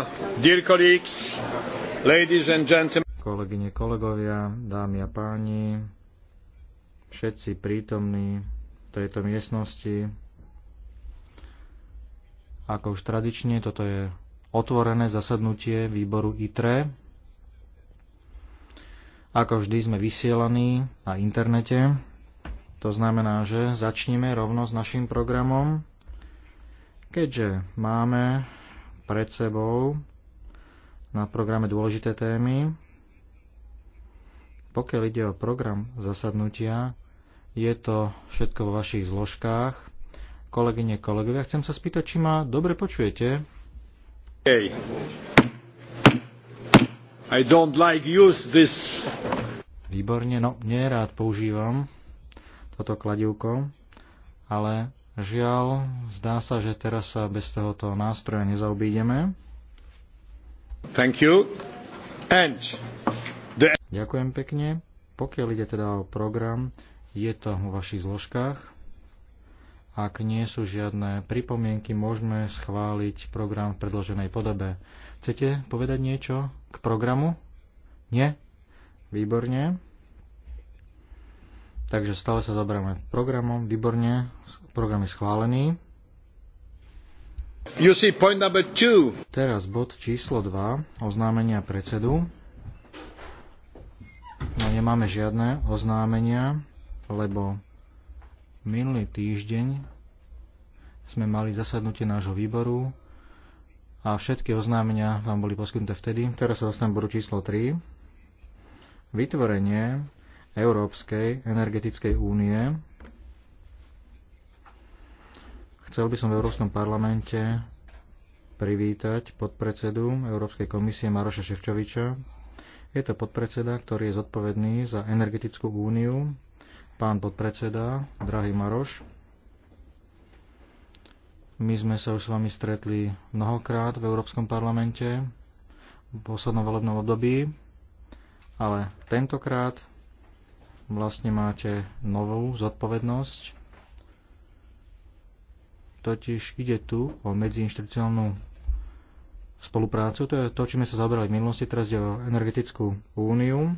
Uh, Kolegyne, kolegovia, dámy a páni, všetci prítomní v tejto miestnosti. Ako už tradične, toto je otvorené zasadnutie výboru ITRE. Ako vždy sme vysielaní na internete. To znamená, že začneme rovno s našim programom. Keďže máme pred sebou na programe dôležité témy. Pokiaľ ide o program zasadnutia, je to všetko vo vašich zložkách. Kolegyne, kolegovia, chcem sa spýtať, či ma dobre počujete. Hey. I don't like use this. Výborne, no, nerád používam toto kladivko, ale Žiaľ, zdá sa, že teraz sa bez tohoto nástroja nezaobídeme. Thank you. And the... Ďakujem pekne. Pokiaľ ide teda o program, je to vo vašich zložkách. Ak nie sú žiadne pripomienky, môžeme schváliť program v predloženej podobe. Chcete povedať niečo k programu? Nie? Výborne. Takže stále sa zaberáme programom, výborne, program je schválený. You see point number two. Teraz bod číslo 2, oznámenia predsedu. No nemáme žiadne oznámenia, lebo minulý týždeň sme mali zasadnutie nášho výboru a všetky oznámenia vám boli poskytnuté vtedy. Teraz sa dostanem bodu číslo 3. Vytvorenie Európskej energetickej únie. Chcel by som v Európskom parlamente privítať podpredsedu Európskej komisie Maroša Ševčoviča. Je to podpredseda, ktorý je zodpovedný za energetickú úniu. Pán podpredseda, drahý Maroš, my sme sa už s vami stretli mnohokrát v Európskom parlamente v poslednom volebnom období, ale tentokrát vlastne máte novú zodpovednosť. Totiž ide tu o medziinstitucionálnu spoluprácu. To je to, čím sme sa zaoberali v minulosti. Teraz ide o energetickú úniu.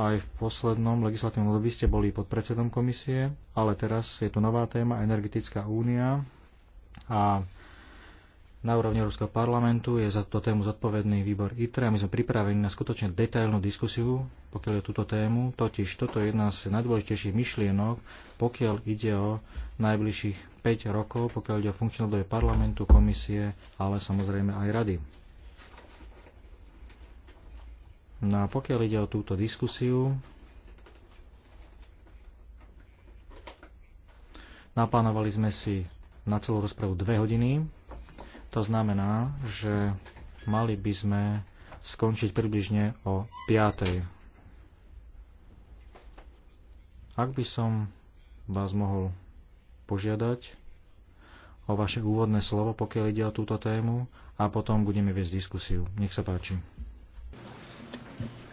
Aj v poslednom legislatívnom období ste boli pod predsedom komisie, ale teraz je tu nová téma, energetická únia. A na úrovni Európskeho parlamentu je za túto tému zodpovedný výbor ITRE a my sme pripravení na skutočne detailnú diskusiu, pokiaľ je túto tému. Totiž toto je jedna z najdôležitejších myšlienok, pokiaľ ide o najbližších 5 rokov, pokiaľ ide o funkčné obdobie parlamentu, komisie, ale samozrejme aj rady. No a pokiaľ ide o túto diskusiu, naplánovali sme si na celú rozpravu 2 hodiny, to znamená, že mali by sme skončiť približne o 5. Ak by som vás mohol požiadať o vaše úvodné slovo, pokiaľ ide o túto tému, a potom budeme viesť diskusiu. Nech sa páči.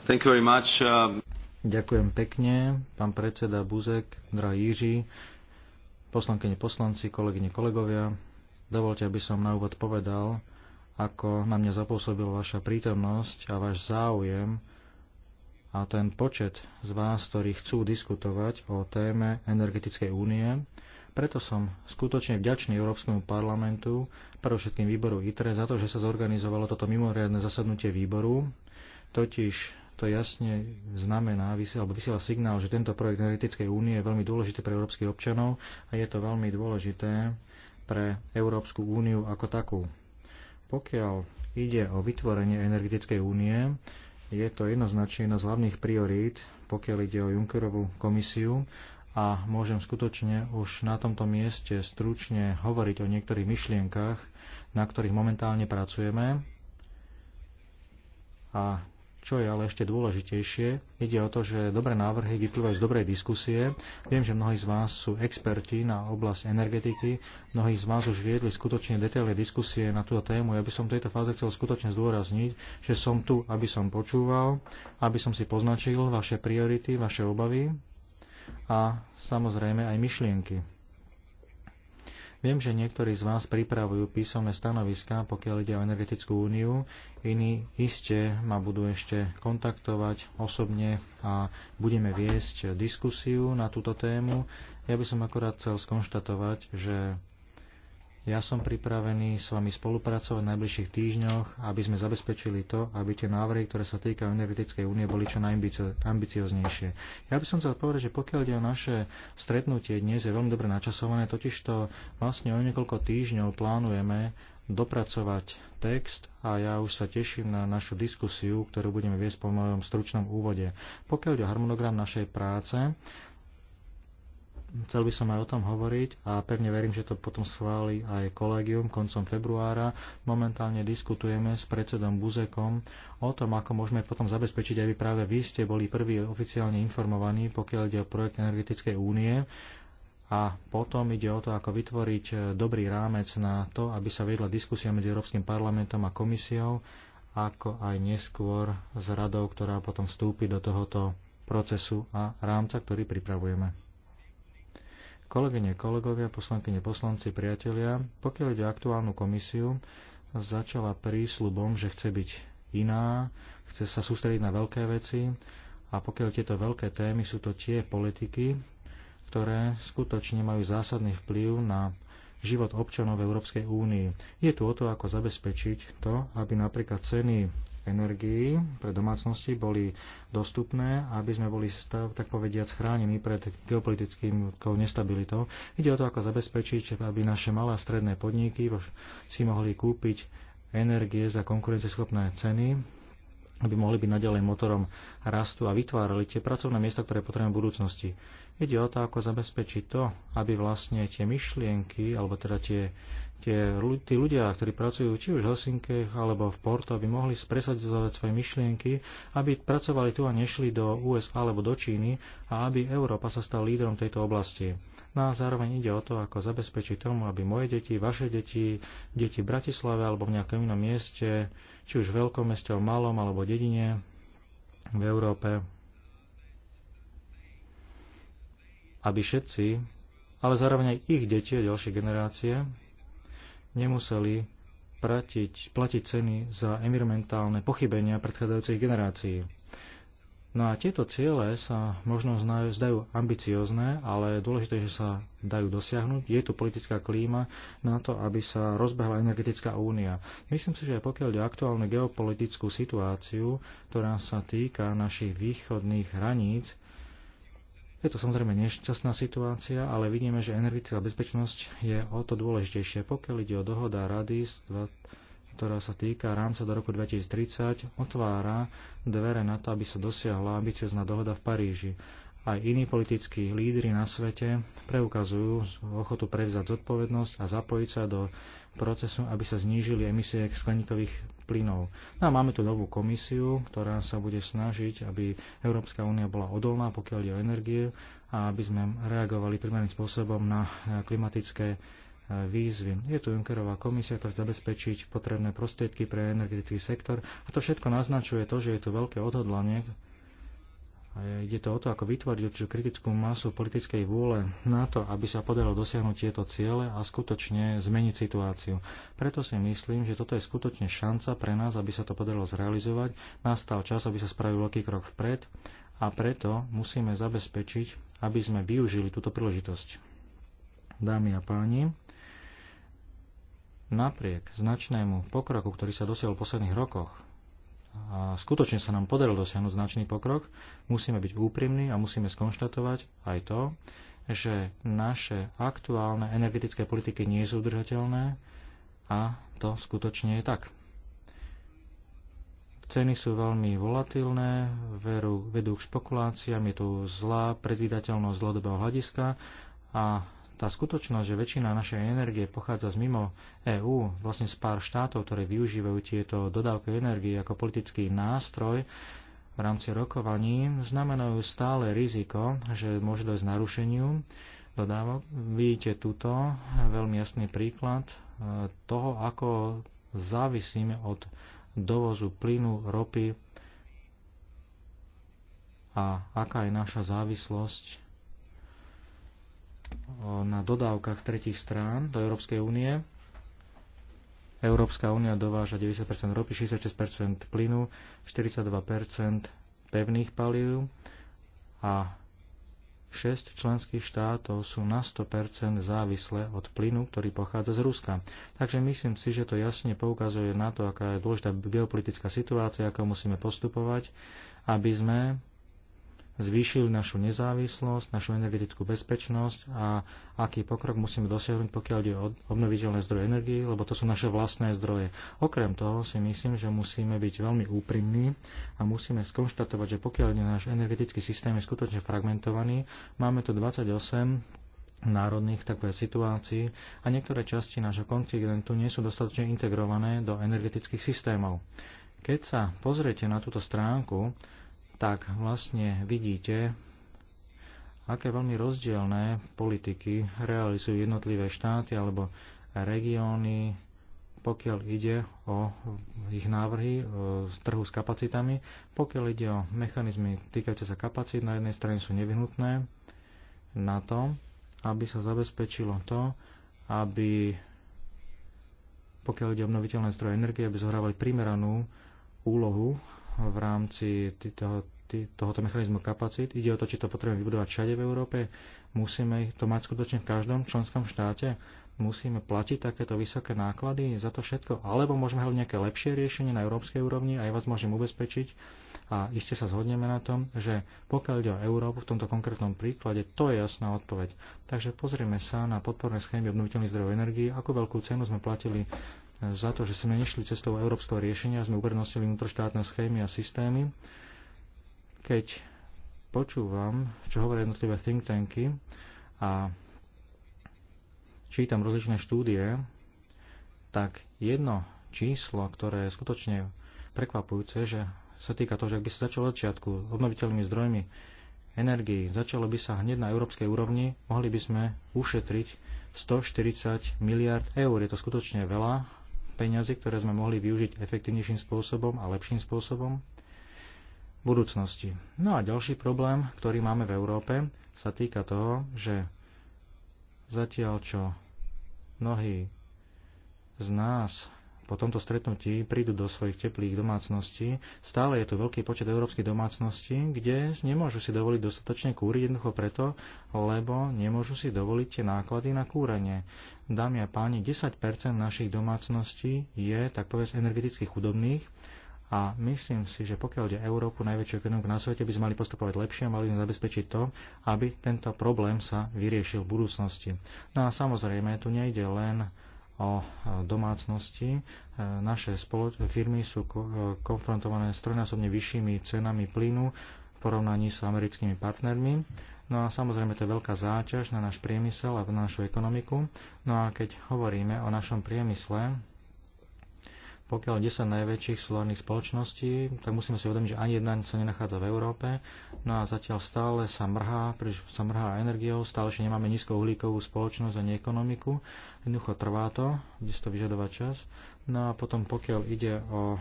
Thank you very much. Uh, Ďakujem pekne, pán predseda Buzek, drahý Jiří, poslankyne poslanci, kolegyne, kolegovia. Dovolte, aby som na úvod povedal, ako na mňa zapôsobil vaša prítomnosť a váš záujem a ten počet z vás, ktorí chcú diskutovať o téme energetickej únie. Preto som skutočne vďačný Európskemu parlamentu, predovšetkým výboru ITRE, za to, že sa zorganizovalo toto mimoriadne zasadnutie výboru. Totiž to jasne znamená, vysiela, alebo vysiela signál, že tento projekt energetickej únie je veľmi dôležitý pre európskych občanov a je to veľmi dôležité pre Európsku úniu ako takú. Pokiaľ ide o vytvorenie energetickej únie, je to jednoznačne jedna z hlavných priorít, pokiaľ ide o Junckerovú komisiu a môžem skutočne už na tomto mieste stručne hovoriť o niektorých myšlienkach, na ktorých momentálne pracujeme a čo je ale ešte dôležitejšie, ide o to, že dobré návrhy vyplývajú z dobrej diskusie. Viem, že mnohí z vás sú experti na oblasť energetiky, mnohí z vás už viedli skutočne detailné diskusie na túto tému. Ja by som v tejto fáze chcel skutočne zdôrazniť, že som tu, aby som počúval, aby som si poznačil vaše priority, vaše obavy a samozrejme aj myšlienky. Viem, že niektorí z vás pripravujú písomné stanoviská, pokiaľ ide o energetickú úniu, iní iste ma budú ešte kontaktovať osobne a budeme viesť diskusiu na túto tému. Ja by som akorát chcel skonštatovať, že ja som pripravený s vami spolupracovať v najbližších týždňoch, aby sme zabezpečili to, aby tie návrhy, ktoré sa týkajú energetickej únie, boli čo najambicioznejšie. Ja by som chcel povedať, že pokiaľ ide o naše stretnutie dnes, je veľmi dobre načasované, totižto vlastne o niekoľko týždňov plánujeme dopracovať text a ja už sa teším na našu diskusiu, ktorú budeme viesť po mojom stručnom úvode. Pokiaľ ide o harmonogram našej práce, chcel by som aj o tom hovoriť a pevne verím, že to potom schváli aj kolegium koncom februára. Momentálne diskutujeme s predsedom Buzekom o tom, ako môžeme potom zabezpečiť, aby práve vy ste boli prví oficiálne informovaní, pokiaľ ide o projekt Energetickej únie. A potom ide o to, ako vytvoriť dobrý rámec na to, aby sa vedla diskusia medzi Európskym parlamentom a komisiou, ako aj neskôr s radou, ktorá potom vstúpi do tohoto procesu a rámca, ktorý pripravujeme. Kolegyne, kolegovia, poslankyne, poslanci, priatelia, pokiaľ ide aktuálnu komisiu, začala prísľubom, že chce byť iná, chce sa sústrediť na veľké veci a pokiaľ tieto veľké témy sú to tie politiky, ktoré skutočne majú zásadný vplyv na život občanov v Európskej únii. Je tu o to, ako zabezpečiť to, aby napríklad ceny energií pre domácnosti boli dostupné, aby sme boli stav, tak povediať, chránení pred geopolitickým nestabilitou. Ide o to, ako zabezpečiť, aby naše malé a stredné podniky si mohli kúpiť energie za konkurenceschopné ceny, aby mohli byť naďalej motorom rastu a vytvárali tie pracovné miesta, ktoré potrebujeme v budúcnosti. Ide o to, ako zabezpečiť to, aby vlastne tie myšlienky, alebo teda tie tie, tí ľudia, ktorí pracujú či už v Helsinkách alebo v Porto, aby mohli presadzovať svoje myšlienky, aby pracovali tu a nešli do USA alebo do Číny a aby Európa sa stala lídrom tejto oblasti. No a zároveň ide o to, ako zabezpečiť tomu, aby moje deti, vaše deti, deti v Bratislave alebo v nejakom inom mieste, či už v veľkom meste, v malom alebo dedine v Európe, aby všetci, ale zároveň aj ich deti a ďalšie generácie, nemuseli platiť, platiť ceny za environmentálne pochybenia predchádzajúcich generácií. No a tieto ciele sa možno zdajú ambiciozne, ale dôležité, že sa dajú dosiahnuť. Je tu politická klíma na to, aby sa rozbehla energetická únia. Myslím si, že aj pokiaľ ide aktuálnu geopolitickú situáciu, ktorá sa týka našich východných hraníc, je to samozrejme nešťastná situácia, ale vidíme, že energetická bezpečnosť je o to dôležitejšie. Pokiaľ ide o dohoda Rady, ktorá sa týka rámca do roku 2030, otvára dvere na to, aby sa dosiahla ambiciozná dohoda v Paríži. Aj iní politickí lídry na svete preukazujú ochotu prevzať zodpovednosť a zapojiť sa do procesu, aby sa znížili emisie skleníkových plynov. No a máme tu novú komisiu, ktorá sa bude snažiť, aby Európska únia bola odolná, pokiaľ ide o energie a aby sme reagovali primerným spôsobom na eh, klimatické eh, výzvy. Je tu Junckerová komisia, ktorá zabezpečiť potrebné prostriedky pre energetický sektor a to všetko naznačuje to, že je tu veľké odhodlanie Ide to o to, ako vytvoriť určitú kritickú masu politickej vôle na to, aby sa podarilo dosiahnuť tieto ciele a skutočne zmeniť situáciu. Preto si myslím, že toto je skutočne šanca pre nás, aby sa to podarilo zrealizovať. Nastal čas, aby sa spravil veľký krok vpred a preto musíme zabezpečiť, aby sme využili túto príležitosť. Dámy a páni, napriek značnému pokroku, ktorý sa dosiahol v posledných rokoch a skutočne sa nám podarilo dosiahnuť značný pokrok, musíme byť úprimní a musíme skonštatovať aj to, že naše aktuálne energetické politiky nie sú udržateľné a to skutočne je tak. Ceny sú veľmi volatilné, veru, vedú k špekuláciám, je tu zlá predvídateľnosť z dlhodobého hľadiska a tá skutočnosť, že väčšina našej energie pochádza z mimo EÚ, vlastne z pár štátov, ktoré využívajú tieto dodávky energie ako politický nástroj v rámci rokovaní, znamenajú stále riziko, že môže dojsť narušeniu dodávok. Vidíte tuto veľmi jasný príklad e, toho, ako závisíme od dovozu plynu, ropy a aká je naša závislosť na dodávkach tretich strán do Európskej únie. Európska únia dováža 90 ropy, 66 plynu, 42 pevných palív a 6 členských štátov sú na 100% závislé od plynu, ktorý pochádza z Ruska. Takže myslím si, že to jasne poukazuje na to, aká je dôležitá geopolitická situácia, ako musíme postupovať, aby sme zvýšili našu nezávislosť, našu energetickú bezpečnosť a aký pokrok musíme dosiahnuť, pokiaľ ide o obnoviteľné zdroje energie, lebo to sú naše vlastné zdroje. Okrem toho si myslím, že musíme byť veľmi úprimní a musíme skonštatovať, že pokiaľ ide náš energetický systém je skutočne fragmentovaný, máme tu 28 národných takové situácií a niektoré časti nášho kontinentu nie sú dostatočne integrované do energetických systémov. Keď sa pozriete na túto stránku, tak vlastne vidíte, aké veľmi rozdielne politiky realizujú jednotlivé štáty alebo regióny, pokiaľ ide o ich návrhy e, z trhu s kapacitami, pokiaľ ide o mechanizmy týkajúce sa kapacít, na jednej strane sú nevyhnutné na to, aby sa zabezpečilo to, aby pokiaľ ide o obnoviteľné zdroje energie, aby zohrávali primeranú úlohu v rámci toho, tohoto mechanizmu kapacít. Ide o to, či to potrebujeme vybudovať všade v Európe. Musíme to mať skutočne v každom členskom štáte. Musíme platiť takéto vysoké náklady za to všetko. Alebo môžeme hľadať nejaké lepšie riešenie na európskej úrovni a ja vás môžem ubezpečiť a iste sa zhodneme na tom, že pokiaľ ide o Európu v tomto konkrétnom príklade, to je jasná odpoveď. Takže pozrieme sa na podporné schémy obnoviteľných zdrojov energii, Ako veľkú cenu sme platili za to, že sme nešli cestou európskeho riešenia, sme uprednostili vnútroštátne schémy a systémy. Keď počúvam, čo hovoria jednotlivé think tanky a čítam rozličné štúdie, tak jedno číslo, ktoré je skutočne prekvapujúce, že sa týka toho, že ak by sa začalo začiatku obnoviteľnými zdrojmi energii, začalo by sa hneď na európskej úrovni, mohli by sme ušetriť 140 miliard eur. Je to skutočne veľa peniaze, ktoré sme mohli využiť efektívnejším spôsobom a lepším spôsobom v budúcnosti. No a ďalší problém, ktorý máme v Európe, sa týka toho, že zatiaľ čo mnohí z nás po tomto stretnutí prídu do svojich teplých domácností. Stále je tu veľký počet európskych domácností, kde nemôžu si dovoliť dostatočne kúriť jednoducho preto, lebo nemôžu si dovoliť tie náklady na kúrenie. Dámy a páni, 10% našich domácností je, tak povedz, energeticky chudobných a myslím si, že pokiaľ ide Európu, najväčšiu ekonomiku na svete, by sme mali postupovať lepšie a mali sme zabezpečiť to, aby tento problém sa vyriešil v budúcnosti. No a samozrejme, tu nejde len o domácnosti. E, naše firmy sú e, konfrontované s trojnásobne vyššími cenami plynu v porovnaní s americkými partnermi. No a samozrejme to je veľká záťaž na náš priemysel a na našu ekonomiku. No a keď hovoríme o našom priemysle, pokiaľ 10 najväčších solárnych spoločností, tak musíme si uvedomiť, že ani jedna sa nenachádza v Európe. No a zatiaľ stále sa mrhá, sa mrhá energiou, stále ešte nemáme nízkouhlíkovú spoločnosť ani ekonomiku. Jednoducho trvá to, bude to vyžadovať čas. No a potom pokiaľ ide o e,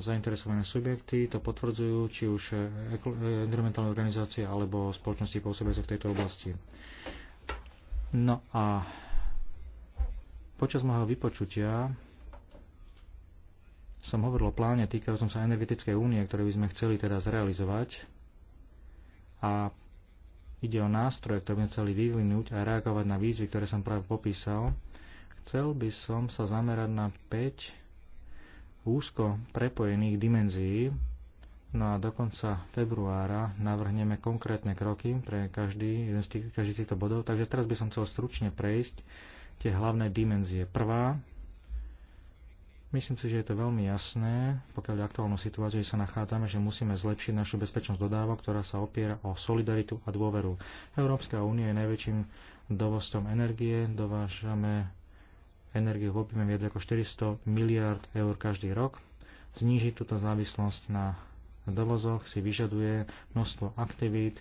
zainteresované subjekty, to potvrdzujú či už e, e, environmentálne organizácie alebo spoločnosti pôsobiace v tejto oblasti. No a počas môjho vypočutia som hovoril o pláne týkajúcom sa energetickej únie, ktoré by sme chceli teda zrealizovať. A ide o nástroje, ktoré by sme chceli vyvinúť a reagovať na výzvy, ktoré som práve popísal. Chcel by som sa zamerať na 5 úzko prepojených dimenzií. No a do konca februára navrhneme konkrétne kroky pre každý, jeden z tých, každý z týchto bodov. Takže teraz by som chcel stručne prejsť tie hlavné dimenzie. Prvá Myslím si, že je to veľmi jasné, pokiaľ v aktuálnu situáciu, sa nachádzame, že musíme zlepšiť našu bezpečnosť dodávok, ktorá sa opiera o solidaritu a dôveru. Európska únia je najväčším dovozcom energie, dovážame energiu v objeme viac ako 400 miliard eur každý rok. Znížiť túto závislosť na dovozoch si vyžaduje množstvo aktivít,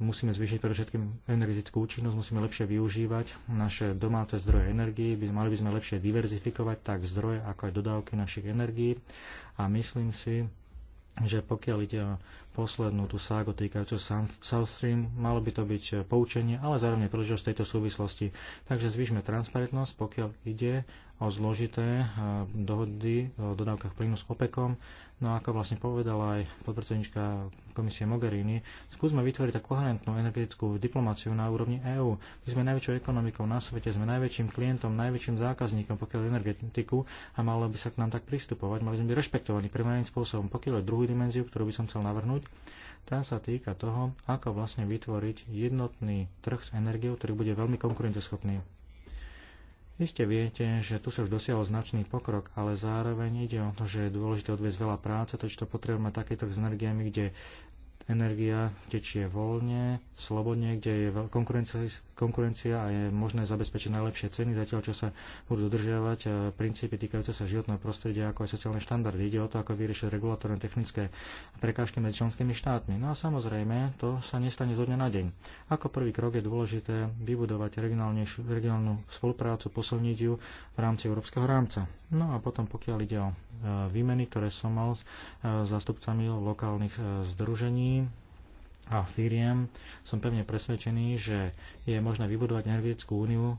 musíme zvýšiť pre všetkým energetickú účinnosť, musíme lepšie využívať naše domáce zdroje energii, by, mali by sme lepšie diverzifikovať tak zdroje, ako aj dodávky našich energií a myslím si, že pokiaľ ide o poslednú tú ságu týkajúcu South Stream. Malo by to byť e, poučenie, ale zároveň príležitosť tejto súvislosti. Takže zvýšme transparentnosť, pokiaľ ide o zložité e, dohody o dodávkach plynu s OPECom. No ako vlastne povedala aj podpredsednička komisie Mogherini, skúsme vytvoriť tak koherentnú energetickú diplomáciu na úrovni EÚ. My sme najväčšou ekonomikou na svete, sme najväčším klientom, najväčším zákazníkom, pokiaľ energetiku a malo by sa k nám tak pristupovať. Mali sme byť rešpektovaní primerným spôsobom. Pokiaľ je druhú dimenziu, ktorú by som chcel navrhnúť, spomenúť. Tá sa týka toho, ako vlastne vytvoriť jednotný trh s energiou, ktorý bude veľmi konkurenceschopný. Iste viete, že tu sa už dosiahol značný pokrok, ale zároveň ide o to, že je dôležité odviesť veľa práce, totiž to potrebujeme taký trh s energiami, kde energia tečie voľne, slobodne, kde je konkurencia, konkurencia a je možné zabezpečiť najlepšie ceny, zatiaľ čo sa budú dodržiavať e, princípy týkajúce sa životného prostredia ako aj sociálne štandardy. Ide o to, ako vyriešiť regulatórne technické prekážky medzi členskými štátmi. No a samozrejme, to sa nestane zo dňa na deň. Ako prvý krok je dôležité vybudovať regionálnu spoluprácu, posilniť ju v rámci európskeho rámca. No a potom, pokiaľ ide o e, výmeny, ktoré som mal s e, zástupcami lokálnych združení, a firiem som pevne presvedčený, že je možné vybudovať energetickú úniu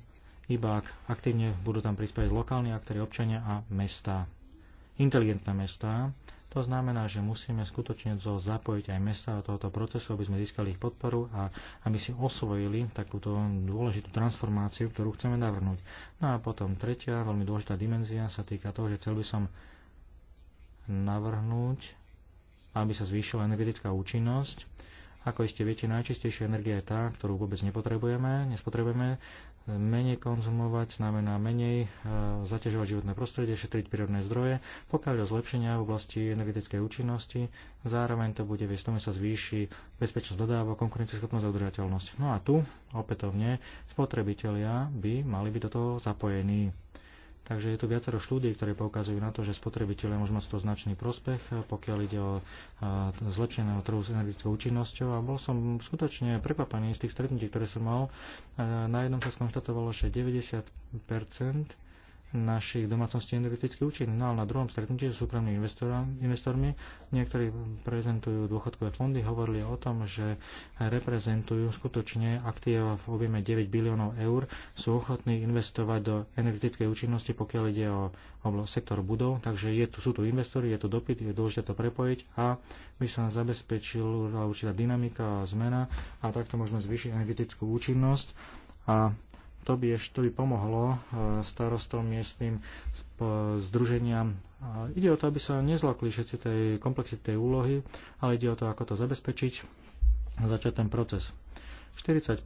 iba ak aktívne budú tam prispieť lokálni aktéry, občania a mesta. Inteligentné mesta, to znamená, že musíme skutočne zapojiť aj mesta do tohoto procesu, aby sme získali ich podporu a aby si osvojili takúto dôležitú transformáciu, ktorú chceme navrhnúť. No a potom tretia veľmi dôležitá dimenzia sa týka toho, že chcel by som navrhnúť aby sa zvýšila energetická účinnosť. Ako iste viete, najčistejšia energia je tá, ktorú vôbec nepotrebujeme, nespotrebujeme. Menej konzumovať znamená menej e, zaťažovať životné prostredie, šetriť prírodné zdroje, pokiaľ o zlepšenia v oblasti energetickej účinnosti, zároveň to bude viesť tomu, sa zvýši bezpečnosť dodávok, konkurencieschopnosť a udržateľnosť. No a tu, opätovne, spotrebitelia by mali byť do toho zapojení. Takže je tu viacero štúdií, ktoré poukazujú na to, že spotrebitelia môžu mať z toho značný prospech, eh, pokiaľ ide o eh, zlepšeného trhu s energetickou účinnosťou. A bol som skutočne prekvapený z tých stretnutí, ktoré som mal. Eh, na jednom sa skonštatovalo, že 90 našich domácností energeticky účinný. No ale na druhom stretnutí s súkromnými investormi niektorí prezentujú dôchodkové fondy, hovorili o tom, že reprezentujú skutočne aktíva v objeme 9 biliónov eur, sú ochotní investovať do energetickej účinnosti, pokiaľ ide o sektor budov, takže je tu, sú tu investori, je tu dopyt, je dôležité to prepojiť a by sa zabezpečila určitá dynamika a zmena a takto môžeme zvýšiť energetickú účinnosť a to by, to by pomohlo e, starostom, miestnym združeniam. Ide o to, aby sa nezlakli všetci tej komplexity tej úlohy, ale ide o to, ako to zabezpečiť a začať ten proces. 40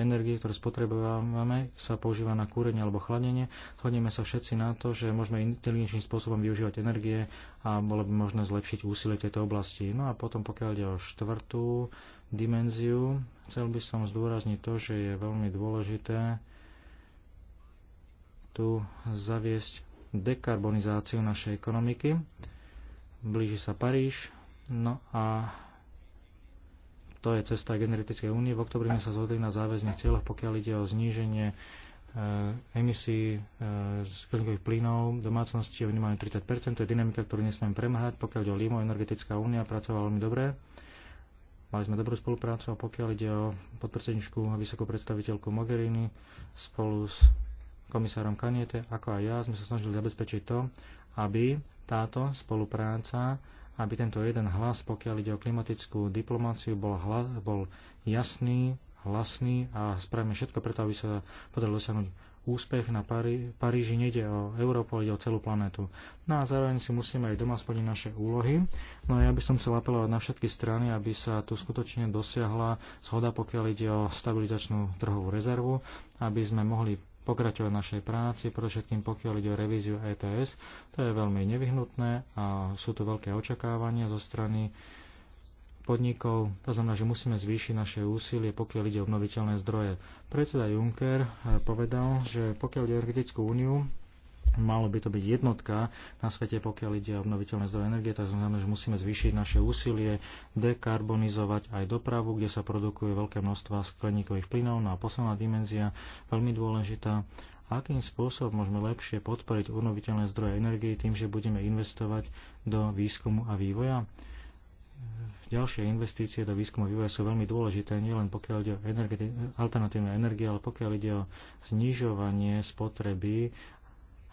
energie, ktorú spotrebujeme, sa používa na kúrenie alebo chladenie. Chodíme sa všetci na to, že môžeme inteligenčným spôsobom využívať energie a bolo by možné zlepšiť úsilie tejto oblasti. No a potom, pokiaľ ide o štvrtú dimenziu, chcel by som zdôrazniť to, že je veľmi dôležité tu zaviesť dekarbonizáciu našej ekonomiky. Blíži sa Paríž, no a to je cesta energetickej únie. V oktobri sme sa zhodli na záväzných cieľoch, pokiaľ ide o zníženie e, emisí e, skleníkových plynov domácnosti o minimálne 30 To je dynamika, ktorú nesmieme premrhať. Pokiaľ ide o Limo, Energetická únia pracovala veľmi dobre. Mali sme dobrú spoluprácu a pokiaľ ide o podpredsedničku a vysokú predstaviteľku Mogherini spolu s komisárom Kaniete, ako aj ja, sme sa snažili zabezpečiť to, aby táto spolupráca aby tento jeden hlas, pokiaľ ide o klimatickú diplomáciu, bol, hlas, bol jasný, hlasný a spravíme všetko preto, aby sa podarilo dosiahnuť úspech na Pari- Paríži. Nejde o Európu, ide o celú planetu. No a zároveň si musíme aj doma splniť naše úlohy. No a ja by som chcel apelovať na všetky strany, aby sa tu skutočne dosiahla zhoda, pokiaľ ide o stabilizačnú trhovú rezervu, aby sme mohli pokračovať našej práci, všetkým pokiaľ ide o revíziu ETS. To je veľmi nevyhnutné a sú tu veľké očakávania zo strany podnikov. To znamená, že musíme zvýšiť naše úsilie, pokiaľ ide o obnoviteľné zdroje. Predseda Juncker povedal, že pokiaľ ide o energetickú úniu, malo by to byť jednotka na svete, pokiaľ ide o obnoviteľné zdroje energie, tak znamená, že musíme zvýšiť naše úsilie, dekarbonizovať aj dopravu, kde sa produkuje veľké množstva skleníkových plynov. No a posledná dimenzia, veľmi dôležitá, akým spôsobom môžeme lepšie podporiť obnoviteľné zdroje energie tým, že budeme investovať do výskumu a vývoja. Ďalšie investície do výskumu a vývoja sú veľmi dôležité, nielen pokiaľ ide o energeti- alternatívne energie, ale pokiaľ ide o znižovanie spotreby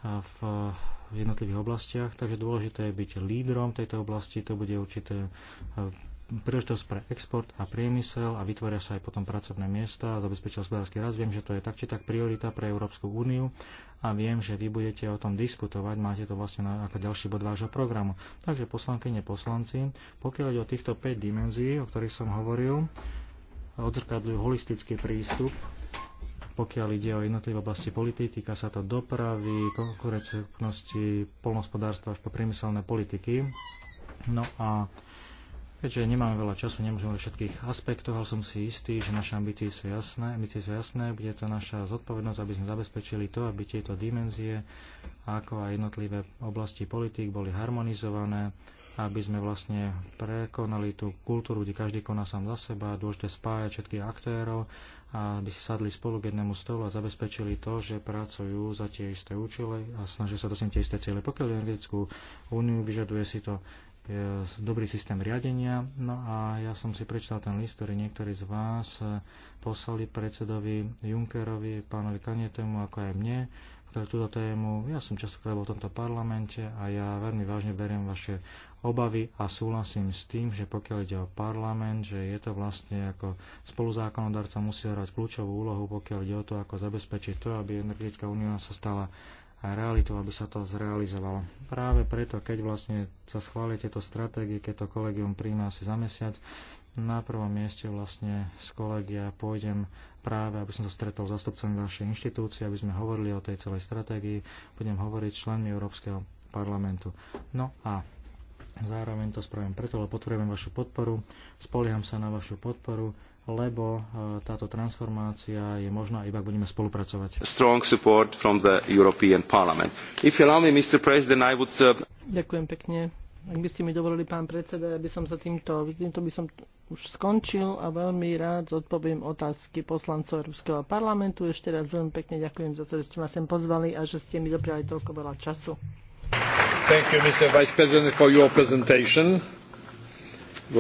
v jednotlivých oblastiach, takže dôležité je byť lídrom tejto oblasti, to bude určité eh, príležitosť pre export a priemysel a vytvoria sa aj potom pracovné miesta a zabezpečia hospodársky rast. Viem, že to je tak či tak priorita pre Európsku úniu a viem, že vy budete o tom diskutovať, máte to vlastne ako ďalší bod vášho programu. Takže poslankyne, poslanci, pokiaľ ide o týchto 5 dimenzií, o ktorých som hovoril, odzrkadľujú holistický prístup pokiaľ ide o jednotlivé oblasti politiky, týka sa to dopravy, konkurenceschopnosti, polnospodárstva až po priemyselné politiky. No a keďže nemáme veľa času, nemôžem o všetkých aspektoch, ale som si istý, že naše ambície sú jasné, ambície sú jasné, bude to naša zodpovednosť, aby sme zabezpečili to, aby tieto dimenzie, ako aj jednotlivé oblasti politik boli harmonizované aby sme vlastne prekonali tú kultúru, kde každý koná sám za seba, dôležité spájať všetkých aktérov, aby si sadli spolu k jednému stolu a zabezpečili to, že pracujú za tie isté účely a snažia sa dosiahnuť tie isté cieľe. Pokiaľ energetickú úniu vyžaduje si to e, dobrý systém riadenia. No a ja som si prečítal ten list, ktorý niektorí z vás poslali predsedovi Junckerovi, pánovi Kanietemu, ako aj mne pre túto tému. Ja som častokrát bol v tomto parlamente a ja veľmi vážne beriem vaše obavy a súhlasím s tým, že pokiaľ ide o parlament, že je to vlastne ako spoluzákonodarca musí hrať kľúčovú úlohu, pokiaľ ide o to, ako zabezpečiť to, aby energetická únia sa stala a realitou, aby sa to zrealizovalo. Práve preto, keď vlastne sa schvália tieto stratégie, keď to kolegium príjme asi za mesiac, na prvom mieste vlastne z kolegia pôjdem práve, aby som sa stretol s zastupcami našej inštitúcie, aby sme hovorili o tej celej stratégii, budem hovoriť členmi Európskeho parlamentu. No a zároveň to spravím preto, lebo potrebujem vašu podporu, spolieham sa na vašu podporu, lebo e, táto transformácia je možná, iba ak budeme spolupracovať. Strong support from the European Parliament. If you allow me, Mr. President, I would... Uh, Ďakujem pekne, ak by ste mi dovolili, pán predseda, ja by som sa týmto, týmto by som už skončil a veľmi rád zodpoviem otázky poslancov Európskeho parlamentu. Ešte raz veľmi pekne ďakujem za to, že ste ma sem pozvali a že ste mi dopriali toľko veľa času. Thank you, Mr. Vice President, for your presentation.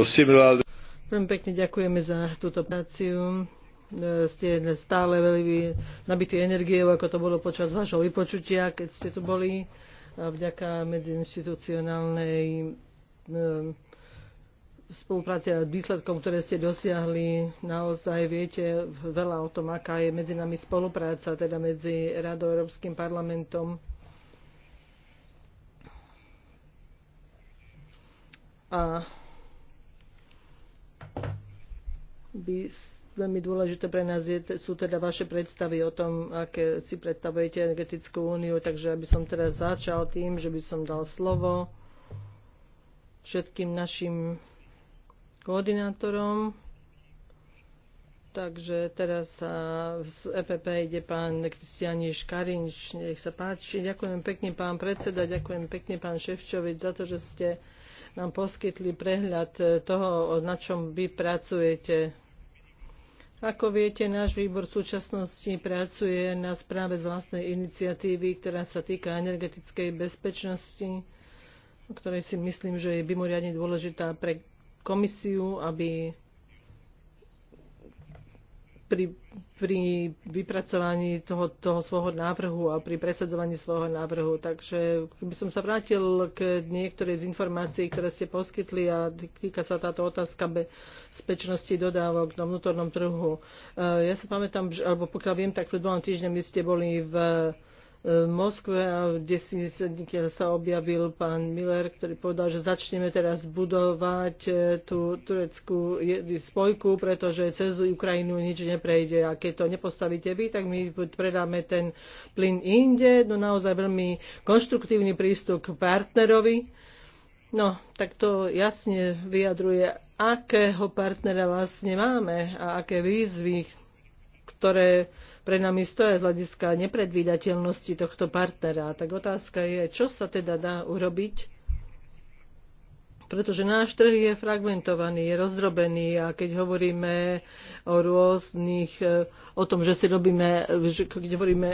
similar... Veľmi pekne ďakujeme za túto práciu e, ste stále veľmi nabití energiou, ako to bolo počas vášho vypočutia, keď ste tu boli vďaka medziinstitucionálnej spolupráci a výsledkom, ktoré ste dosiahli, naozaj viete veľa o tom, aká je medzi nami spolupráca, teda medzi Radou Európskym parlamentom. A by veľmi dôležité pre nás je, sú teda vaše predstavy o tom, aké si predstavujete energetickú úniu, takže aby som teraz začal tým, že by som dal slovo všetkým našim koordinátorom. Takže teraz z EPP ide pán Kristianiš Škarinč, nech sa páči. Ďakujem pekne pán predseda, ďakujem pekne pán Ševčovič za to, že ste nám poskytli prehľad toho, na čom vy pracujete ako viete, náš výbor v súčasnosti pracuje na správe z vlastnej iniciatívy, ktorá sa týka energetickej bezpečnosti, o ktorej si myslím, že je mimoriadne dôležitá pre komisiu, aby pri, pri vypracovaní toho, toho svojho návrhu a pri presadzovaní svojho návrhu. Takže by som sa vrátil k niektorej z informácií, ktoré ste poskytli a týka sa táto otázka bezpečnosti dodávok na vnútornom trhu. E, ja sa pamätám, že, alebo pokiaľ viem, tak pred dvoma týždňami ste boli v v Moskve, kde, si, sa objavil pán Miller, ktorý povedal, že začneme teraz budovať e, tú tureckú spojku, pretože cez Ukrajinu nič neprejde. A keď to nepostavíte vy, tak my predáme ten plyn inde. No naozaj veľmi konštruktívny prístup k partnerovi. No, tak to jasne vyjadruje, akého partnera vlastne máme a aké výzvy, ktoré pre nami stoja z hľadiska nepredvídateľnosti tohto partnera. Tak otázka je, čo sa teda dá urobiť, pretože náš trh je fragmentovaný, je rozdrobený a keď hovoríme o rôznych, e, o tom, že si robíme, keď hovoríme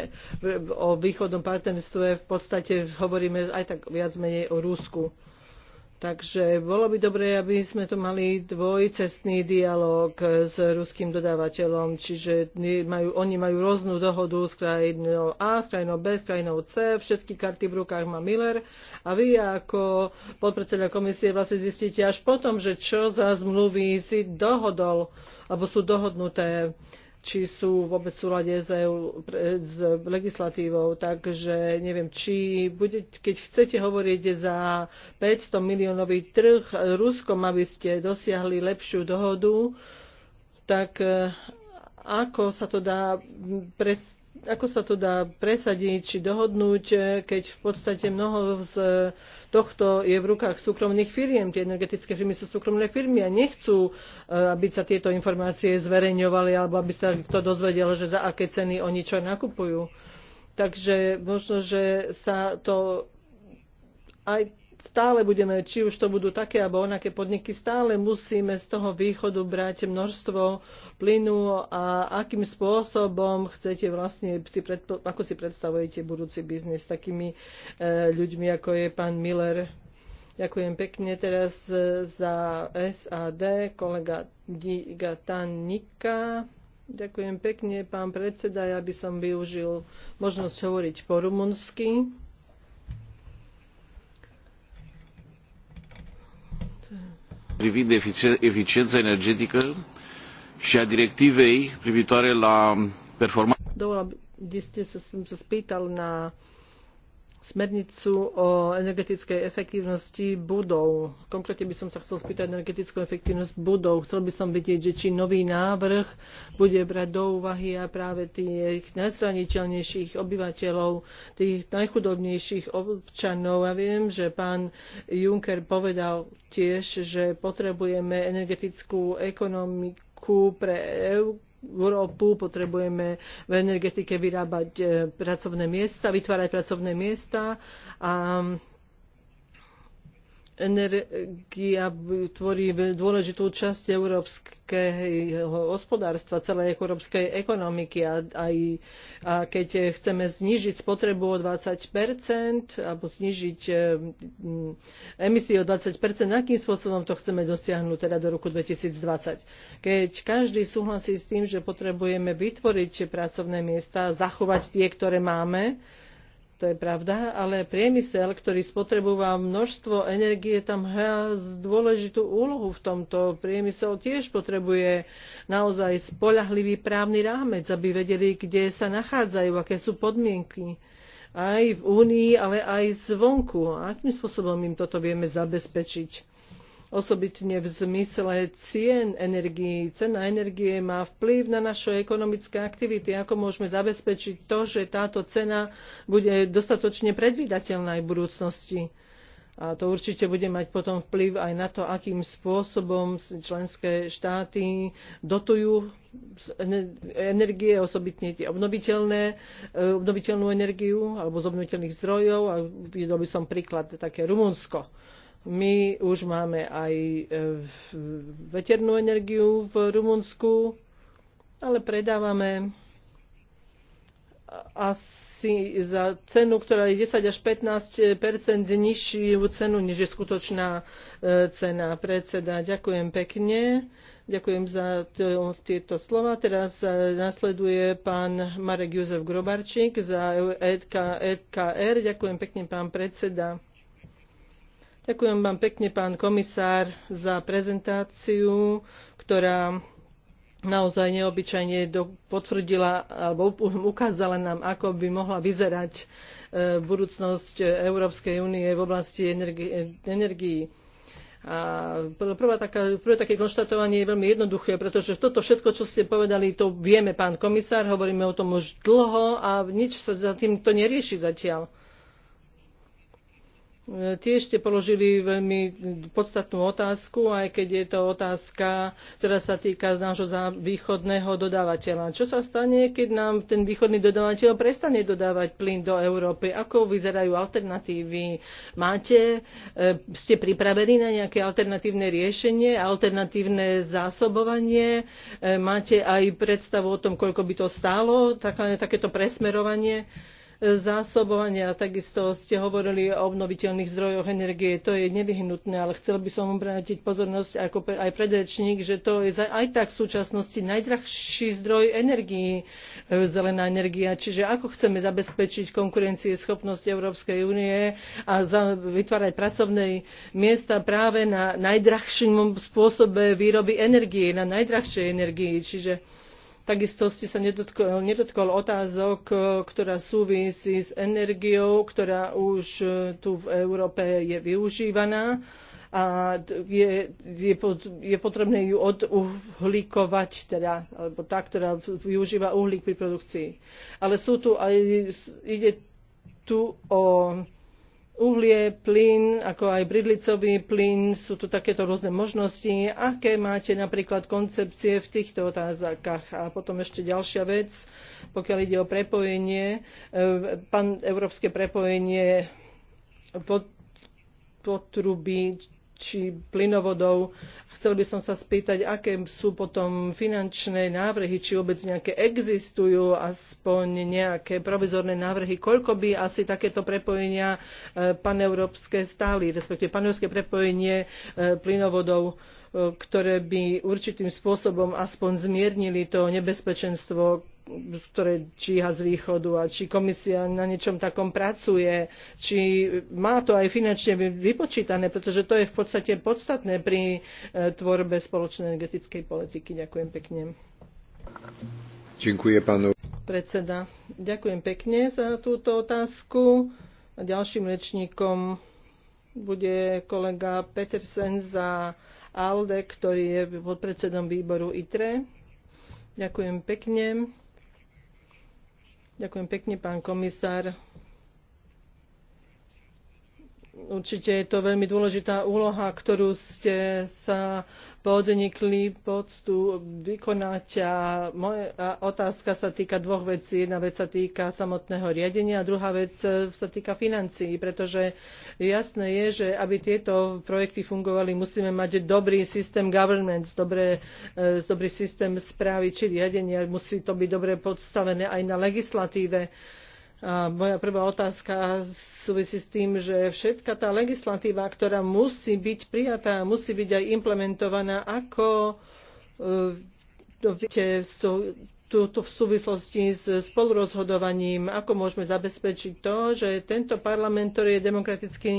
o východnom partnerstve, v podstate hovoríme aj tak viac menej o Rusku. Takže bolo by dobré, aby sme tu mali dvojcestný dialog s ruským dodávateľom, čiže majú, oni majú rôznu dohodu s krajinou A, s krajinou B, s krajinou C, všetky karty v rukách má Miller a vy ako podpredseda komisie vlastne zistíte až potom, že čo za zmluvy si dohodol, alebo sú dohodnuté či sú vôbec v súlade s, e s legislatívou. Takže neviem, či bude, keď chcete hovoriť za 500 miliónový trh Ruskom, aby ste dosiahli lepšiu dohodu, tak e, ako sa to dá pres, ako sa to dá presadiť či dohodnúť, keď v podstate mnoho z tohto je v rukách súkromných firiem. Tie energetické firmy sú súkromné firmy a nechcú, e, aby sa tieto informácie zverejňovali alebo aby sa kto dozvedel, že za aké ceny oni čo nakupujú. Takže možno, že sa to aj stále budeme, či už to budú také alebo onaké podniky, stále musíme z toho východu brať množstvo plynu a akým spôsobom chcete vlastne, si predpo, ako si predstavujete budúci biznis s takými e, ľuďmi, ako je pán Miller. Ďakujem pekne teraz e, za SAD, kolega Digatanika. Ďakujem pekne, pán predseda. Ja by som využil možnosť hovoriť po rumunsky. privind eficiența energetică și a directivei privitoare la performanța. Dovolila by ste smernicu o energetickej efektívnosti budov. Konkrétne by som sa chcel spýtať energetickú efektívnosť budov. Chcel by som vidieť, že či nový návrh bude brať do úvahy a práve tých najzraniteľnejších obyvateľov, tých najchudobnejších občanov. Ja viem, že pán Juncker povedal tiež, že potrebujeme energetickú ekonomiku pre EU Európu, potrebujeme v energetike vyrábať eh, pracovné miesta, vytvárať pracovné miesta a energia tvorí dôležitú časť európskeho hospodárstva, celej európskej ekonomiky a, aj, a keď chceme znižiť spotrebu o 20 alebo znižiť e, emisie o 20 akým spôsobom to chceme dosiahnuť teda do roku 2020. Keď každý súhlasí s tým, že potrebujeme vytvoriť pracovné miesta, zachovať tie, ktoré máme, to je pravda, ale priemysel, ktorý spotrebúva množstvo energie, tam hrá dôležitú úlohu v tomto. Priemysel tiež potrebuje naozaj spolahlivý právny rámec, aby vedeli, kde sa nachádzajú, aké sú podmienky aj v Únii, ale aj zvonku. Akým spôsobom im toto vieme zabezpečiť? osobitne v zmysle cien energií. Cena energie má vplyv na naše ekonomické aktivity. Ako môžeme zabezpečiť to, že táto cena bude dostatočne predvídateľná aj v budúcnosti? A to určite bude mať potom vplyv aj na to, akým spôsobom členské štáty dotujú energie, osobitne tie obnoviteľné, e, obnoviteľnú energiu alebo z obnoviteľných zdrojov. A videl by som príklad také Rumunsko my už máme aj e, veternú energiu v Rumunsku, ale predávame asi za cenu, ktorá je 10 až 15 nižšiu cenu, než je skutočná e, cena. Predseda, ďakujem pekne. Ďakujem za tieto slova. Teraz e, nasleduje pán Marek Jozef Grobarčík za EKR. Ďakujem pekne, pán predseda. Ďakujem vám pekne, pán komisár, za prezentáciu, ktorá naozaj neobyčajne potvrdila alebo ukázala nám, ako by mohla vyzerať e, budúcnosť Európskej únie v oblasti energií. A prvá taká, prvé také konštatovanie je veľmi jednoduché, pretože toto všetko, čo ste povedali, to vieme, pán komisár, hovoríme o tom už dlho a nič sa za tým to nerieši zatiaľ. Tiež ste položili veľmi podstatnú otázku, aj keď je to otázka, ktorá sa týka nášho východného dodávateľa. Čo sa stane, keď nám ten východný dodávateľ prestane dodávať plyn do Európy? Ako vyzerajú alternatívy? Máte, e, ste pripravení na nejaké alternatívne riešenie, alternatívne zásobovanie? E, máte aj predstavu o tom, koľko by to stálo, takéto presmerovanie? zásobovania. Takisto ste hovorili o obnoviteľných zdrojoch energie. To je nevyhnutné, ale chcel by som obrátiť pozornosť ako aj predrečník, že to je aj tak v súčasnosti najdrahší zdroj energii, e, zelená energia. Čiže ako chceme zabezpečiť konkurencieschopnosť Európskej únie a vytvárať pracovné miesta práve na najdrahšom spôsobe výroby energie, na najdrahšej energii. Čiže Takisto ste sa nedotkol, nedotkol otázok, e, ktorá súvisí s energiou, ktorá už e, tu v Európe je využívaná a je, je, je potrebné ju oduhlíkovať, teda, alebo tá, ktorá využíva uhlík pri produkcii. Ale sú tu aj, ide tu o uhlie, plyn, ako aj bridlicový plyn, sú tu takéto rôzne možnosti. Aké máte napríklad koncepcie v týchto otázkach? A potom ešte ďalšia vec, pokiaľ ide o prepojenie, e, pán európske prepojenie potruby či plynovodov Chcel by som sa spýtať, aké sú potom finančné návrhy, či vôbec nejaké existujú, aspoň nejaké provizorné návrhy, koľko by asi takéto prepojenia e, paneurópske stály, respektíve paneurópske prepojenie e, plynovodov e, ktoré by určitým spôsobom aspoň zmiernili to nebezpečenstvo, ktoré číha z východu a či komisia na niečom takom pracuje, či má to aj finančne vypočítané, pretože to je v podstate podstatné pri e, tvorbe spoločnej energetickej politiky. Ďakujem pekne. Ďakujem pánu. Predseda, ďakujem pekne za túto otázku. A ďalším rečníkom bude kolega Petersen za ALDE, ktorý je podpredsedom výboru ITRE. Ďakujem pekne. Ďakujem pekne, pán komisár. Určite je to veľmi dôležitá úloha, ktorú ste sa podnikli poctu vykonať. A moja otázka sa týka dvoch vecí. Jedna vec sa týka samotného riadenia a druhá vec e, sa týka financií, pretože jasné je, že aby tieto projekty fungovali, musíme mať dobrý systém governance, dobré, e, dobrý systém správy či riadenia. Musí to byť dobre podstavené aj na legislatíve. A moja prvá otázka súvisí s tým, že všetka tá legislatíva, ktorá musí byť prijatá, musí byť aj implementovaná, ako e, viete, túto v súvislosti s spolurozhodovaním, ako môžeme zabezpečiť to, že tento parlament, ktorý je demokraticky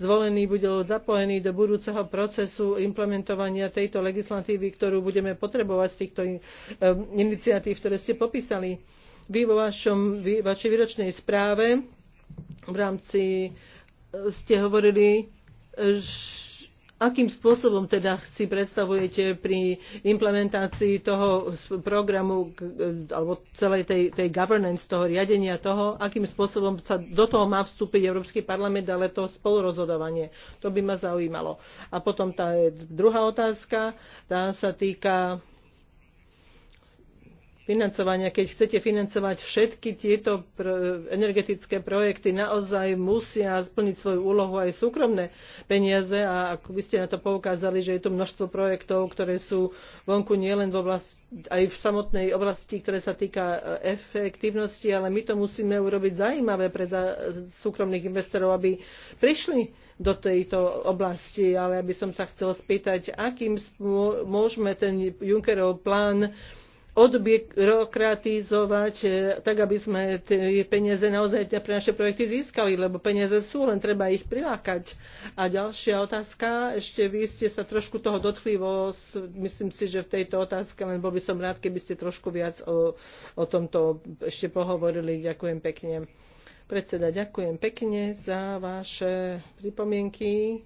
zvolený, bude zapojený do budúceho procesu implementovania tejto legislatívy, ktorú budeme potrebovať z týchto e, iniciatív, ktoré ste popísali vy vo vašom, vy, vašej výročnej správe v rámci e, ste hovorili, e, akým spôsobom teda si predstavujete pri implementácii toho programu e, alebo celej tej, tej governance, toho riadenia toho, akým spôsobom sa do toho má vstúpiť Európsky parlament, ale to spolurozhodovanie. To by ma zaujímalo. A potom tá druhá otázka, tá sa týka financovania. Keď chcete financovať všetky tieto energetické projekty, naozaj musia splniť svoju úlohu aj súkromné peniaze. A ako by ste na to poukázali, že je tu množstvo projektov, ktoré sú vonku nielen v oblasti, aj v samotnej oblasti, ktoré sa týka e, efektívnosti, ale my to musíme urobiť zaujímavé pre súkromných investorov, aby prišli do tejto oblasti. Ale aby som sa chcel spýtať, akým môžeme ten Junckerov plán odbyrokratizovať, e, tak aby sme tie peniaze naozaj pre naše projekty získali, lebo peniaze sú, len treba ich prilákať. A ďalšia otázka, ešte vy ste sa trošku toho dotkli, myslím si, že v tejto otázke, len bol by som rád, keby ste trošku viac o, o tomto ešte pohovorili. Ďakujem pekne. Predseda, ďakujem pekne za vaše pripomienky.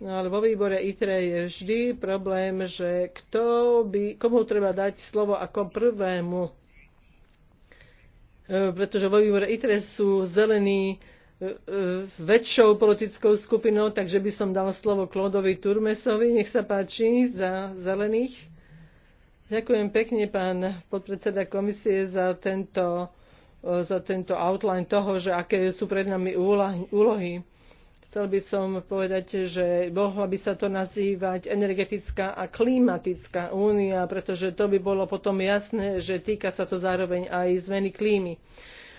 No ale vo výbore ITRE je vždy problém, že kto by, komu treba dať slovo ako prvému. E, pretože vo výbore ITRE sú zelení e, e, väčšou politickou skupinou, takže by som dal slovo Klodovi Turmesovi. Nech sa páči za zelených. Ďakujem pekne, pán podpredseda komisie, za tento, za tento outline toho, že aké sú pred nami úlohy Chcel by som povedať, že mohla by sa to nazývať energetická a klimatická únia, pretože to by bolo potom jasné, že týka sa to zároveň aj zmeny klímy.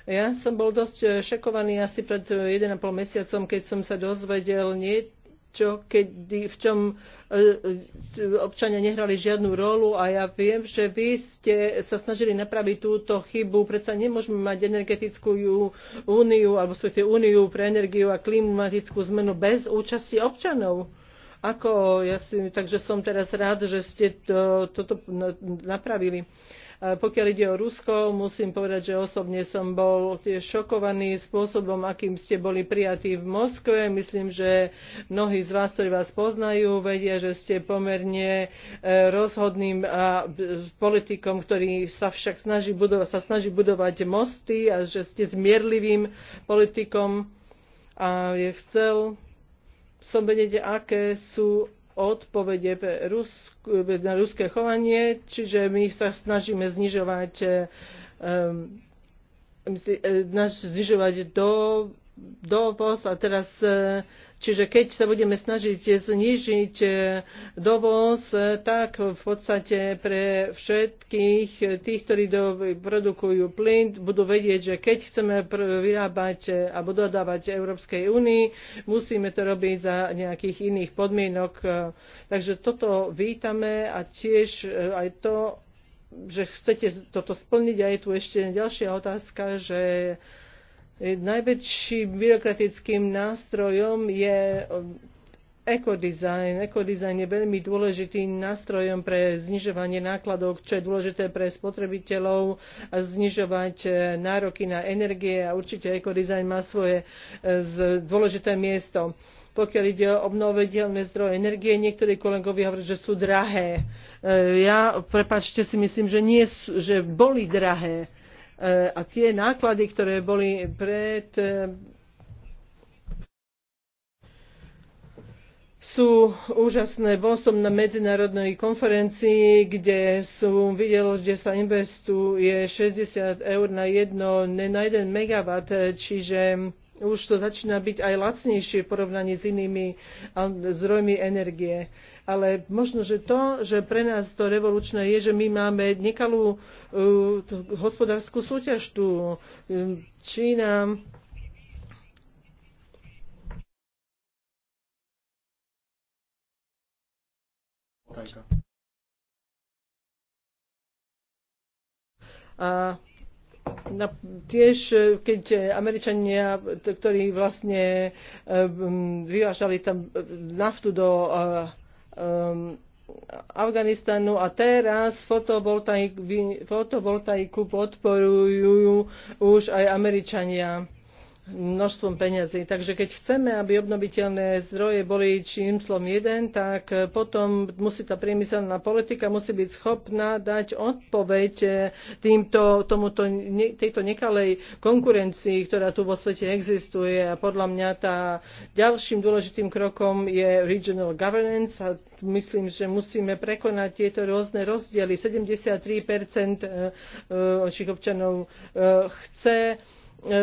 Ja som bol dosť šokovaný asi pred 1,5 mesiacom, keď som sa dozvedel nie čo, kedy, v čom e, e, občania nehrali žiadnu rolu a ja viem, že vy ste sa snažili napraviť túto chybu. Predsa nemôžeme mať energetickú úniu alebo svete úniu pre energiu a klimatickú zmenu bez účasti občanov. Ako ja si, takže som teraz rád, že ste to, toto napravili. Pokiaľ ide o Rusko, musím povedať, že osobne som bol tiež šokovaný spôsobom, akým ste boli prijatí v Moskve. Myslím, že mnohí z vás, ktorí vás poznajú, vedia, že ste pomerne e, rozhodným politikom, ktorý sa však snaží budovať, sa snaží budovať mosty a že ste zmierlivým politikom a je chcel som vedieť, aké sú odpovede na ruské chovanie, čiže my sa snažíme znižovať um, znižovať do dovoz a teraz, e, čiže keď sa budeme snažiť znižiť e, dovoz, e, tak v podstate pre všetkých tých, ktorí do, produkujú plyn, budú vedieť, že keď chceme vyrábať alebo dodávať Európskej únii, musíme to robiť za nejakých iných podmienok. Takže toto vítame a tiež aj to, že chcete toto splniť a je tu ešte ďalšia otázka, že E, najväčším byrokratickým nástrojom je ekodizajn. Ekodizajn je veľmi dôležitým nástrojom pre znižovanie nákladov, čo je dôležité pre spotrebiteľov a znižovať e, nároky na energie a určite ekodizajn má svoje e, dôležité miesto. Pokiaľ ide o obnoviteľné zdroje energie, niektorí kolegovia hovoria, že sú drahé. Ja, prepačte, si myslím, že, nie že boli drahé E, a tie náklady, ktoré boli pred e, sú úžasné. Bol som na medzinárodnej konferencii, kde som videl, že sa investuje 60 eur na, jedno, ne na jeden megawatt, e, čiže už to začína byť aj lacnejšie v porovnaní s inými zdrojmi energie ale možno, že to, že pre nás to revolučné je, že my máme nekalú uh, hospodárskú súťaž tu. Um, Čína A na, tiež, keď Američania, ktorí vlastne um, vyvážali tam naftu do uh, um, Afganistanu a teraz fotovoltaiku, fotovoltaiku podporujú už aj Američania množstvom peňazí. Takže keď chceme, aby obnoviteľné zdroje boli čím slom jeden, tak potom musí tá priemyselná politika musí byť schopná dať odpoveď eh, týmto, tomuto, tejto nekalej konkurencii, ktorá tu vo svete existuje. A podľa mňa tá ďalším dôležitým krokom je regional governance a myslím, že musíme prekonať tieto rôzne rozdiely. 73% eh, eh, našich občanov chce E,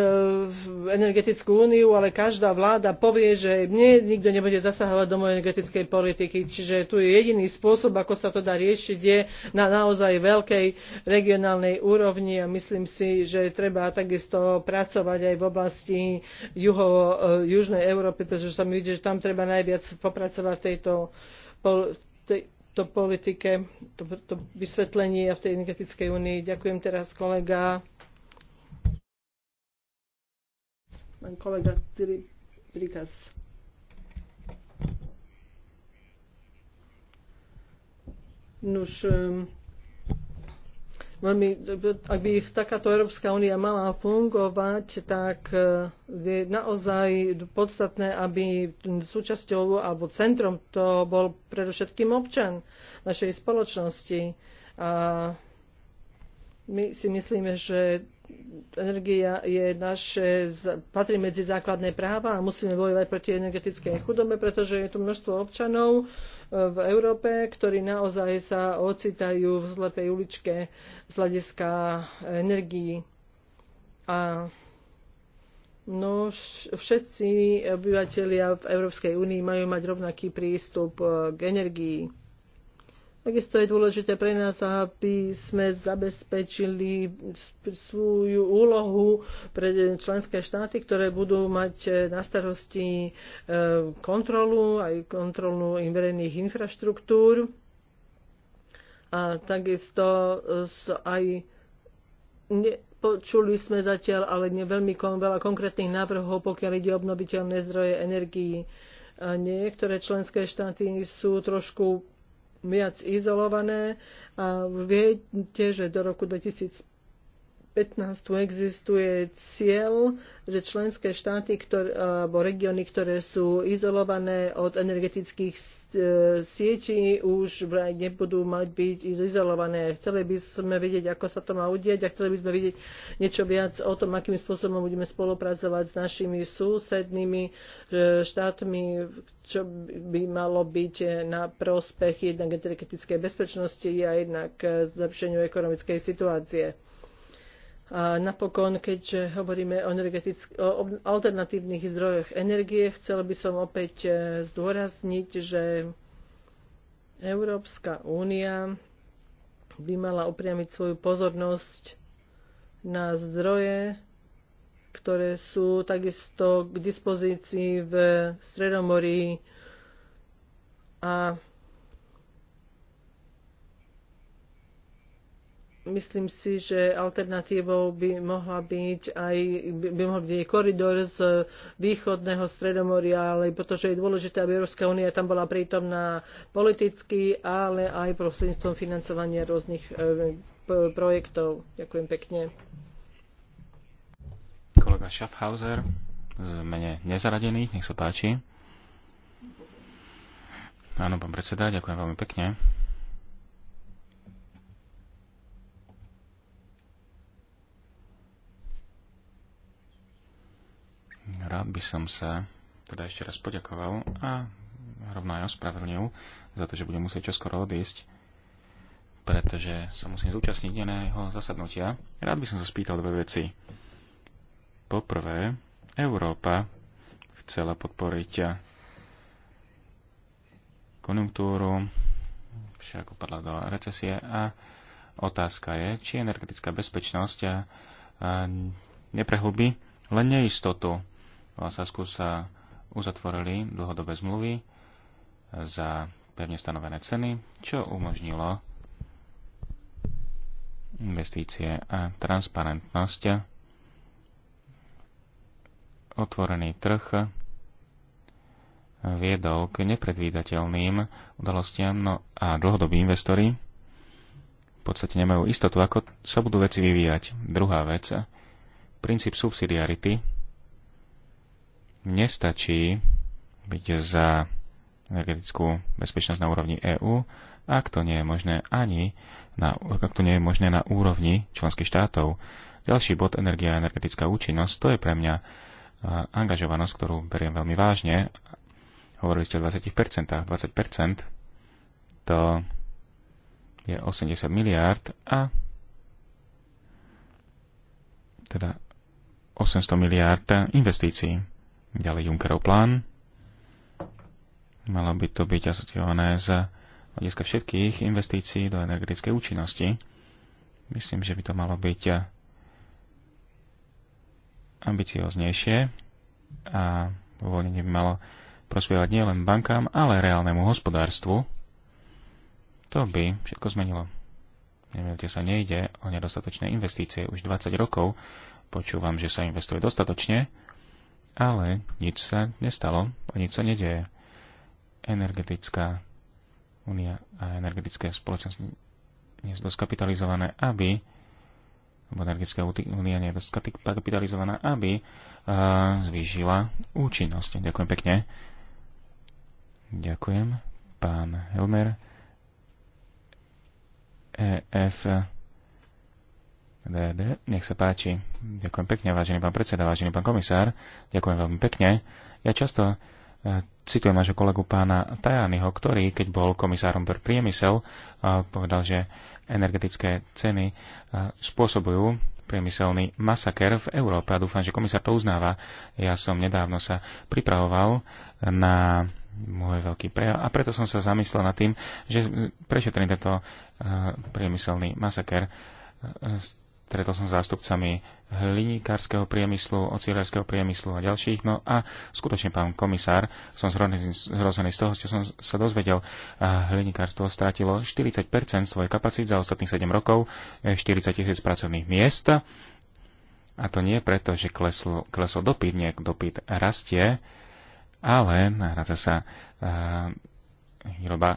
energetickú úniu, ale každá vláda povie, že mne nikto nebude zasahovať do mojej energetickej politiky. Čiže tu je jediný spôsob, ako sa to dá riešiť, je na naozaj veľkej regionálnej úrovni a myslím si, že treba takisto pracovať aj v oblasti juho, e, južnej Európy, pretože sa mi vidí, že tam treba najviac popracovať v tejto, to politike, to, to vysvetlenie v tej energetickej únii. Ďakujem teraz kolega. Pán kolega Cirikas. Nuž, ehm, veľmi, ak by takáto Európska únia mala fungovať, tak eh, je naozaj podstatné, aby súčasťou alebo centrom to bol predovšetkým občan našej spoločnosti. A my si myslíme, že energia je naše, patrí medzi základné práva a musíme bojovať proti energetickej chudobe, pretože je tu množstvo občanov e, v Európe, ktorí naozaj sa ocitajú v zlepej uličke z hľadiska energii. A No, všetci obyvateľia v Európskej únii majú mať rovnaký prístup e, k energii. Takisto je dôležité pre nás, aby sme zabezpečili svoju úlohu pre členské štáty, ktoré budú mať eh, na starosti eh, kontrolu, aj kontrolu verejných infraštruktúr a takisto eh, aj Počuli sme zatiaľ, ale nie veľmi kon, veľa konkrétnych návrhov, pokiaľ ide o obnoviteľné zdroje energii. niektoré členské štáty sú trošku viac izolované a viete, že do roku 2000 15 tu existuje cieľ, že členské štáty ktoré, alebo regióny, ktoré sú izolované od energetických e, sietí, už nebudú mať byť izolované. Chceli by sme vidieť, ako sa to má udieť a chceli by sme vidieť niečo viac o tom, akým spôsobom budeme spolupracovať s našimi súsednými e, štátmi, čo by malo byť na prospech jednak energetickej bezpečnosti a jednak e, zlepšeniu ekonomickej situácie. A napokon, keďže hovoríme o, o alternatívnych zdrojoch energie, chcela by som opäť e, zdôrazniť, že Európska únia by mala upriamiť svoju pozornosť na zdroje, ktoré sú takisto k dispozícii v Stredomorí a myslím si, že alternatívou by mohla byť aj by mohol byť koridor z východného stredomoria, ale pretože je dôležité, aby Európska únia tam bola prítomná politicky, ale aj prostredníctvom financovania rôznych e, projektov. Ďakujem pekne. Kolega Schaffhauser z mene nezaradených, nech sa páči. Áno, pán predseda, ďakujem veľmi pekne. Rád by som sa teda ešte raz poďakoval a rovno aj ospravedlnil za to, že budem musieť čoskoro odísť, pretože sa musím zúčastniť na jeho zasadnutia. Rád by som sa spýtal dve veci. Poprvé, Európa chcela podporiť konjunktúru, však upadla do recesie a otázka je, či energetická bezpečnosť a, a len neistotu v Lasasku sa uzatvorili dlhodobé zmluvy za pevne stanovené ceny, čo umožnilo investície a transparentnosť, otvorený trh viedol k nepredvídateľným udalostiam no a dlhodobí investori v podstate nemajú istotu, ako sa budú veci vyvíjať. Druhá vec, princíp subsidiarity nestačí byť za energetickú bezpečnosť na úrovni EÚ, ak to nie je možné ani na, ak to nie je možné na úrovni členských štátov. Ďalší bod energia a energetická účinnosť, to je pre mňa angažovanosť, ktorú beriem veľmi vážne. Hovorili ste o 20%, 20% to je 80 miliárd a teda 800 miliárd investícií ďalej Junckerov plán. Malo by to byť asociované z hľadiska všetkých investícií do energetickej účinnosti. Myslím, že by to malo byť eh, ambicioznejšie a uvoľnenie by malo prospievať nielen bankám, ale reálnemu hospodárstvu. To by všetko zmenilo. Nemielte sa, nejde o nedostatočné investície. Už 20 rokov počúvam, že sa investuje dostatočne, ale nič sa nestalo a nič sa nedieje. Energetická únia a energetické spoločnosti nie sú dosť kapitalizované, aby alebo energetická únia nie je dosť kapitalizovaná, aby uh, zvýšila účinnosť. Ďakujem pekne. Ďakujem. Pán Helmer. EF DD. Nech sa páči. Ďakujem pekne, vážený pán predseda, vážený pán komisár. Ďakujem veľmi pekne. Ja často e, citujem nášho kolegu pána Tajányho, ktorý, keď bol komisárom pre priemysel, e, povedal, že energetické ceny e, spôsobujú priemyselný masaker v Európe a dúfam, že komisár to uznáva. Ja som nedávno sa pripravoval na môj veľký prejav a preto som sa zamyslel nad tým, že prešetrím tento priemyselný masaker stretol som zástupcami hliníkárskeho priemyslu, ocieľarského priemyslu a ďalších. No a skutočne, pán komisár, som zhrozený z toho, čo som sa dozvedel. Hliníkárstvo strátilo 40 svojej kapacít za ostatných 7 rokov, 40 e, tisíc pracovných miest. A to nie preto, že klesl, klesol dopyt, nie dopyt rastie, ale nahradza sa e, výroba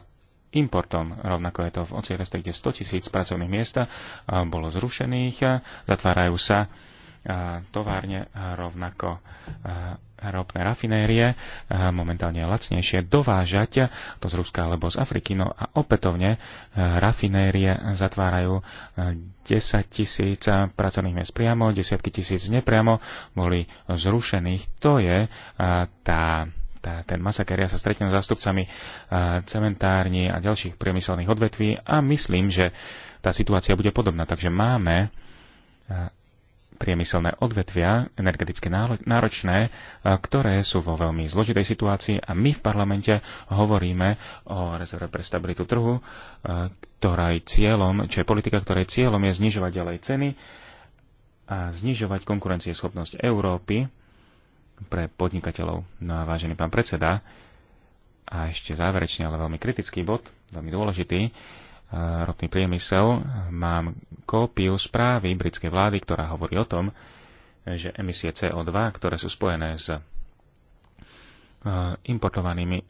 importom. Rovnako je to v ociereste, kde 100 tisíc pracovných miest bolo zrušených, zatvárajú sa továrne rovnako ropné rafinérie, momentálne je lacnejšie dovážať to z Ruska alebo z Afriky. No a opätovne rafinérie zatvárajú 10 tisíc pracovných miest priamo, desiatky tisíc nepriamo boli zrušených. To je tá tá, ten masaker. Ja sa stretnem s zástupcami cementárni a ďalších priemyselných odvetví a myslím, že tá situácia bude podobná. Takže máme priemyselné odvetvia, energeticky náročné, ktoré sú vo veľmi zložitej situácii a my v parlamente hovoríme o rezerve pre stabilitu trhu, ktorá je cieľom, čo je politika, ktorej cieľom je znižovať ďalej ceny a znižovať konkurencieschopnosť Európy pre podnikateľov. No a vážený pán predseda, a ešte záverečne, ale veľmi kritický bod, veľmi dôležitý, e, ropný priemysel, mám kópiu správy britskej vlády, ktorá hovorí o tom, že emisie CO2, ktoré sú spojené s e, importovanými e,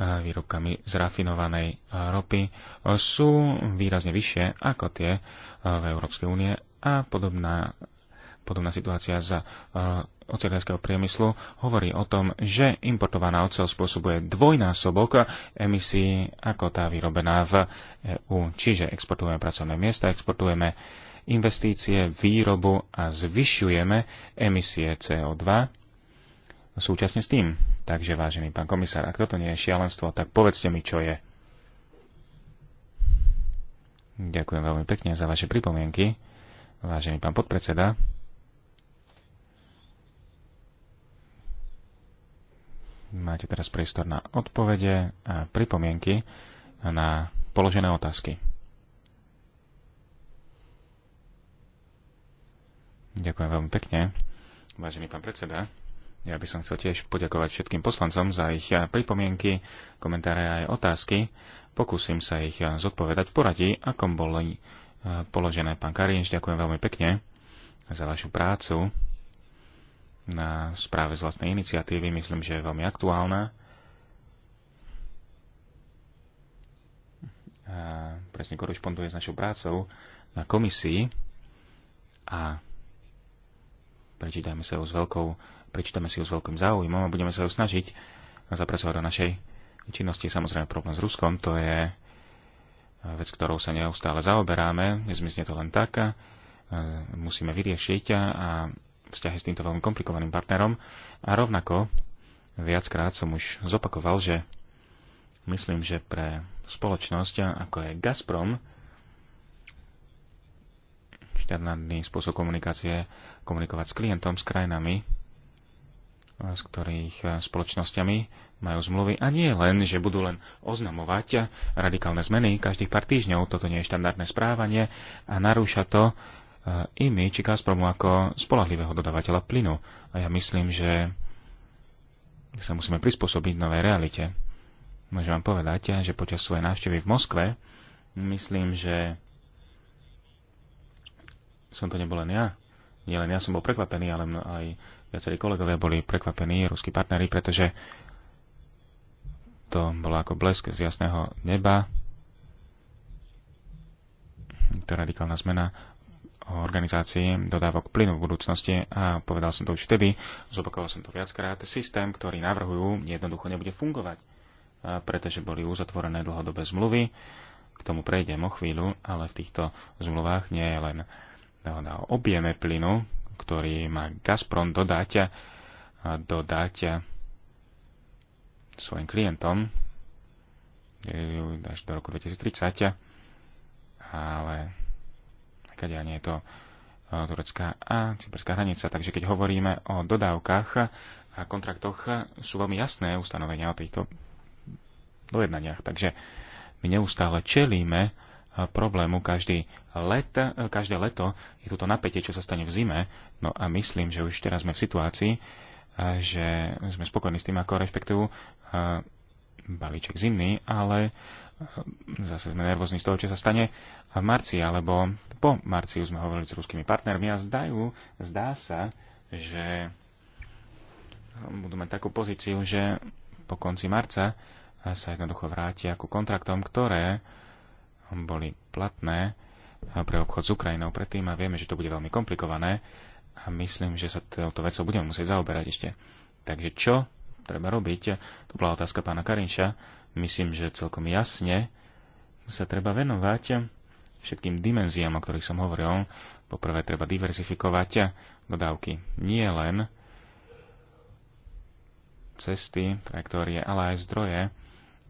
výrobkami z rafinovanej ropy, sú výrazne vyššie ako tie v Európskej únie a podobná, podobná situácia za oceliarského priemyslu hovorí o tom, že importovaná oceľ spôsobuje dvojnásobok emisí ako tá vyrobená v EÚ. Čiže exportujeme pracovné miesta, exportujeme investície, výrobu a zvyšujeme emisie CO2 súčasne s tým. Takže, vážený pán komisár, ak toto nie je šialenstvo, tak povedzte mi, čo je. Ďakujem veľmi pekne za vaše pripomienky, vážený pán podpredseda. Máte teraz priestor na odpovede a pripomienky na položené otázky. Ďakujem veľmi pekne. Vážený pán predseda, ja by som chcel tiež poďakovať všetkým poslancom za ich eh, pripomienky, komentáre a aj otázky. Pokúsim sa ich eh, zodpovedať v poradí, akom boli eh, položené. Pán Karinš, ďakujem veľmi pekne za vašu prácu na správe z vlastnej iniciatívy, myslím, že je veľmi aktuálna. A presne korešponduje s našou prácou na komisii a prečítame sa ju s veľkou, prečítame si ju s veľkým záujmom a budeme sa ju snažiť zapracovať do našej činnosti. Samozrejme problém s Ruskom, to je vec, ktorou sa neustále zaoberáme, nezmizne to len tak, e, musíme vyriešiť a vzťahy s týmto veľmi komplikovaným partnerom a rovnako viackrát som už zopakoval, že myslím, že pre spoločnosť, ako je Gazprom, štandardný spôsob komunikácie komunikovať s klientom, s krajinami, z ktorých spoločnosťami majú zmluvy. A nie len, že budú len oznamovať radikálne zmeny každých pár týždňov, toto nie je štandardné správanie a narúša to i či Gazpromu ako spolahlivého dodávateľa plynu. A ja myslím, že sa musíme prispôsobiť novej realite. Môžem vám povedať, že počas svojej návštevy v Moskve myslím, že som to nebol len ja. Nie len ja som bol prekvapený, ale aj viacerí kolegovia boli prekvapení, ruskí partneri, pretože to bolo ako blesk z jasného neba. To radikálna zmena o organizácii dodávok plynu v budúcnosti a povedal som to už vtedy, zopakoval som to viackrát, systém, ktorý navrhujú, jednoducho nebude fungovať, pretože boli uzatvorené dlhodobé zmluvy, k tomu prejdem o chvíľu, ale v týchto zmluvách nie je len dohoda o objeme plynu, ktorý má Gazprom dodať, dodať svojim klientom až do roku 2030, ale Kadia nie je to e, turecká a cyperská hranica. Takže keď hovoríme o dodávkach a kontraktoch, sú veľmi jasné ustanovenia o týchto dojednaniach. Takže my neustále čelíme e, problému každý let, e, každé leto je toto napätie, čo sa stane v zime. No a myslím, že už teraz sme v situácii, že sme spokojní s tým, ako rešpektujú balíček zimný, ale zase sme nervózni z toho, čo sa stane v marci alebo po marciu sme hovorili s ruskými partnermi a zdajú, zdá sa, že budú mať takú pozíciu, že po konci marca sa jednoducho vrátia ku kontraktom, ktoré boli platné pre obchod s Ukrajinou predtým a vieme, že to bude veľmi komplikované a myslím, že sa touto vecou budeme musieť zaoberať ešte. Takže čo treba robiť? To bola otázka pána Karinša. Myslím, že celkom jasne sa treba venovať všetkým dimenziám, o ktorých som hovoril. Poprvé treba diverzifikovať dodávky nie len cesty, trajektórie, ale aj zdroje.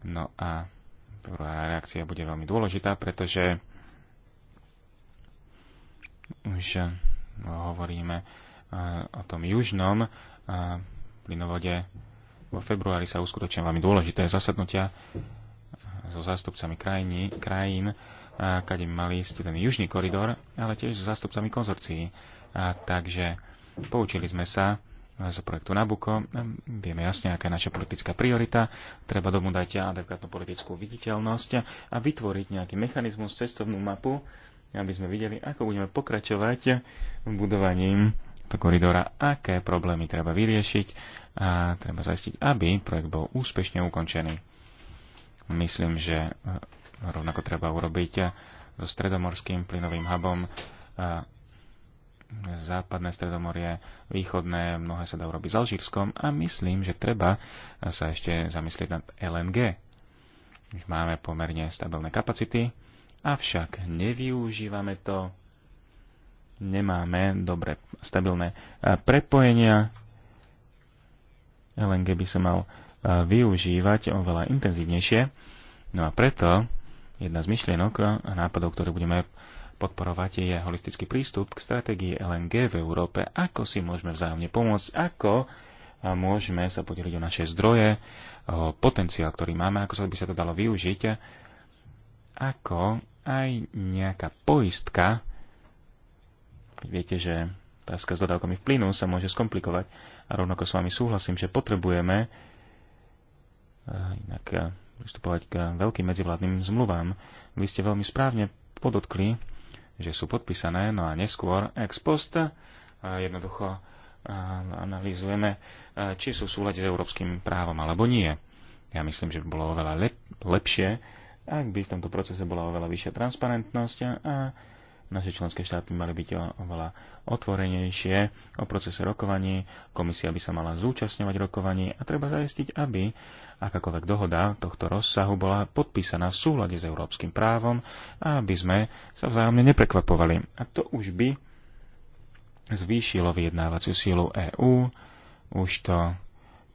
No a druhá reakcia bude veľmi dôležitá, pretože už eh, hovoríme eh, o tom južnom eh, plynovode. Vo februári sa uskutočnia veľmi dôležité zasadnutia so zástupcami krajiny, krajín, krajín kade mali ísť ten južný koridor, ale tiež s zástupcami konzorcií. A takže poučili sme sa z projektu Nabuko. Vieme jasne, aká je naša politická priorita. Treba domu dať adekvátnu politickú viditeľnosť a vytvoriť nejaký mechanizmus, cestovnú mapu, aby sme videli, ako budeme pokračovať v budovaní tohto koridora, aké problémy treba vyriešiť a treba zaistiť, aby projekt bol úspešne ukončený. Myslím, že Rovnako treba urobiť so stredomorským plynovým hubom západné stredomorie, východné, mnohé sa dá urobiť s Alžírskom a myslím, že treba sa ešte zamyslieť nad LNG. Už máme pomerne stabilné kapacity, avšak nevyužívame to, nemáme dobre stabilné prepojenia. LNG by sa mal využívať oveľa intenzívnejšie, no a preto Jedna z myšlienok a nápadov, ktoré budeme podporovať, je holistický prístup k stratégii LNG v Európe. Ako si môžeme vzájomne pomôcť? Ako môžeme sa podeliť o naše zdroje, o potenciál, ktorý máme, ako sa by sa to dalo využiť, ako aj nejaká poistka, viete, že otázka s dodávkami v plynu sa môže skomplikovať a rovnako s vami súhlasím, že potrebujeme eh, inak eh, pristupovať k veľkým medzivládnym zmluvám. Vy ste veľmi správne podotkli, že sú podpísané, no a neskôr ex post eh, jednoducho eh, analýzujeme, eh, či sú v súlade s európskym právom alebo nie. Ja myslím, že by bolo oveľa lep- lepšie, ak by v tomto procese bola oveľa vyššia transparentnosť a naše členské štáty mali byť oveľa otvorenejšie o procese rokovaní, komisia by sa mala zúčastňovať rokovaní a treba zajistiť, aby akákoľvek dohoda tohto rozsahu bola podpísaná v súhľade s európskym právom a aby sme sa vzájomne neprekvapovali. A to už by zvýšilo vyjednávaciu sílu EÚ, už to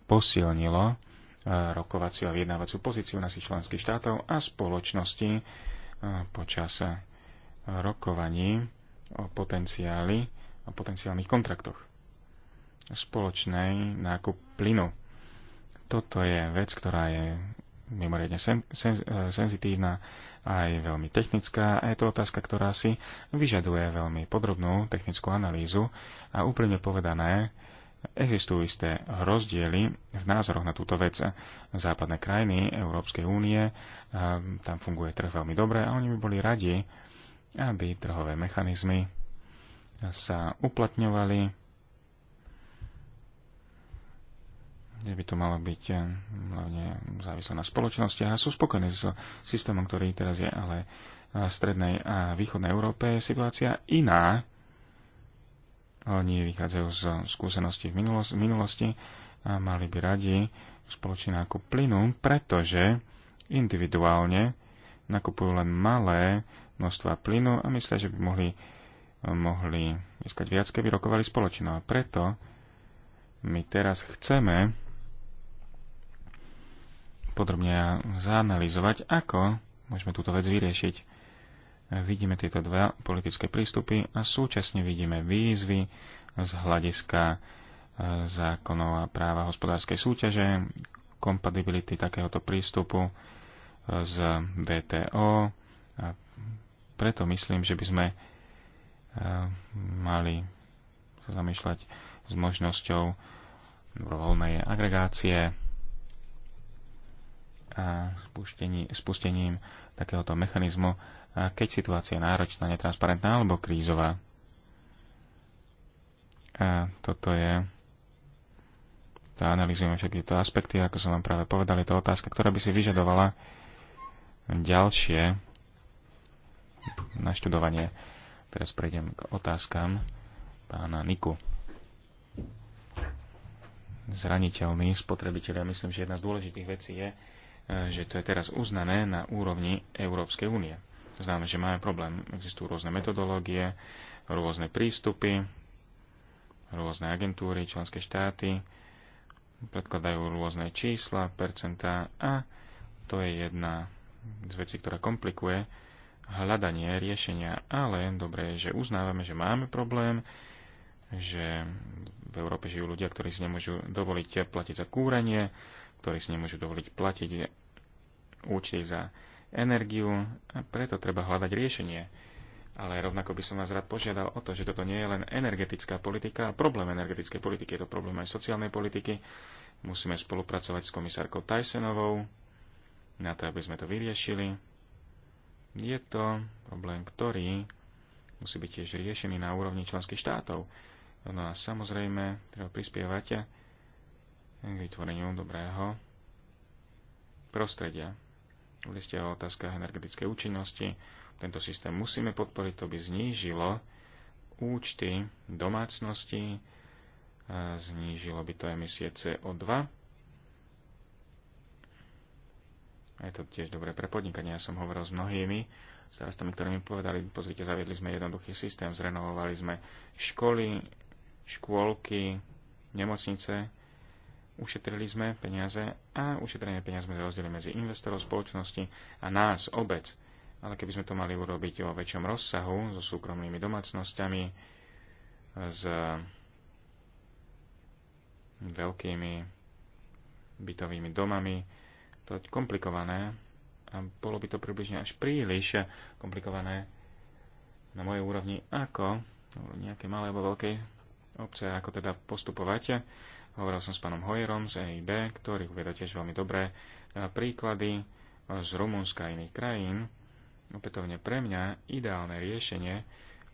posilnilo e, rokovaciu a vyjednávaciu pozíciu našich členských štátov a spoločnosti e, počas rokovaní o potenciáli a potenciálnych kontraktoch spoločnej nákup plynu. Toto je vec, ktorá je mimoriadne sen, sen, senzitívna a je veľmi technická a je to otázka, ktorá si vyžaduje veľmi podrobnú technickú analýzu a úplne povedané, Existujú isté rozdiely v názoroch na túto vec. Západné krajiny Európskej únie, tam funguje trh veľmi dobre a oni by boli radi, aby trhové mechanizmy sa uplatňovali, kde by to malo byť eh, hlavne závislé na spoločnosti a sú spokojní s systémom, ktorý teraz je, ale v strednej a východnej Európe je situácia iná. Oni vychádzajú z skúseností v minulosti a mali by radi spoločne nákup plynu, pretože individuálne nakupujú len malé množstva plynu a myslia, že by mohli, mohli získať viac, keby rokovali spoločno. No a preto my teraz chceme podrobne zanalizovať, ako môžeme túto vec vyriešiť. Vidíme tieto dva politické prístupy a súčasne vidíme výzvy z hľadiska eh, zákonov a práva hospodárskej súťaže, kompatibility takéhoto prístupu eh, z DTO a preto myslím, že by sme e, mali sa zamýšľať s možnosťou dobrovoľnej agregácie a spustení, spustením takéhoto mechanizmu, keď situácia je náročná, netransparentná alebo krízová. A toto je to analýzujeme všetky tieto aspekty, ako som vám práve povedal, je to otázka, ktorá by si vyžadovala ďalšie na študovanie. Teraz prejdem k otázkam pána Niku. Zraniteľný spotrebiteľ. Ja myslím, že jedna z dôležitých vecí je, eh, že to je teraz uznané na úrovni Európskej únie. To znamená, že máme problém. Existujú rôzne metodológie, rôzne prístupy, rôzne agentúry, členské štáty, predkladajú rôzne čísla, percentá a to je jedna z vecí, ktorá komplikuje hľadanie riešenia, ale dobre je, že uznávame, že máme problém, že v Európe žijú ľudia, ktorí si nemôžu dovoliť platiť za kúrenie, ktorí si nemôžu dovoliť platiť účty za energiu a preto treba hľadať riešenie. Ale rovnako by som vás rád požiadal o to, že toto nie je len energetická politika, problém energetickej politiky, je to problém aj sociálnej politiky. Musíme spolupracovať s komisárkou Tysonovou na to, aby sme to vyriešili je to problém, ktorý musí byť tiež riešený na úrovni členských štátov. No a samozrejme, treba prispievať k vytvoreniu dobrého prostredia. Hovorili ste o otázkach energetickej účinnosti. Tento systém musíme podporiť, to by znížilo účty domácnosti, znížilo by to emisie CO2 je to tiež dobré pre podnikanie. Ja som hovoril s mnohými starostami, ktorí mi povedali, pozrite, zaviedli sme jednoduchý systém, zrenovovali sme školy, škôlky, nemocnice, ušetrili sme peniaze a ušetrenie peniaz sme rozdelili medzi investorov, spoločnosti a nás, obec. Ale keby sme to mali urobiť o väčšom rozsahu so súkromnými domácnosťami, s veľkými bytovými domami, to komplikované a bolo by to približne až príliš komplikované na mojej úrovni, ako nejaké malé alebo veľkej obce, ako teda postupovať. Hovoril som s pánom Hojerom z EIB, ktorý uvedol tiež veľmi dobré e, príklady z Rumunska a iných krajín. Opätovne pre mňa ideálne riešenie,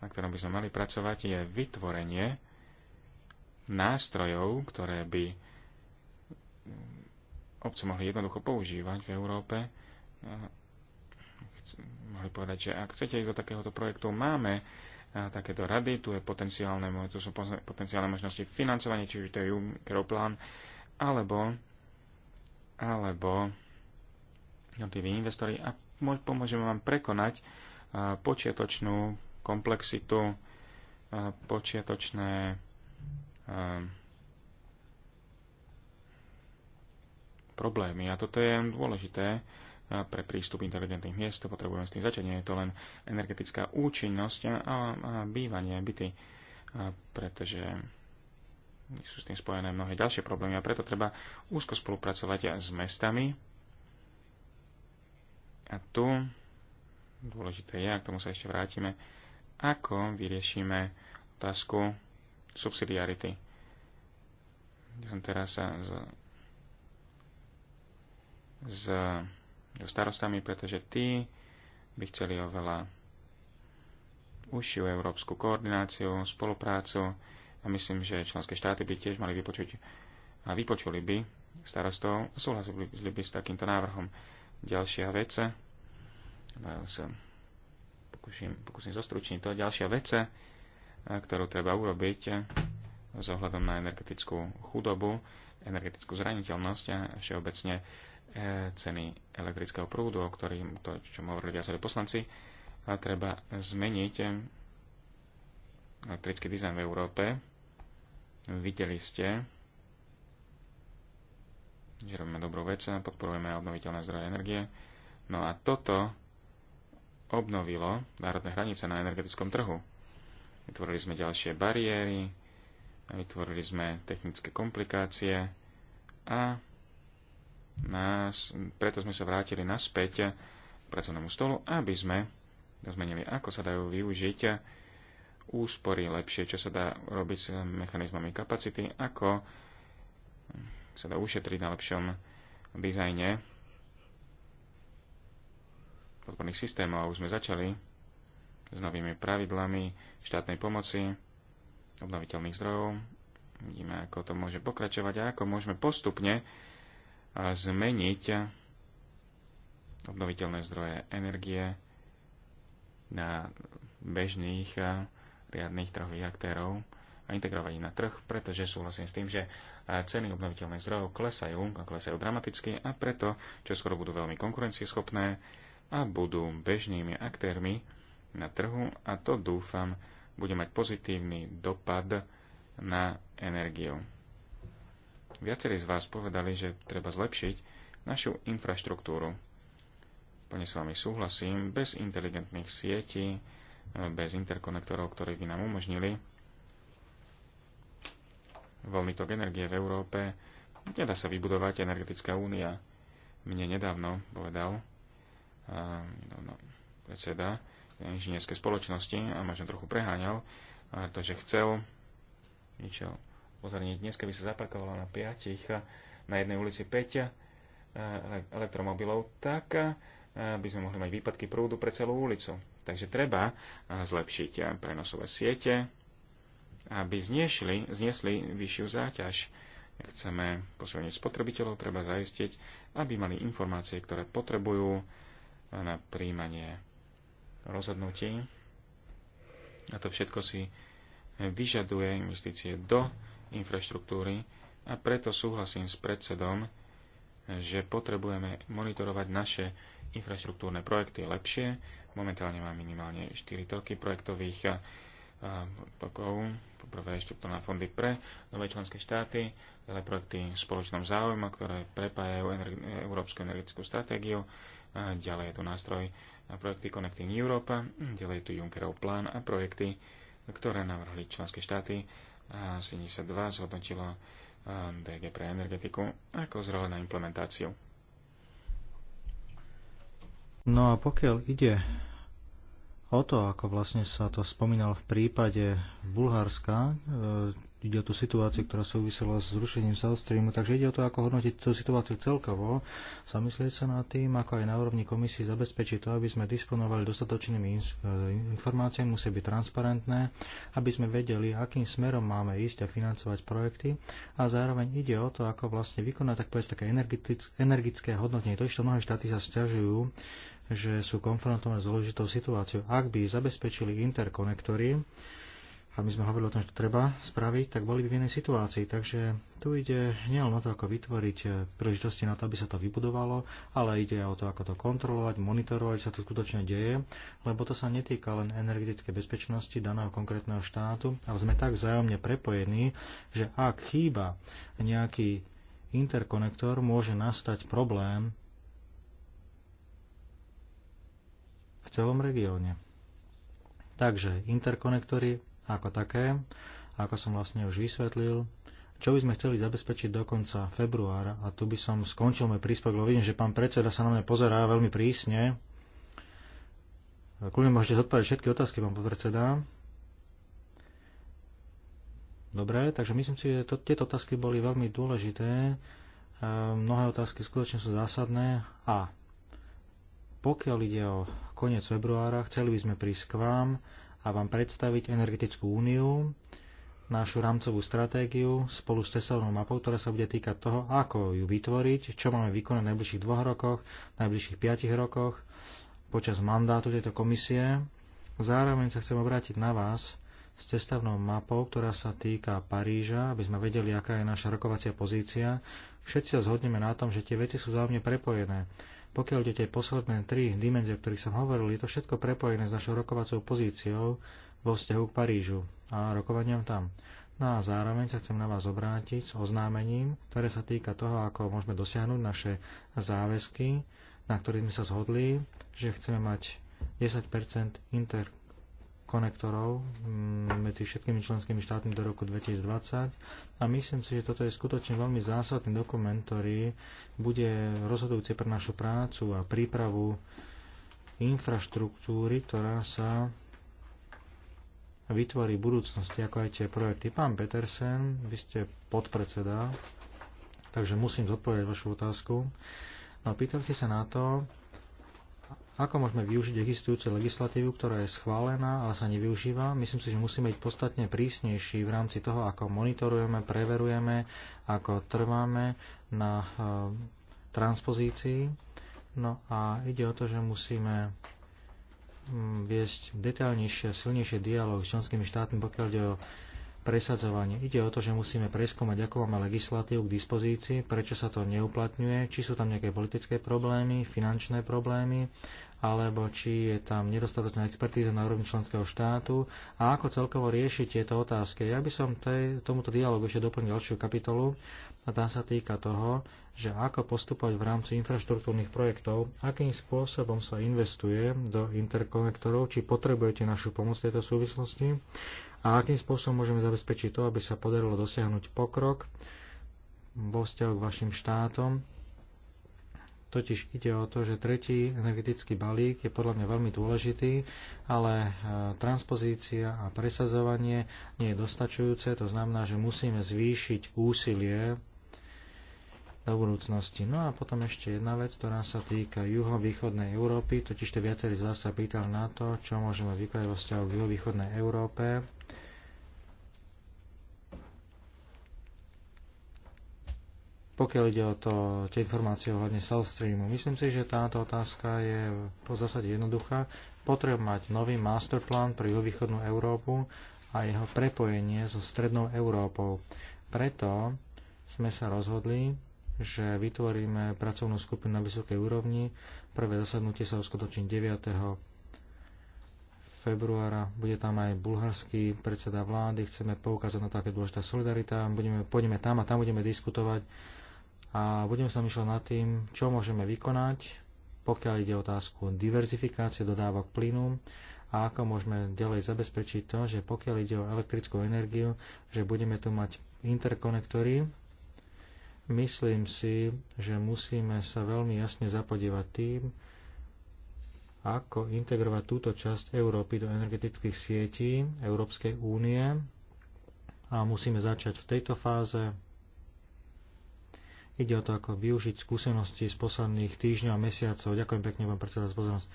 na ktorom by sme mali pracovať, je vytvorenie nástrojov, ktoré by obce mohli jednoducho používať v Európe. Mohli povedať, že ak chcete ísť do takéhoto projektu, máme takéto rady, tu, je potenciálne, tu sú potenciálne možnosti financovania, čiže to je Junckerov alebo, alebo jednotliví investori a pomôžeme vám prekonať počiatočnú komplexitu, počiatočné problémy. A toto je dôležité eh, pre prístup inteligentných miest. Potrebujeme s tým začať. Nie je to len energetická účinnosť a, bývanie, byty, a pretože sú s tým spojené mnohé ďalšie problémy a preto treba úzko spolupracovať s mestami. A tu dôležité je, a k tomu sa ešte vrátime, ako vyriešime otázku subsidiarity. Ja som teraz sa s starostami, pretože tí by chceli oveľa užšiu európsku koordináciu, spoluprácu a myslím, že členské štáty by tiež mali vypočuť a vypočuli by starostov, súhlasili by s takýmto návrhom. Ďalšia vec, pokúsim, pokúsim zostručniť to, ďalšia vec, ktorú treba urobiť s ohľadom na energetickú chudobu, energetickú zraniteľnosť a všeobecne E, ceny elektrického prúdu, o ktorým to, čo hovorili viacerí poslanci, a treba zmeniť e, elektrický dizajn v Európe. Videli ste, že robíme dobrú vec, podporujeme obnoviteľné zdroje energie. No a toto obnovilo národné hranice na energetickom trhu. Vytvorili sme ďalšie bariéry, vytvorili sme technické komplikácie a nás, preto sme sa vrátili naspäť k pracovnému stolu, aby sme zmenili, ako sa dajú využiť úspory lepšie, čo sa dá robiť s mechanizmami kapacity, ako sa dá ušetriť na lepšom dizajne podporných systémov. Už sme začali s novými pravidlami štátnej pomoci, obnoviteľných zdrojov. Vidíme, ako to môže pokračovať a ako môžeme postupne zmeniť obnoviteľné zdroje energie na bežných a riadných trhových aktérov a integrovať ich na trh, pretože súhlasím s tým, že ceny obnoviteľných zdrojov klesajú a klesajú dramaticky a preto čo skoro budú veľmi konkurencieschopné a budú bežnými aktérmi na trhu a to dúfam bude mať pozitívny dopad na energiu. Viacerí z vás povedali, že treba zlepšiť našu infraštruktúru. Plne s vami súhlasím, bez inteligentných sietí, bez interkonektorov, ktoré by nám umožnili voľný tok energie v Európe, nedá sa vybudovať energetická únia. Mne nedávno povedal a, no, predseda inžinierskej spoločnosti, a možno trochu preháňal, pretože chcel, ničel upozorniť, dnes keby sa zaparkovala na 5, eh, na jednej ulici 5 eh, elektromobilov, tak eh, by sme mohli mať výpadky prúdu pre celú ulicu. Takže treba zlepšiť prenosové siete, aby zniešli, zniesli vyššiu záťaž. Ak chceme posilniť spotrebiteľov, treba zaistiť, aby mali informácie, ktoré potrebujú na príjmanie rozhodnutí. A to všetko si vyžaduje investície do infraštruktúry a preto súhlasím s predsedom, že potrebujeme monitorovať naše infraštruktúrne projekty lepšie. Momentálne máme minimálne 4 roky projektových eh, tokov, poprvé štruktúrne fondy pre nové členské štáty, ale projekty v spoločnom záujme, ktoré prepájajú energi- európsku energetickú stratégiu, ďalej je tu nástroj na projekty Connecting Europe, ďalej je tu Junckerov plán a projekty, ktoré navrhli členské štáty 72 zhodnotila DG pre energetiku ako zrovna na implementáciu. No a pokiaľ ide o to, ako vlastne sa to spomínal v prípade Bulharska, e, ide o tú situáciu, ktorá súvisela s zrušením South Streamu, takže ide o to, ako hodnotiť tú situáciu celkovo, zamyslieť sa nad tým, ako aj na úrovni komisie zabezpečiť to, aby sme disponovali dostatočnými e, informáciami, musí byť transparentné, aby sme vedeli, akým smerom máme ísť a financovať projekty a zároveň ide o to, ako vlastne vykonať tak povedz, také energické hodnotenie. To, čo mnohé štáty sa stiažujú, že sú konfrontované s dôležitou situáciou. Ak by zabezpečili interkonektory, a my sme hovorili o tom, že to treba spraviť, tak boli by v inej situácii. Takže tu ide nielen o to, ako vytvoriť príležitosti na to, aby sa to vybudovalo, ale ide o to, ako to kontrolovať, monitorovať, sa to skutočne deje, lebo to sa netýka len energetickej bezpečnosti daného konkrétneho štátu, ale sme tak vzájomne prepojení, že ak chýba nejaký interkonektor, môže nastať problém v celom regióne. Takže interkonektory ako také, ako som vlastne už vysvetlil, čo by sme chceli zabezpečiť do konca februára. A tu by som skončil môj príspevok, lebo vidím, že pán predseda sa na mňa pozerá veľmi prísne. Kľudne môžete zodpovedať všetky otázky, pán podpredseda. Dobre, takže myslím si, že to, tieto otázky boli veľmi dôležité. E, mnohé otázky skutočne sú zásadné. A pokiaľ ide o koniec februára, chceli by sme prísť k vám a vám predstaviť energetickú úniu, našu rámcovú stratégiu spolu s cestovnou mapou, ktorá sa bude týkať toho, ako ju vytvoriť, čo máme vykonať v najbližších dvoch rokoch, v najbližších piatich rokoch, počas mandátu tejto komisie. Zároveň sa chcem obrátiť na vás s cestovnou mapou, ktorá sa týka Paríža, aby sme vedeli, aká je naša rokovacia pozícia. Všetci sa zhodneme na tom, že tie veci sú zájomne prepojené. Pokiaľ ide tie posledné tri dimenzie, o ktorých som hovoril, je to všetko prepojené s našou rokovacou pozíciou vo vzťahu k Parížu a rokovaniam tam. No a zároveň sa chcem na vás obrátiť s oznámením, ktoré sa týka toho, ako môžeme dosiahnuť naše záväzky, na ktorých sme sa zhodli, že chceme mať 10 inter konektorov mm, medzi všetkými členskými štátmi do roku 2020 a myslím si, že toto je skutočne veľmi zásadný dokument, ktorý bude rozhodujúci pre našu prácu a prípravu infraštruktúry, ktorá sa vytvorí v budúcnosti, ako aj tie projekty. Pán Petersen, vy ste podpredseda, takže musím zodpovedať vašu otázku. No pýtal ste sa na to, ako môžeme využiť existujúcu legislatívu, ktorá je schválená, ale sa nevyužíva? Myslím si, že musíme byť podstatne prísnejší v rámci toho, ako monitorujeme, preverujeme, ako trváme na e, transpozícii. No a ide o to, že musíme mm, viesť detaľnejšie a silnejšie dialog s členskými štátmi, pokiaľ ide o presadzovanie. Ide o to, že musíme preskúmať, ako máme legislatívu k dispozícii, prečo sa to neuplatňuje, či sú tam nejaké politické problémy, finančné problémy, alebo či je tam nedostatočná expertíza na úrovni členského štátu a ako celkovo riešiť tieto otázky. Ja by som tej, tomuto dialogu ešte doplnil ďalšiu kapitolu a tá sa týka toho, že ako postupovať v rámci infraštruktúrnych projektov, akým spôsobom sa investuje do interkonektorov, či potrebujete našu pomoc v tejto súvislosti, a akým spôsobom môžeme zabezpečiť to, aby sa podarilo dosiahnuť pokrok vo vzťahu k vašim štátom. Totiž ide o to, že tretí energetický balík je podľa mňa veľmi dôležitý, ale e, transpozícia a presazovanie nie je dostačujúce, to znamená, že musíme zvýšiť úsilie do budúcnosti. No a potom ešte jedna vec, ktorá sa týka juhovýchodnej Európy, totiž to viacerí z vás sa pýtali na to, čo môžeme vykonať vo vzťahu k juhovýchodnej Európe. Pokiaľ ide o to, tie informácie ohľadne South Streamu, myslím si, že táto otázka je po zásade jednoduchá. Potrebujem mať nový masterplan pre juhovýchodnú Európu a jeho prepojenie so strednou Európou. Preto sme sa rozhodli že vytvoríme pracovnú skupinu na vysokej úrovni. Prvé zasadnutie sa uskutoční 9 februára. Bude tam aj bulharský predseda vlády. Chceme poukázať na také dôležitá solidarita. Budeme, pôjdeme tam a tam budeme diskutovať. A budeme sa myšľať nad tým, čo môžeme vykonať, pokiaľ ide o otázku diverzifikácie dodávok plynu a ako môžeme ďalej zabezpečiť to, že pokiaľ ide o elektrickú energiu, že budeme tu mať interkonektory, Myslím si, že musíme sa veľmi jasne zapodievať tým, ako integrovať túto časť Európy do energetických sietí Európskej únie a musíme začať v tejto fáze. Ide o to, ako využiť skúsenosti z posledných týždňov a mesiacov. Ďakujem pekne, pán predseda, za pozornosť.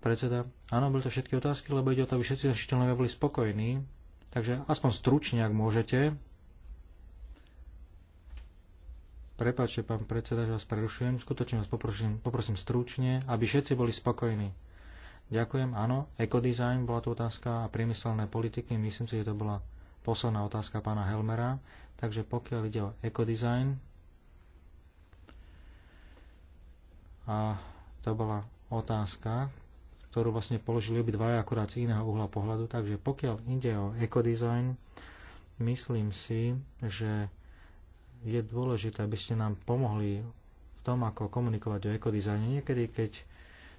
Predseda, áno, boli to všetky otázky, lebo ide o to, aby všetci naši členovia boli spokojní. Takže aspoň stručne, ak môžete. Prepačte, pán predseda, že vás prerušujem. Skutočne vás poprosím, poprosím stručne, aby všetci boli spokojní. Ďakujem, áno. Ekodizajn bola tu otázka a priemyselné politiky. Myslím si, že to bola posledná otázka pána Helmera. Takže pokiaľ ide o ekodizajn, a to bola otázka, ktorú vlastne položili dvaja akurát z iného uhla pohľadu. Takže pokiaľ ide o ekodizajn, myslím si, že je dôležité, aby ste nám pomohli v tom, ako komunikovať o ekodizajne. Niekedy, keď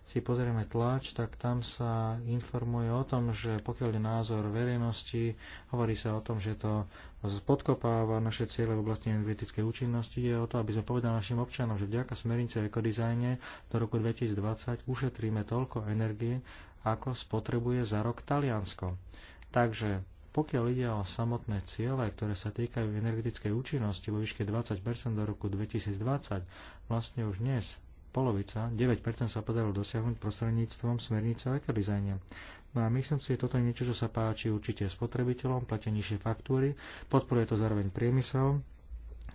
si pozrieme tlač, tak tam sa informuje o tom, že pokiaľ je názor verejnosti, hovorí sa o tom, že to podkopáva naše ciele v oblasti energetickej účinnosti. Je o to, aby sme povedali našim občanom, že vďaka smernice o ekodizajne do roku 2020 ušetríme toľko energie, ako spotrebuje za rok Taliansko. Takže pokiaľ ide o samotné ciele, ktoré sa týkajú energetickej účinnosti vo výške 20 do roku 2020, vlastne už dnes polovica, 9 sa podarilo dosiahnuť prostredníctvom smernice o ekodizajne. No a myslím si, že toto je niečo, čo sa páči určite spotrebiteľom, platenie nižšie faktúry, podporuje to zároveň priemysel,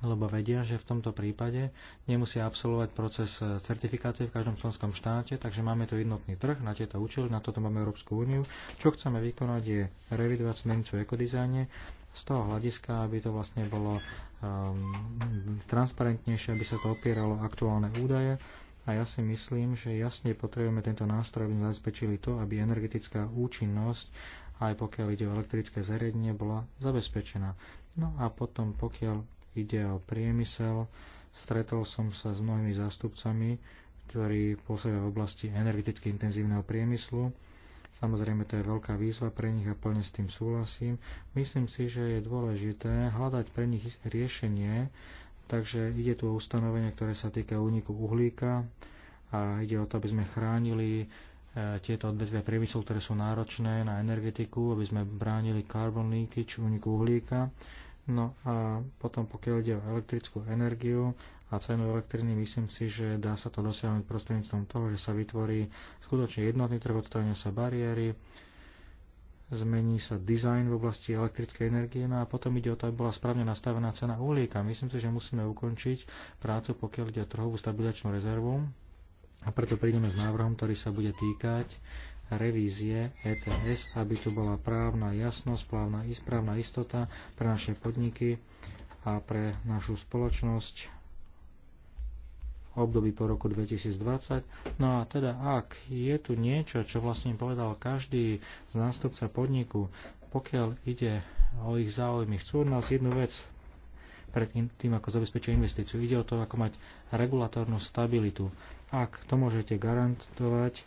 lebo vedia, že v tomto prípade nemusia absolvovať proces e, certifikácie v každom členskom štáte, takže máme tu jednotný trh na tieto účely, na toto máme Európsku úniu. Čo chceme vykonať je revidovať smernicu ekodizajne z toho hľadiska, aby to vlastne bolo um, transparentnejšie, aby sa to opieralo aktuálne údaje a ja si myslím, že jasne potrebujeme tento nástroj, aby zabezpečili to, aby energetická účinnosť, aj pokiaľ ide o elektrické zariadenie, bola zabezpečená. No a potom, pokiaľ ide o priemysel. Stretol som sa s mnohými zástupcami, ktorí pôsobia v oblasti energeticky intenzívneho priemyslu. Samozrejme, to je veľká výzva pre nich a plne s tým súhlasím. Myslím si, že je dôležité hľadať pre nich riešenie, takže ide tu o ustanovenie, ktoré sa týka úniku uhlíka a ide o to, aby sme chránili e, tieto odvetvia priemyslu, ktoré sú náročné na energetiku, aby sme bránili carbon leakage, úniku uhlíka. No a potom pokiaľ ide o elektrickú energiu a cenu elektriny, myslím si, že dá sa to dosiahnuť prostredníctvom toho, že sa vytvorí skutočne jednotný trh, odstrania sa bariéry, zmení sa dizajn v oblasti elektrickej energie, no a potom ide o to, aby bola správne nastavená cena uhlíka. Myslím si, že musíme ukončiť prácu, pokiaľ ide o trhovú stabilizačnú rezervu a preto prídeme s návrhom, ktorý sa bude týkať revízie ETS, aby tu bola právna jasnosť, právna, správna istota pre naše podniky a pre našu spoločnosť v období po roku 2020. No a teda, ak je tu niečo, čo vlastne povedal každý z nástupca podniku, pokiaľ ide o ich záujmy, chcú od nás jednu vec pred tým, ako zabezpečia investíciu. Ide o to, ako mať regulatórnu stabilitu. Ak to môžete garantovať,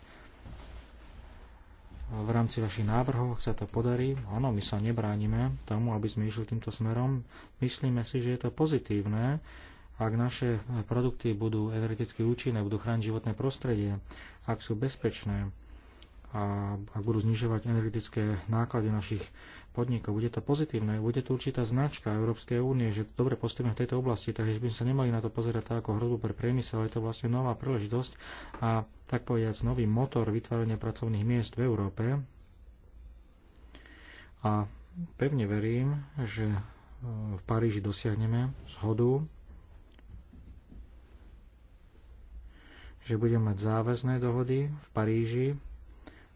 v rámci vašich návrhov, ak sa to podarí, áno, my sa nebránime tomu, aby sme išli týmto smerom. Myslíme si, že je to pozitívne, ak naše produkty budú energeticky účinné, budú chrániť životné prostredie, ak sú bezpečné a ak budú znižovať energetické náklady našich podnikov. Bude to pozitívne, bude to určitá značka Európskej únie, že dobre postupujeme v tejto oblasti, takže by sme sa nemali na to pozerať tak ako hrozbu pre priemysel, ale je to vlastne nová príležitosť a tak povedať, nový motor vytvárania pracovných miest v Európe. A pevne verím, že e, v Paríži dosiahneme zhodu, že budeme mať záväzné dohody v Paríži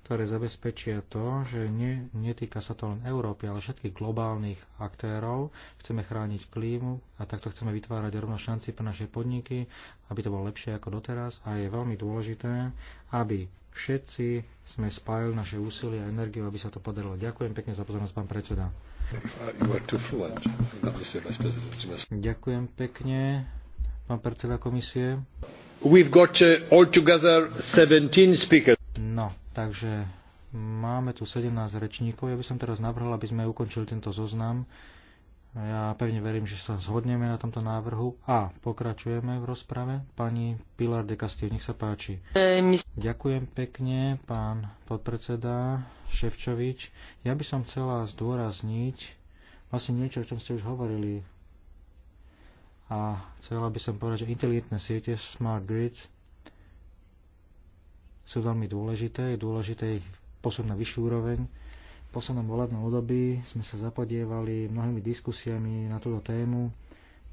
ktoré zabezpečia to, že nie, netýka sa to len Európy, ale všetkých globálnych aktérov. Chceme chrániť klímu a takto chceme vytvárať rovno šanci pre naše podniky, aby to bolo lepšie ako doteraz. A je veľmi dôležité, aby všetci sme spájali naše úsilie a energiu, aby sa to podarilo. Ďakujem pekne za pozornosť, pán predseda. Ďakujem pekne, pán predseda komisie. We've got uh, together 17 speakers. No, takže máme tu 17 rečníkov. Ja by som teraz navrhol, aby sme ukončili tento zoznam. Ja pevne verím, že sa zhodneme na tomto návrhu a pokračujeme v rozprave. Pani Pilar de Castillo, nech sa páči. Ďakujem pekne, pán podpredseda Ševčovič. Ja by som chcela zdôrazniť vlastne niečo, o čom ste už hovorili. A chcela by som povedať, že inteligentné siete, smart grids, sú veľmi dôležité. Je dôležité ich posunúť na vyššiu úroveň. V poslednom volebnom období sme sa zapodievali mnohými diskusiami na túto tému.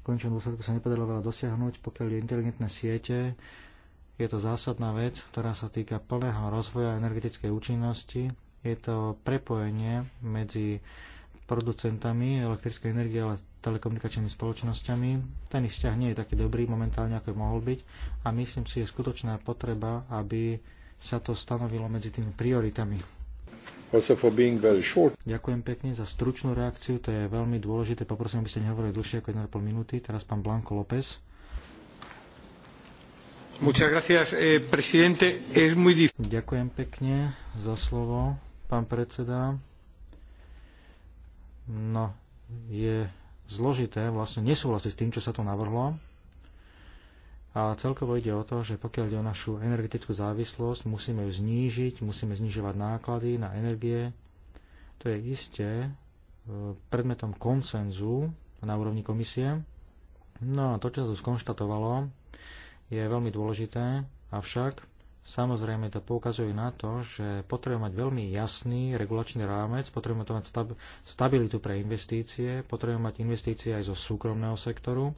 V končnom dôsledku sa nepodarilo veľa dosiahnuť, pokiaľ je inteligentné siete. Je to zásadná vec, ktorá sa týka plného rozvoja energetickej účinnosti. Je to prepojenie medzi producentami elektrickej energie, ale telekomunikačnými spoločnosťami. Ten ich vzťah nie je taký dobrý momentálne, ako je mohol byť a myslím si, že je skutočná potreba, aby sa to stanovilo medzi tými prioritami. Ďakujem pekne za stručnú reakciu, to je veľmi dôležité. Poprosím, aby ste nehovorili dlhšie ako 1,5 minúty. Teraz pán Blanco López. Gracias, eh, muy... Ďakujem pekne za slovo, pán predseda. No, je zložité vlastne nesúhlasiť s tým, čo sa tu navrhlo. A celkovo ide o to, že pokiaľ ide o našu energetickú závislosť, musíme ju znížiť, musíme znižovať náklady na energie. To je isté e, predmetom konsenzu na úrovni komisie. No a to, čo sa tu skonštatovalo, je veľmi dôležité, avšak Samozrejme to poukazuje na to, že potrebujeme mať veľmi jasný regulačný rámec, potrebujeme to mať stabilitu pre investície, potrebujeme mať investície aj zo súkromného sektoru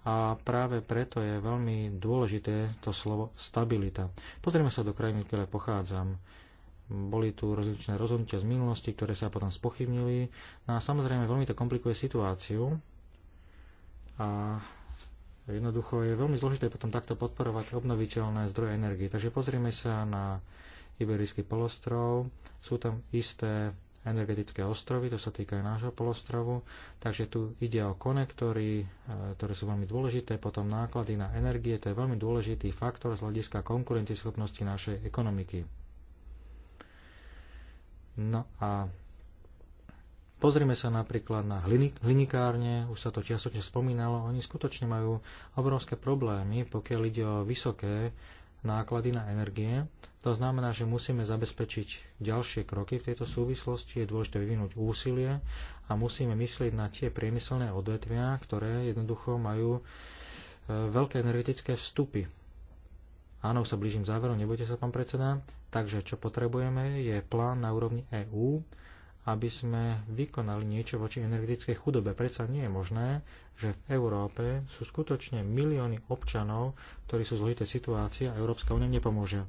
a práve preto je veľmi dôležité to slovo stabilita. Pozrieme sa do krajiny, ktoré pochádzam. Boli tu rozličné rozhodnutia z minulosti, ktoré sa potom spochybnili. No a samozrejme veľmi to komplikuje situáciu a jednoducho je veľmi zložité potom takto podporovať obnoviteľné zdroje energie. Takže pozrieme sa na Iberijský polostrov. Sú tam isté energetické ostrovy, to sa týka aj nášho polostrovu, takže tu ide o konektory, e, ktoré sú veľmi dôležité, potom náklady na energie, to je veľmi dôležitý faktor z hľadiska konkurencieschopnosti našej ekonomiky. No a Pozrime sa napríklad na hlinikárne, už sa to čiastočne spomínalo, oni skutočne majú obrovské problémy, pokiaľ ide o vysoké náklady na energie to znamená, že musíme zabezpečiť ďalšie kroky. V tejto súvislosti je dôležité vyvinúť úsilie a musíme myslieť na tie priemyselné odvetvia, ktoré jednoducho majú e, veľké energetické vstupy. Áno, sa blížim záveru, nebojte sa, pán predseda. Takže čo potrebujeme je plán na úrovni EÚ, aby sme vykonali niečo voči energetickej chudobe. Predsa nie je možné, že v Európe sú skutočne milióny občanov, ktorí sú v zložitej situácii a Európska únia nepomôže.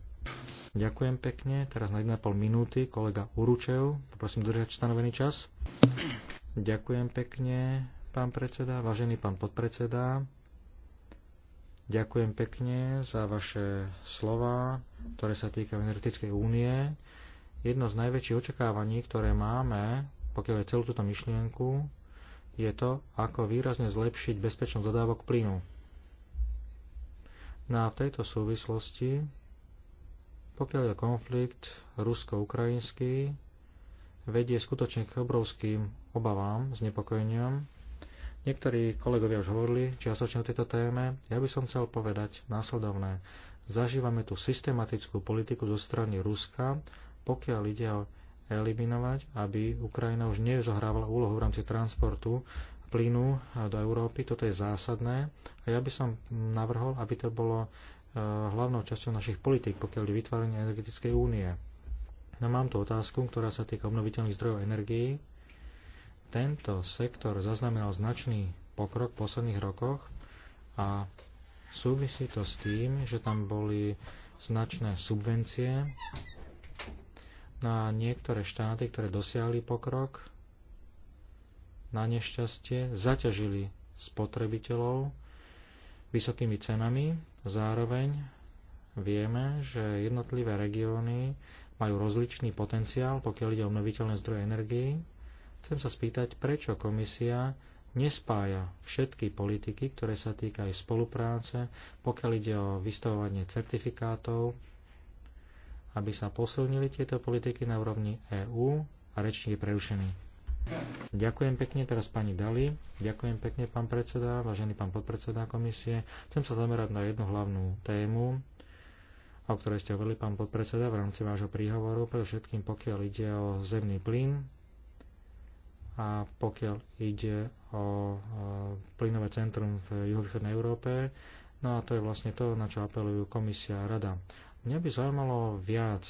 Ďakujem pekne. Teraz na 1,5 minúty kolega Uručev. Poprosím držať stanovený čas. Ďakujem pekne, pán predseda, vážený pán podpredseda. Ďakujem pekne za vaše slova, ktoré sa týkajú energetickej únie. Jedno z najväčších očakávaní, ktoré máme, pokiaľ je celú túto myšlienku, je to, ako výrazne zlepšiť bezpečnosť dodávok plynu. No a v tejto súvislosti pokiaľ je konflikt rusko-ukrajinský, vedie skutočne k obrovským obavám, znepokojeniam. Niektorí kolegovia už hovorili čiastočne o tejto téme. Ja by som chcel povedať následovné. Zažívame tu systematickú politiku zo strany Ruska, pokiaľ ide o eliminovať, aby Ukrajina už nezohrávala úlohu v rámci transportu plynu do Európy. Toto je zásadné. A ja by som navrhol, aby to bolo hlavnou časťou našich politík, pokiaľ je vytváranie energetickej únie. No mám tu otázku, ktorá sa týka obnoviteľných zdrojov energií. Tento sektor zaznamenal značný pokrok v posledných rokoch a súvisí to s tým, že tam boli značné subvencie na niektoré štáty, ktoré dosiahli pokrok, na nešťastie zaťažili spotrebiteľov vysokými cenami Zároveň vieme, že jednotlivé regióny majú rozličný potenciál, pokiaľ ide o obnoviteľné zdroje energii. Chcem sa spýtať, prečo komisia nespája všetky politiky, ktoré sa týkajú spolupráce, pokiaľ ide o vystavovanie certifikátov, aby sa posilnili tieto politiky na úrovni EÚ a rečník je prerušený. Ďakujem pekne, teraz pani Dali. Ďakujem pekne, pán predseda, vážený pán podpredseda komisie. Chcem sa zamerať na jednu hlavnú tému, o ktorej ste hovorili, pán podpredseda, v rámci vášho príhovoru, pre všetkým pokiaľ ide o zemný plyn a pokiaľ ide o plynové centrum v juhovýchodnej Európe. No a to je vlastne to, na čo apelujú komisia a rada. Mňa by zaujímalo viac,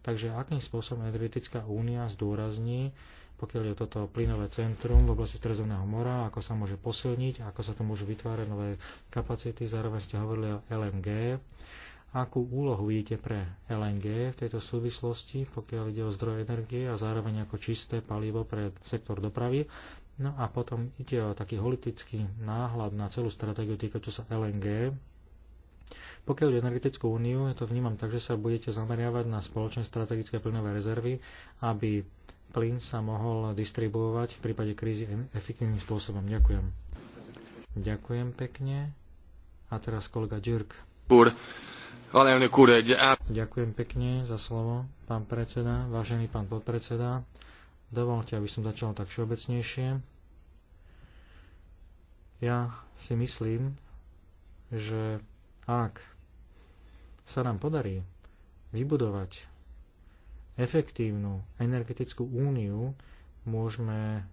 takže akým spôsobom energetická únia zdôrazní, pokiaľ je toto plynové centrum v oblasti Stredozemného mora, ako sa môže posilniť, ako sa tu môžu vytvárať nové kapacity. Zároveň ste hovorili o LNG. Akú úlohu vidíte pre LNG v tejto súvislosti, pokiaľ ide o zdroj energie a zároveň ako čisté palivo pre sektor dopravy? No a potom ide o taký holitický náhľad na celú stratégiu týkajúcu sa LNG, pokiaľ ide energetickú úniu, to vnímam tak, že sa budete zameriavať na spoločné strategické plynové rezervy, aby plyn sa mohol distribuovať v prípade krízy efektívnym spôsobom. Ďakujem. Ďakujem pekne. A teraz kolega Dürk. Ďakujem pekne za slovo, pán predseda, vážený pán podpredseda. Dovolte, aby som začal tak všeobecnejšie. Ja si myslím, že ak sa nám podarí vybudovať efektívnu energetickú úniu môžeme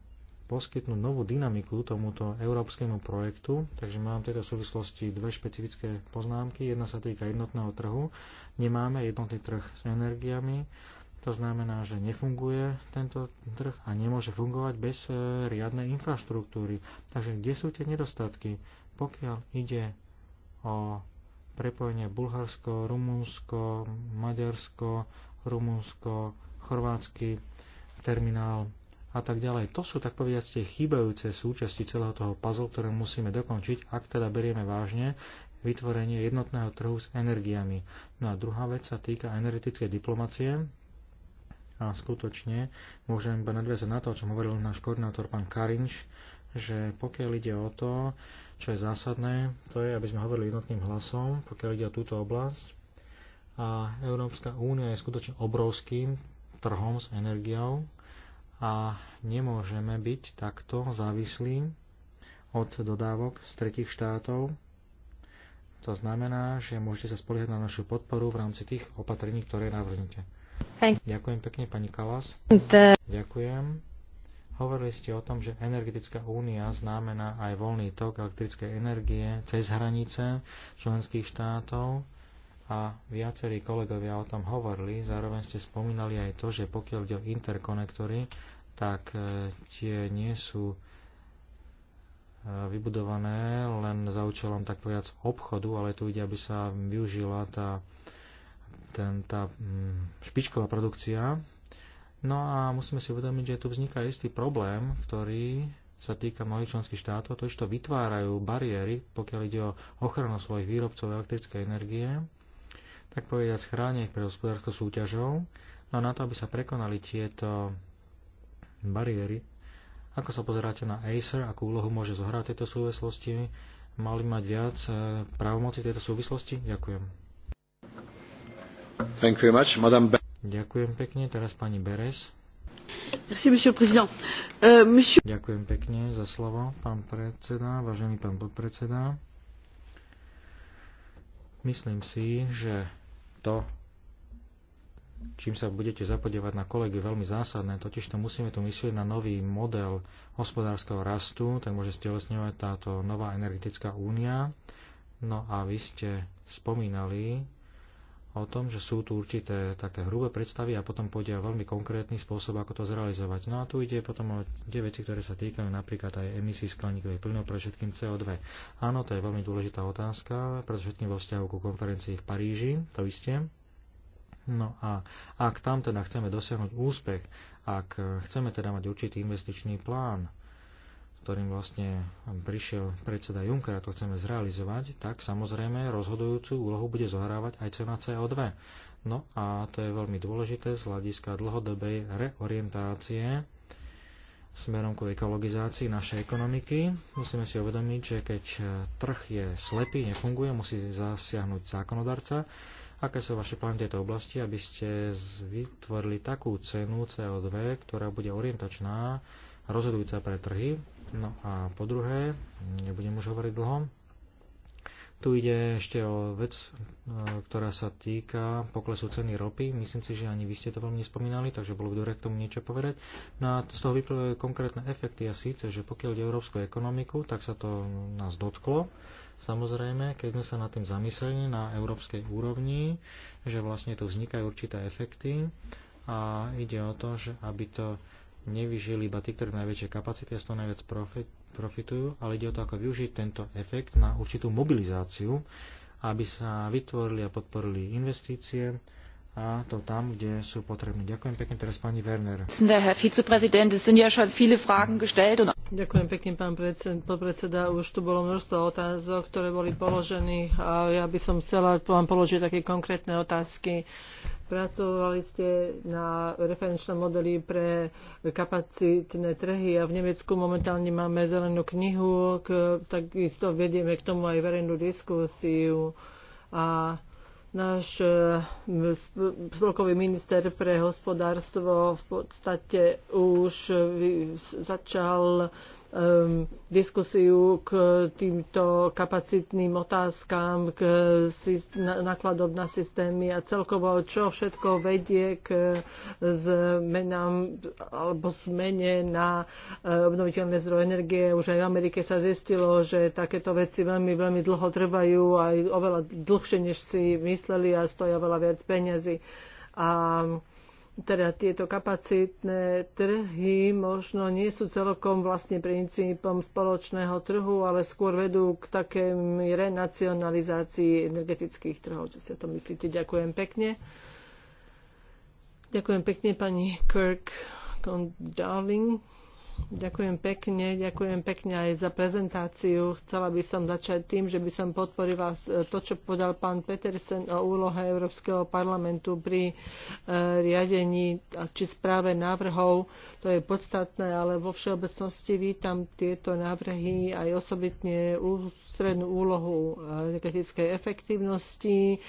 poskytnúť novú dynamiku tomuto európskemu projektu, takže mám v tejto súvislosti dve špecifické poznámky. Jedna sa týka jednotného trhu. Nemáme jednotný trh s energiami, to znamená, že nefunguje tento trh a nemôže fungovať bez e, riadnej infraštruktúry. Takže kde sú tie nedostatky? Pokiaľ ide o prepojenie Bulharsko, Rumunsko, Maďarsko Rumunsko, chorvátsky terminál a tak ďalej. To sú tak povediať tie chýbajúce súčasti celého toho puzzle, ktoré musíme dokončiť, ak teda berieme vážne vytvorenie jednotného trhu s energiami. No a druhá vec sa týka energetickej diplomacie. A skutočne môžem iba nadviazať na to, o čom hovoril náš koordinátor pán Karinč, že pokiaľ ide o to, čo je zásadné, to je, aby sme hovorili jednotným hlasom, pokiaľ ide o túto oblasť, a Európska únia je skutočne obrovským trhom s energiou a nemôžeme byť takto závislí od dodávok z tretich štátov. To znamená, že môžete sa spoliehať na našu podporu v rámci tých opatrení, ktoré navrhnete. Ďakujem pekne, pani Kalas. Ďakujem. Hovorili ste o tom, že energetická únia znamená aj voľný tok elektrickej energie cez hranice členských štátov a viacerí kolegovia o tom hovorili. Zároveň ste spomínali aj to, že pokiaľ ide o interkonektory, tak e, tie nie sú e, vybudované len za účelom tak povedať obchodu, ale tu ide, aby sa využila tá, ten, tá mm, špičková produkcia. No a musíme si uvedomiť, že tu vzniká istý problém, ktorý sa týka mnohých členských štátov, to to vytvárajú bariéry, pokiaľ ide o ochranu svojich výrobcov elektrickej energie tak povedať, chrániť pre hospodárskou súťažou. No a na to, aby sa prekonali tieto bariéry, ako sa pozeráte na Acer, akú úlohu môže zohrať tieto súvislosti, mali mať viac e, právomoci v tejto súvislosti? Ďakujem. Thank you very much, Madame Be- Ďakujem pekne, teraz pani Beres. Merci, monsieur président. Uh, monsieur... Ďakujem pekne za slovo, pán predseda, vážený pán podpredseda. Myslím si, že to, čím sa budete zapodievať na kolegy, veľmi zásadné. Totiž to musíme tu myslieť na nový model hospodárskeho rastu, ten môže stelesňovať táto nová energetická únia. No a vy ste spomínali o tom, že sú tu určité také hrubé predstavy a potom pôjde o veľmi konkrétny spôsob, ako to zrealizovať. No a tu ide potom o tie veci, ktoré sa týkajú napríklad aj emisí skleníkovej plynov pre všetkým CO2. Áno, to je veľmi dôležitá otázka, pre všetkým vo vzťahu ku konferencii v Paríži, to isté. No a ak tam teda chceme dosiahnuť úspech, ak chceme teda mať určitý investičný plán, ktorým vlastne prišiel predseda a to chceme zrealizovať, tak samozrejme rozhodujúcu úlohu bude zohrávať aj cena CO2. No a to je veľmi dôležité z hľadiska dlhodobej reorientácie smerom ku ekologizácii našej ekonomiky. Musíme si uvedomiť, že keď trh je slepý, nefunguje, musí zasiahnuť zákonodarca. Aké sú vaše plány tejto oblasti, aby ste vytvorili takú cenu CO2, ktorá bude orientačná rozhodujúca pre trhy. No a po druhé, nebudem už hovoriť dlho, tu ide ešte o vec, e, ktorá sa týka poklesu ceny ropy. Myslím si, že ani vy ste to veľmi nespomínali, takže bolo by dobre k tomu niečo povedať. No a z toho vyplývajú konkrétne efekty a síce, že pokiaľ ide európsku ekonomiku, tak sa to nás dotklo. Samozrejme, keď sme sa nad tým zamysleli na európskej úrovni, že vlastne tu vznikajú určité efekty a ide o to, že aby to nevyžili iba tí, ktorí majú najväčšie kapacity a z toho najviac profitujú, ale ide o to, ako využiť tento efekt na určitú mobilizáciu, aby sa vytvorili a podporili investície, a to tam, kde sú potrební. Ďakujem pekne teraz pani Werner. Ďakujem pekne, pán podpredseda. Už tu bolo množstvo otázok, ktoré boli položených a ja by som chcela vám položiť také konkrétne otázky. Pracovali ste na referenčnom modeli pre kapacitné trhy a v Nemecku momentálne máme zelenú knihu, k, takisto vedieme k tomu aj verejnú diskusiu. A náš e, spolkový minister pre hospodárstvo v podstate už e, začal um, diskusiu k týmto kapacitným otázkam, k nákladom na systémy a celkovo čo všetko vedie k zmenám alebo zmene na eh, obnoviteľné zdroje energie. Už aj v Amerike sa zistilo, že takéto veci veľmi, veľmi dlho trvajú aj oveľa dlhšie, než si mysleli a stoja veľa viac peniazy. A teda tieto kapacitné trhy možno nie sú celkom vlastne princípom spoločného trhu, ale skôr vedú k takej renacionalizácii energetických trhov. Čo si o tom myslíte? Ďakujem pekne. Ďakujem pekne pani Kirk Darling. Ďakujem pekne, ďakujem pekne aj za prezentáciu. Chcela by som začať tým, že by som podporila eh, to, čo podal pán Petersen o úlohe Európskeho parlamentu pri eh, riadení či správe návrhov. To je podstatné, ale vo všeobecnosti vítam tieto návrhy aj osobitne ústrednú úlohu eh, energetickej efektívnosti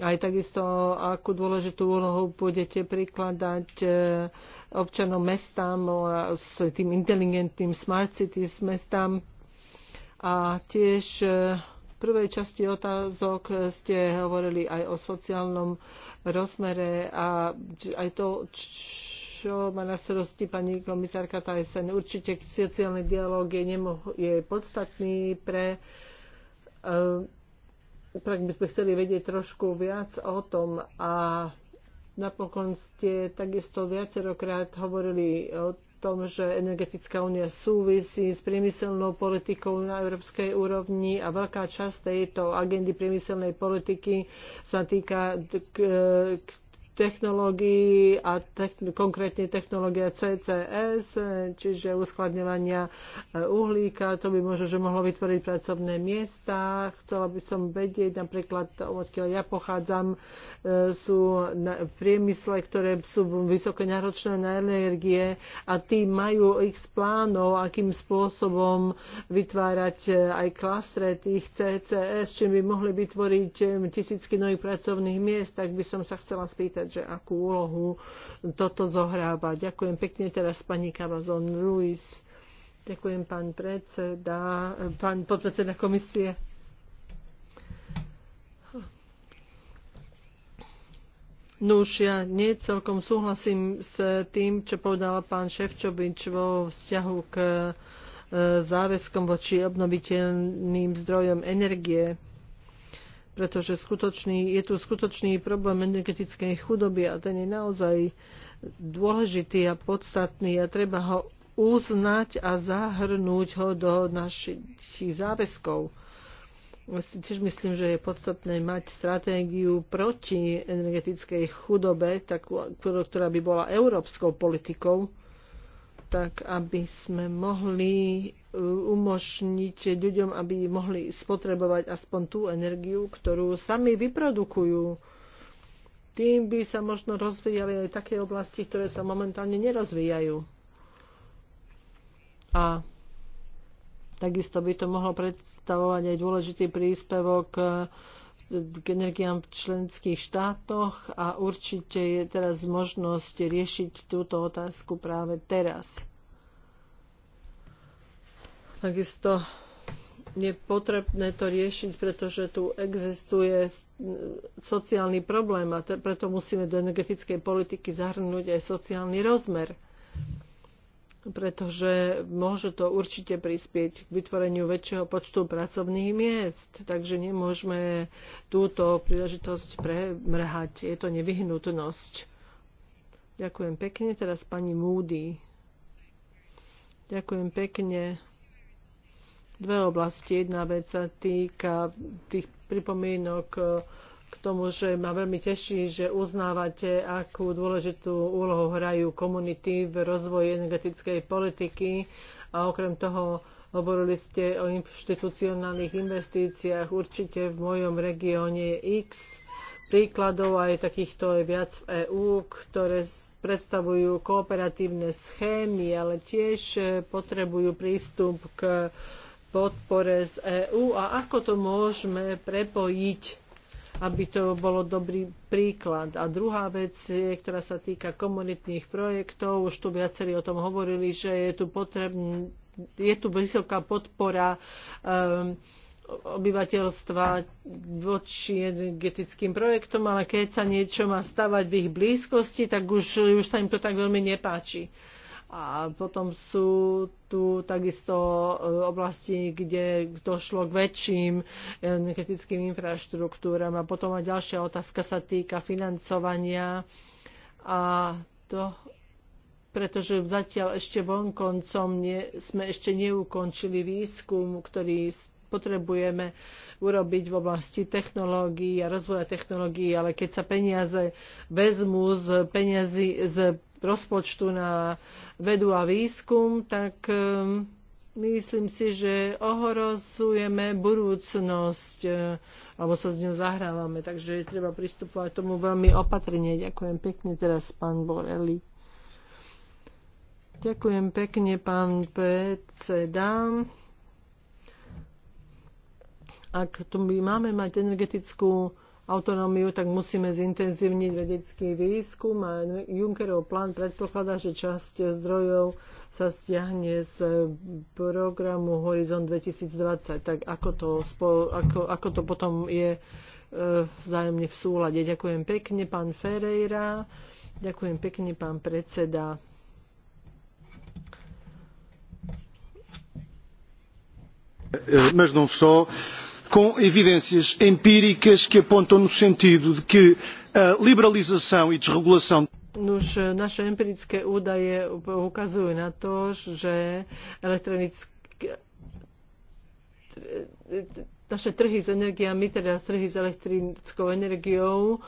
aj takisto, akú dôležitú úlohu budete prikladať e, občanom mestám, s tým inteligentným smart cities mestám. A tiež e, v prvej časti otázok ste hovorili aj o sociálnom rozmere a aj to, čo má na starosti pani komisárka Tyson. Určite sociálny dialog je, nemoh- je podstatný pre uh, tak by sme chceli vedieť trošku viac o tom a napokon ste takisto viacerokrát hovorili o tom, že energetická únia súvisí s priemyselnou politikou na európskej úrovni a veľká časť tejto agendy priemyselnej politiky sa týka k, k technológií a techn- konkrétne technológia CCS, čiže uskladňovania e, uhlíka. To by možno, že mohlo vytvoriť pracovné miesta. Chcela by som vedieť, napríklad odkiaľ ja pochádzam, e, sú na priemysle, ktoré sú vysoké náročné na energie a tí majú ich plánov, akým spôsobom vytvárať e, aj klastre tých CCS, čím by mohli vytvoriť tisícky nových pracovných miest, tak by som sa chcela spýtať spýtať, že akú úlohu toto zohráva. Ďakujem pekne teraz pani Kavazon Ruiz. Ďakujem pán predseda, pán podpredseda komisie. No už ja nie celkom súhlasím s tým, čo povedal pán Ševčovič vo vzťahu k e, záväzkom voči obnoviteľným zdrojom energie pretože skutočný, je tu skutočný problém energetickej chudoby a ten je naozaj dôležitý a podstatný a treba ho uznať a zahrnúť ho do našich záväzkov. Tiež myslím, že je podstatné mať stratégiu proti energetickej chudobe, takú, ktorá by bola európskou politikou, tak aby sme mohli e, umožniť ľuďom, aby mohli spotrebovať aspoň tú energiu, ktorú sami vyprodukujú. Tým by sa možno rozvíjali aj také oblasti, ktoré sa momentálne nerozvíjajú. A takisto by to mohlo predstavovať aj dôležitý príspevok e, k energiám v členských štátoch a určite je teraz možnosť riešiť túto otázku práve teraz. Takisto je potrebné to riešiť, pretože tu existuje sociálny problém a preto musíme do energetickej politiky zahrnúť aj sociálny rozmer pretože môže to určite prispieť k vytvoreniu väčšieho počtu pracovných miest, takže nemôžeme túto príležitosť premrhať. Je to nevyhnutnosť. Ďakujem pekne. Teraz pani Moody. Ďakujem pekne. Dve oblasti. Jedna vec sa týka tých pripomienok k tomu, že ma veľmi teší, že uznávate, akú dôležitú úlohu hrajú komunity v rozvoji energetickej politiky a okrem toho hovorili ste o inštitucionálnych investíciách určite v mojom regióne X. Príkladov aj takýchto je viac v EÚ, ktoré predstavujú kooperatívne schémy, ale tiež e, potrebujú prístup k podpore z EÚ a ako to môžeme prepojiť aby to bolo dobrý príklad. A druhá vec, ktorá sa týka komunitných projektov, už tu viacerí o tom hovorili, že je tu, potrebn- je tu vysoká podpora um, obyvateľstva voči energetickým projektom, ale keď sa niečo má stavať v ich blízkosti, tak už, už sa im to tak veľmi nepáči. A potom sú tu takisto e, oblasti, kde došlo k väčším e, energetickým infraštruktúram. A potom aj ďalšia otázka sa týka financovania. A to pretože zatiaľ ešte vonkoncom nie, sme ešte neukončili výskum, ktorý potrebujeme urobiť v oblasti technológií a rozvoja technológií, ale keď sa peniaze vezmú z, peniazy, z rozpočtu na vedu a výskum, tak ehm, myslím si, že ohrozujeme budúcnosť eh, alebo sa s ňou zahrávame, takže treba pristupovať tomu veľmi opatrne. Ďakujem pekne teraz pán Borelli. Ďakujem pekne, pán predseda. Ak tu by máme mať energetickú autonómiu, tak musíme zintenzívniť vedecký výskum a Junckerov plán predpokladá, že časť zdrojov sa stiahne z programu Horizon 2020. Tak ako to, ako, ako to potom je e, vzájomne v súlade. Ďakujem pekne, pán Ferreira. Ďakujem pekne, pán predseda. Mas não com evidências empíricas que apontam no sentido de que a liberalização e desregulação Nuž naše empirické údaje ukazujú na to, že elektronické naše trhy s energiami, teda trhy s elektrickou energiou,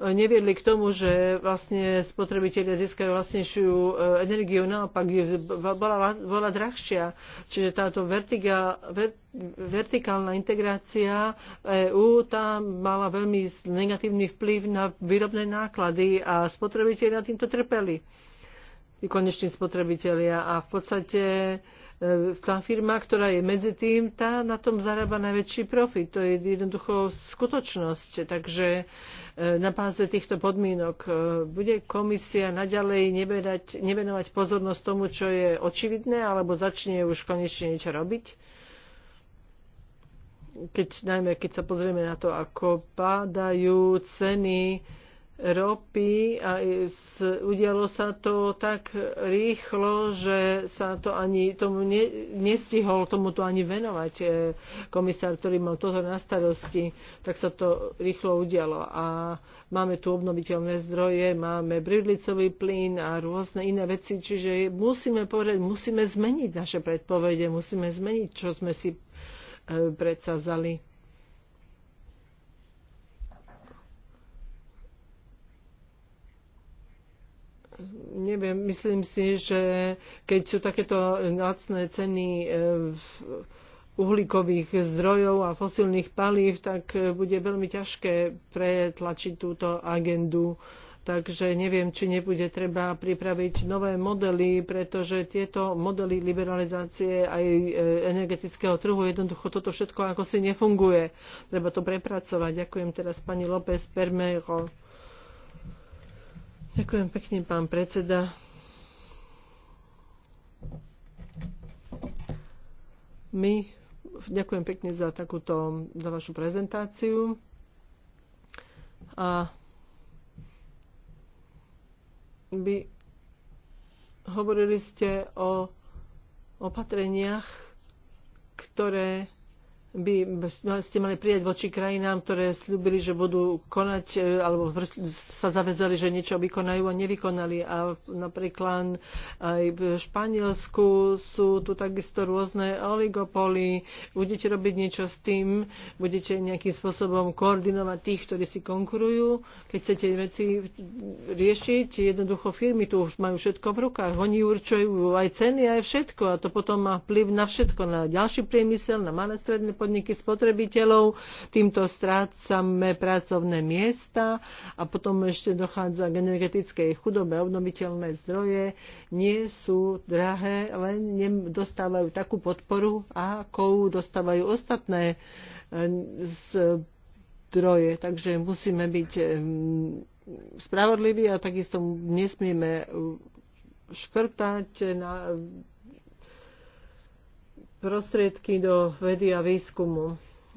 neviedli k tomu, že vlastne spotrebitelia získajú vlastnejšiu e, energiu, naopak bola, bola drahšia. Čiže táto vertiga, ver, vertikálna integrácia EÚ tam mala veľmi negatívny vplyv na výrobné náklady a spotrebitelia týmto trpeli. I koneční spotrebitelia. A v podstate E, tá firma, ktorá je medzi tým, tá na tom zarába najväčší profit. To je jednoducho skutočnosť. Takže e, na páze týchto podmienok e, bude komisia naďalej nevedať, nevenovať pozornosť tomu, čo je očividné, alebo začne už konečne niečo robiť? Keď, najmä keď sa pozrieme na to, ako padajú ceny ropy a udialo sa to tak rýchlo, že sa to ani tomu ne, nestihol to ani venovať e, komisár, ktorý mal toto na starosti, tak sa to rýchlo udialo. A máme tu obnoviteľné zdroje, máme bridlicový plyn a rôzne iné veci, čiže musíme povedať, musíme zmeniť naše predpovede, musíme zmeniť, čo sme si e, predsa vzali. neviem, myslím si, že keď sú takéto lacné ceny e, v uhlíkových zdrojov a fosílnych palív, tak e, bude veľmi ťažké pretlačiť túto agendu. Takže neviem, či nebude treba pripraviť nové modely, pretože tieto modely liberalizácie aj e, energetického trhu, jednoducho toto všetko ako si nefunguje. Treba to prepracovať. Ďakujem teraz pani López Permejo. Ďakujem pekne, pán predseda. My ďakujem pekne za takúto, za vašu prezentáciu. A by hovorili ste o opatreniach, ktoré by ste mali prijať voči krajinám, ktoré slúbili, že budú konať e, alebo sa zavezali, že niečo vykonajú a nevykonali. A napríklad aj v Španielsku sú tu takisto rôzne oligopoly. Budete robiť niečo s tým, budete nejakým spôsobom koordinovať tých, ktorí si konkurujú. Keď chcete veci riešiť, jednoducho firmy tu už majú všetko v rukách. Oni určujú aj ceny, aj všetko a to potom má vplyv na všetko, na ďalší priemysel, na malé stredné podniky spotrebiteľov, týmto strácame pracovné miesta a potom ešte dochádza k energetickej chudobe. Obnoviteľné zdroje nie sú drahé, len dostávajú takú podporu, akou dostávajú ostatné eh, zdroje. Takže musíme byť eh, spravodliví a takisto nesmieme škrtať na prostriedky do vedy a výskumu.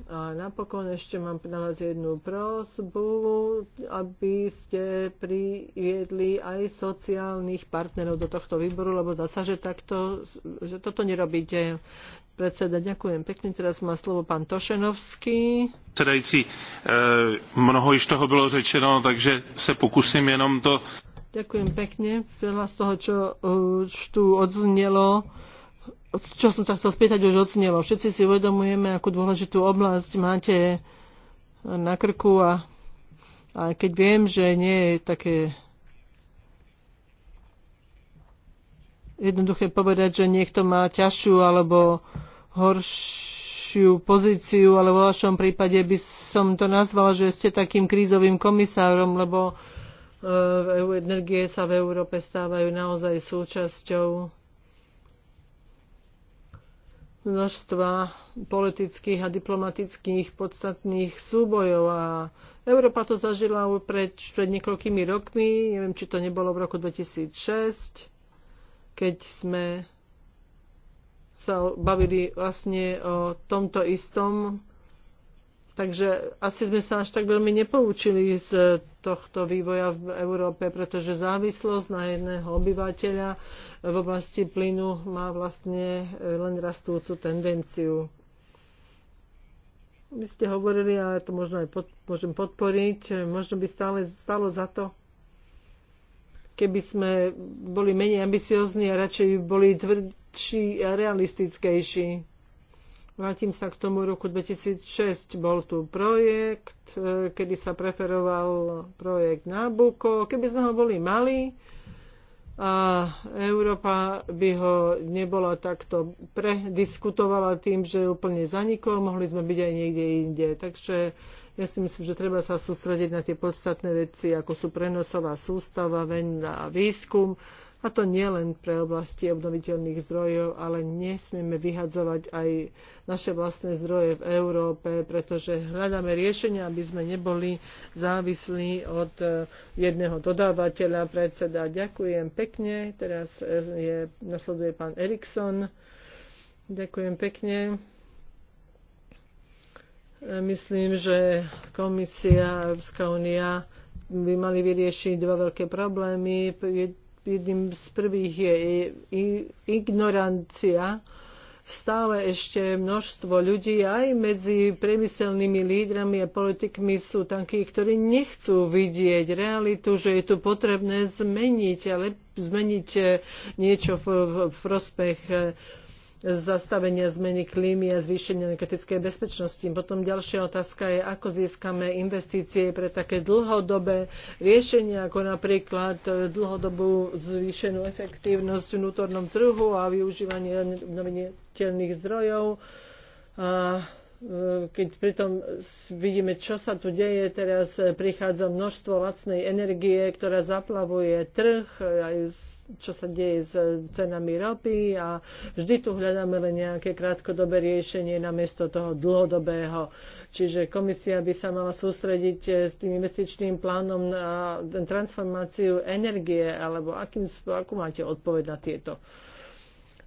A napokon ešte mám na vás jednu prosbu, aby ste priviedli aj sociálnych partnerov do tohto výboru, lebo zdá sa, že, takto, že toto nerobíte. Predseda, ďakujem pekne. Teraz má slovo pán Tošenovský. Predsedajúci, e, mnoho iš toho bolo řečeno, takže sa pokusím jenom to... Ďakujem pekne. Veľa z toho, čo už tu odznelo, čo som sa chcel spýtať, už ocenilo. Všetci si uvedomujeme, akú dôležitú oblasť máte na krku a, a keď viem, že nie je také jednoduché povedať, že niekto má ťažšiu alebo horšiu pozíciu, ale vo vašom prípade by som to nazvala, že ste takým krízovým komisárom, lebo e, energie sa v Európe stávajú naozaj súčasťou množstva politických a diplomatických podstatných súbojov. A Európa to zažila pred, pred niekoľkými rokmi, neviem, či to nebolo v roku 2006, keď sme sa bavili vlastne o tomto istom Takže asi sme sa až tak veľmi nepoučili z tohto vývoja v Európe, pretože závislosť na jedného obyvateľa v oblasti plynu má vlastne len rastúcu tendenciu. Vy ste hovorili, a to možno aj pod, môžem podporiť, možno by stále stalo za to, keby sme boli menej ambiciozni a radšej boli tvrdší a realistickejší Vrátim sa k tomu roku 2006. Bol tu projekt, e, kedy sa preferoval projekt Nabucco. Keby sme ho boli mali, a Európa by ho nebola takto prediskutovala tým, že úplne zanikol, mohli sme byť aj niekde inde. Takže ja si myslím, že treba sa sústrediť na tie podstatné veci, ako sú prenosová sústava, ven a výskum, a to nie len pre oblasti obnoviteľných zdrojov, ale nesmieme vyhadzovať aj naše vlastné zdroje v Európe, pretože hľadáme riešenia, aby sme neboli závislí od e, jedného dodávateľa predseda. Ďakujem pekne. Teraz e, je, nasleduje pán Erikson. Ďakujem pekne. E, myslím, že komisia Európska únia by mali vyriešiť dva veľké problémy jedným z prvých je ignorancia. Stále ešte množstvo ľudí aj medzi priemyselnými lídrami a politikmi sú takí, ktorí nechcú vidieť realitu, že je tu potrebné zmeniť, ale zmeniť eh, niečo v, v prospech eh, zastavenia zmeny klímy a zvýšenia energetickej bezpečnosti. Potom ďalšia otázka je, ako získame investície pre také dlhodobé riešenia, ako napríklad dlhodobú zvýšenú efektívnosť v vnútornom trhu a využívanie obnoviteľných zdrojov. A e, keď pritom vidíme, čo sa tu deje, teraz prichádza množstvo lacnej energie, ktorá zaplavuje trh, aj čo sa deje s cenami ropy a vždy tu hľadáme len nejaké krátkodobé riešenie namiesto toho dlhodobého. Čiže komisia by sa mala sústrediť eh, s tým investičným plánom na transformáciu energie, alebo akým, akú máte odpoveď na tieto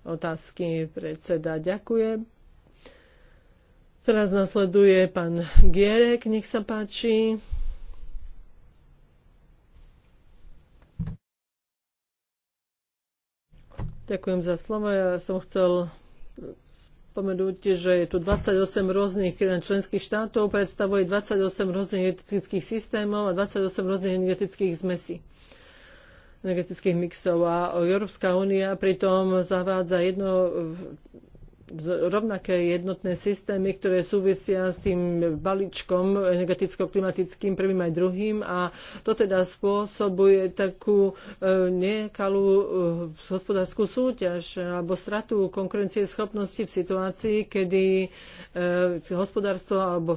otázky predseda. Ďakujem. Teraz nasleduje pán Gierek, nech sa páči. Ďakujem za slovo. Ja som chcel spomenúť, že je tu 28 rôznych členských štátov, predstavuje 28 rôznych energetických systémov a 28 rôznych energetických zmesí energetických mixov a Európska únia pritom zavádza jedno rovnaké jednotné systémy, ktoré súvisia s tým balíčkom energeticko-klimatickým prvým aj druhým a to teda spôsobuje takú e, nekalú e, hospodárskú súťaž alebo stratu konkurencie schopnosti v situácii, kedy e, hospodárstvo alebo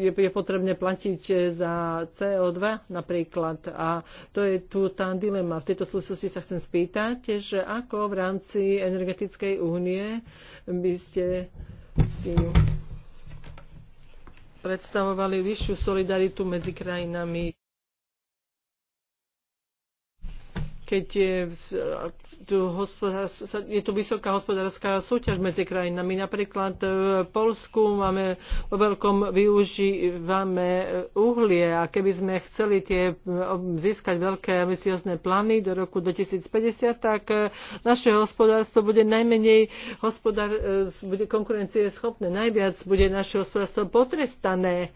je potrebné platiť za CO2 napríklad a to je tu tá dilema. V tejto súvislosti sa chcem spýtať, že ako v rámci energetickej únie by ste si predstavovali vyššiu solidaritu medzi krajinami. keď je, tu je tu vysoká hospodárska súťaž medzi krajinami. Napríklad e, v Polsku máme vo veľkom využívame e, uhlie a keby sme chceli tie, e, získať veľké ambiciozne plány do roku 2050, tak naše hospodárstvo bude najmenej hospodár, bude konkurencie schopné. Najviac bude naše hospodárstvo potrestané,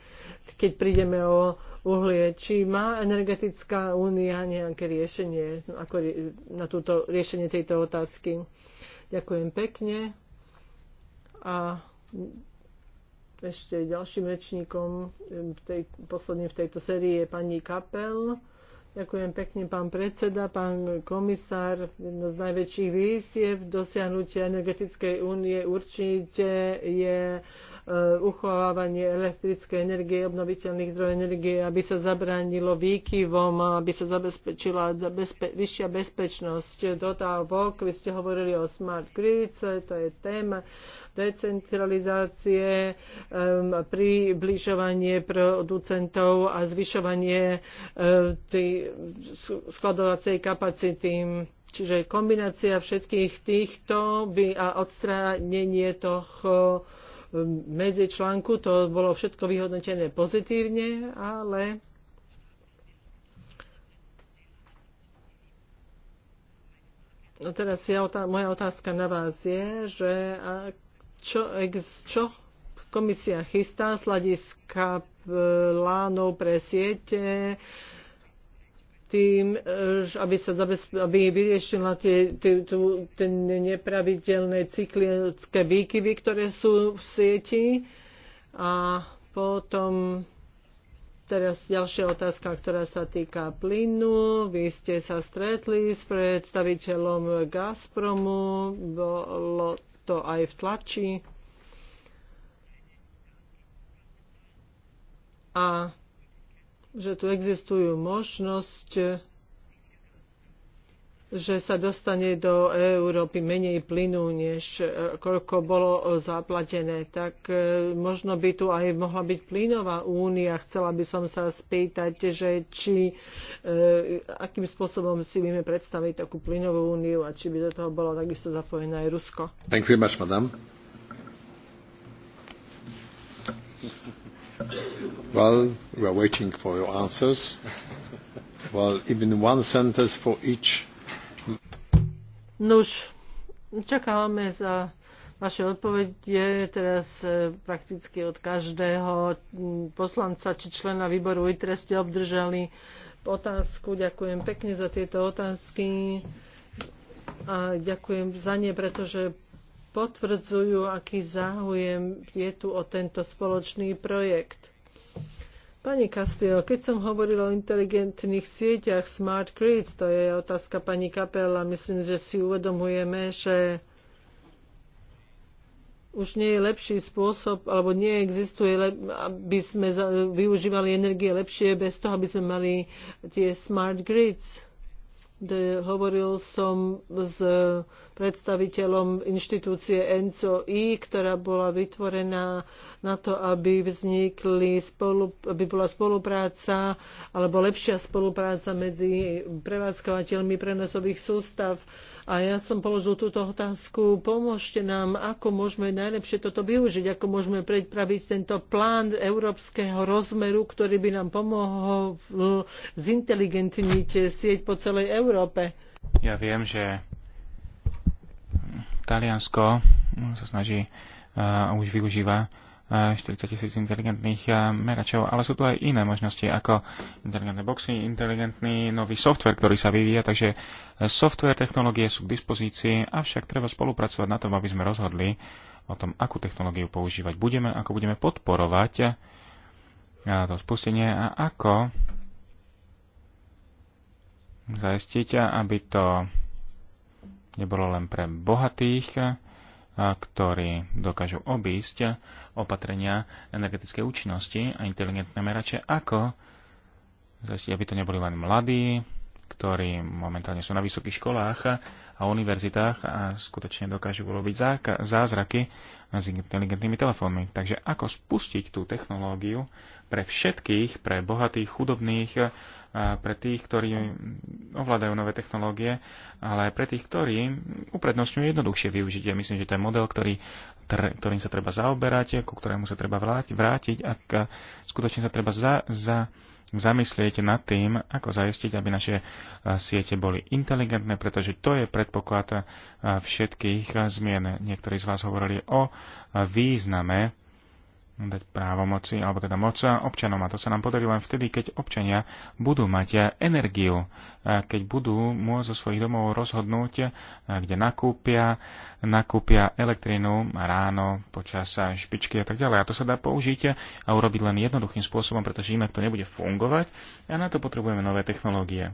keď prídeme o uhlie. Či má energetická únia nejaké riešenie no, ako na túto, riešenie tejto otázky? Ďakujem pekne. A ešte ďalším rečníkom v tej, posledným v tejto sérii je pani Kapel. Ďakujem pekne, pán predseda, pán komisár. Jedno z najväčších výsiev dosiahnutia energetickej únie určite je uchovávanie elektrickej energie, obnoviteľných zdrojov energie, aby sa zabránilo výkyvom, aby sa zabezpečila bezpe- vyššia bezpečnosť dotávok. Vy ste hovorili o smart grids, to je téma decentralizácie, um, približovanie producentov a zvyšovanie uh, skladovacej kapacity. Čiže kombinácia všetkých týchto by a odstránenie toho medzi článku, to bolo všetko vyhodnotené pozitívne, ale No teraz ja, moja otázka na vás je, že čo, čo komisia chystá z hľadiska e, plánov pre siete, tým, e, aby sa aby vyriešila tie, tie, tú, tie nepravidelné cyklické výkyvy, ktoré sú v sieti. A potom teraz ďalšia otázka, ktorá sa týka plynu. Vy ste sa stretli s predstaviteľom Gazpromu, bolo to aj v tlači. A že tu existujú možnosť, že sa dostane do Európy menej plynu, než e, koľko bolo e, zaplatené. Tak e, možno by tu aj mohla byť plynová únia. Chcela by som sa spýtať, že či, akým spôsobom si vieme predstaviť takú plynovú úniu a či by do toho bolo takisto zapojené aj Rusko. Thank you very much, madam. Well, we are waiting for your answers. Well, even one sentence for each. Nuž, čakáme za vaše odpovede teraz e, prakticky od každého poslanca či člena výboru ITRE ste obdržali otázku. Ďakujem pekne za tieto otázky a ďakujem za ne, pretože potvrdzujú, aký záujem je tu o tento spoločný projekt. Pani Castillo, keď som hovoril o inteligentných sieťach Smart Grids, to je otázka pani Kapela, myslím, že si uvedomujeme, že už nie je lepší spôsob, alebo neexistuje, aby sme využívali energie lepšie bez toho, aby sme mali tie smart grids kde hovoril som s predstaviteľom inštitúcie NCOI, ktorá bola vytvorená na to, aby, vznikli spolu, aby bola spolupráca alebo lepšia spolupráca medzi prevádzkovateľmi prenosových sústav a ja som položil túto otázku, pomôžte nám, ako môžeme najlepšie toto využiť, ako môžeme predpraviť tento plán európskeho rozmeru, ktorý by nám pomohol zinteligentniť sieť po celej Európe. Ja viem, že Taliansko sa snaží a už využíva 40 tisíc inteligentných eh, meračov, ale sú tu aj iné možnosti ako inteligentné boxy, inteligentný nový software, ktorý sa vyvíja, takže software technológie sú k dispozícii, avšak treba spolupracovať na tom, aby sme rozhodli o tom, akú technológiu používať budeme, ako budeme podporovať eh, to spustenie a ako zaistiť, aby to nebolo len pre bohatých, eh, ktorí dokážu obísť opatrenia energetickej účinnosti a inteligentné merače, ako zase, aby to neboli len mladí, ktorí momentálne sú na vysokých školách a univerzitách a skutočne dokážu urobiť zázraky s inteligentnými telefónmi. Takže ako spustiť tú technológiu pre všetkých, pre bohatých, chudobných, pre tých, ktorí ovládajú nové technológie, ale aj pre tých, ktorí uprednostňujú jednoduchšie využitie. Myslím, že to je model, ktorý, ktorým sa treba zaoberať, ku ktorému sa treba vrátiť, a skutočne sa treba za, za zamyslieť nad tým, ako zajistiť, aby naše e, siete boli inteligentné, pretože to je predpoklad e, všetkých zmien. Niektorí z vás hovorili o e, význame dať právo moci, alebo teda moc občanom. A to sa nám podarí len vtedy, keď občania budú mať energiu, keď budú môcť zo svojich domov rozhodnúť, kde nakúpia, nakúpia elektrínu ráno, počas špičky a tak ďalej. A to sa dá použiť a urobiť len jednoduchým spôsobom, pretože inak to nebude fungovať a na to potrebujeme nové technológie.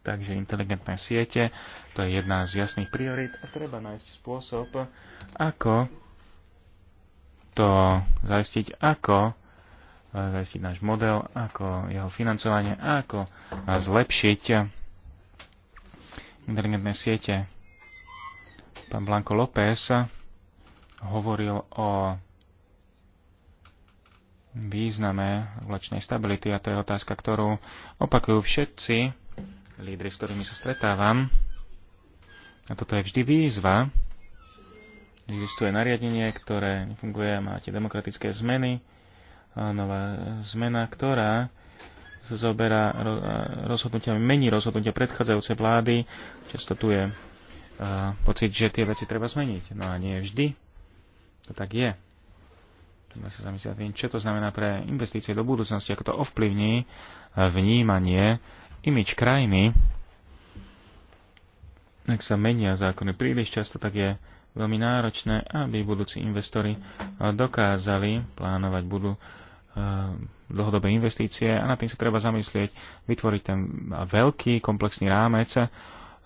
Takže inteligentné siete, to je jedna z jasných priorit a treba nájsť spôsob, ako to zaistiť, ako e, zaistiť náš model, ako jeho financovanie, ako e, zlepšiť internetné siete. Pán Blanco López hovoril o význame regulačnej stability a to je otázka, ktorú opakujú všetci lídry, s ktorými sa stretávam. A toto je vždy výzva, existuje nariadenie, ktoré nefunguje, máte demokratické zmeny, nová zmena, ktorá sa zoberá rozhodnutiami, mení rozhodnutia predchádzajúcej vlády. Často tu je pocit, že tie veci treba zmeniť. No a nie vždy to tak je. Treba sa zamyslieť čo to znamená pre investície do budúcnosti, ako to ovplyvní vnímanie, imič krajiny. Ak sa menia zákony príliš často, tak je veľmi náročné, aby budúci investori eh, dokázali plánovať budú eh, dlhodobé investície a na tým sa treba zamyslieť, vytvoriť ten veľký komplexný rámec, eh,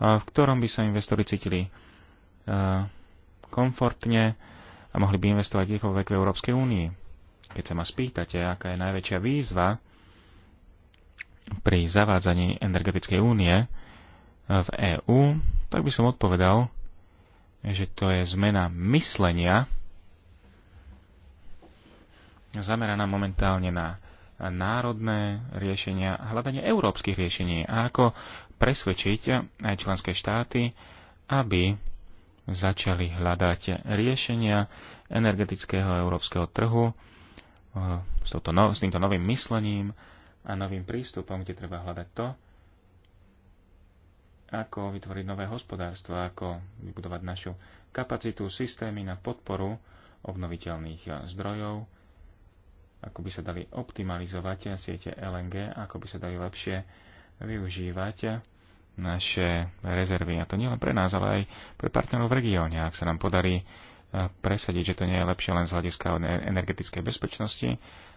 v ktorom by sa investori cítili komfortne a mohli by investovať kdekoľvek v Európskej únii. Keď sa ma spýtate, aká je najväčšia výzva pri zavádzaní energetickej únie v EÚ, tak by som odpovedal, že to je zmena myslenia zameraná momentálne na národné riešenia a hľadanie európskych riešení a ako presvedčiť aj členské štáty, aby začali hľadať riešenia energetického európskeho trhu eh, s, touto, no-, s týmto novým myslením a novým prístupom, kde treba hľadať to, ako vytvoriť nové hospodárstvo, ako vybudovať našu kapacitu, systémy na podporu obnoviteľných zdrojov, ako by sa dali optimalizovať siete LNG, ako by sa dali lepšie využívať naše rezervy. A to nielen pre nás, ale aj pre partnerov v regióne. Ak sa nám podarí presadiť, že to nie je lepšie len z hľadiska energetickej bezpečnosti,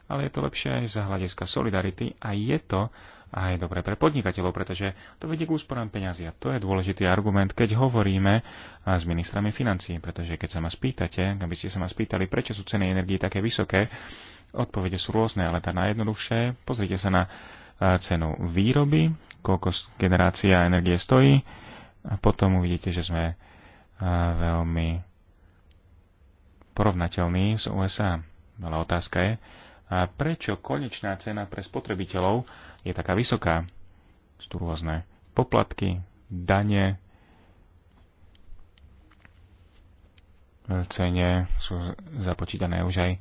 ale je to lepšie aj z hľadiska solidarity a je to aj dobre pre podnikateľov, pretože to vedie k úsporám peňazí a to je dôležitý argument, keď hovoríme s ministrami financií, pretože keď sa ma spýtate, aby ste sa ma spýtali, prečo sú ceny energii také vysoké, odpovede sú rôzne, ale tá najjednoduchšia, pozrite sa na cenu výroby, koľko generácia energie stojí a potom uvidíte, že sme veľmi porovnateľní s USA. Veľa otázka je, a prečo konečná cena pre spotrebiteľov je taká vysoká. Sú tu rôzne poplatky, dane, v cene sú započítané už aj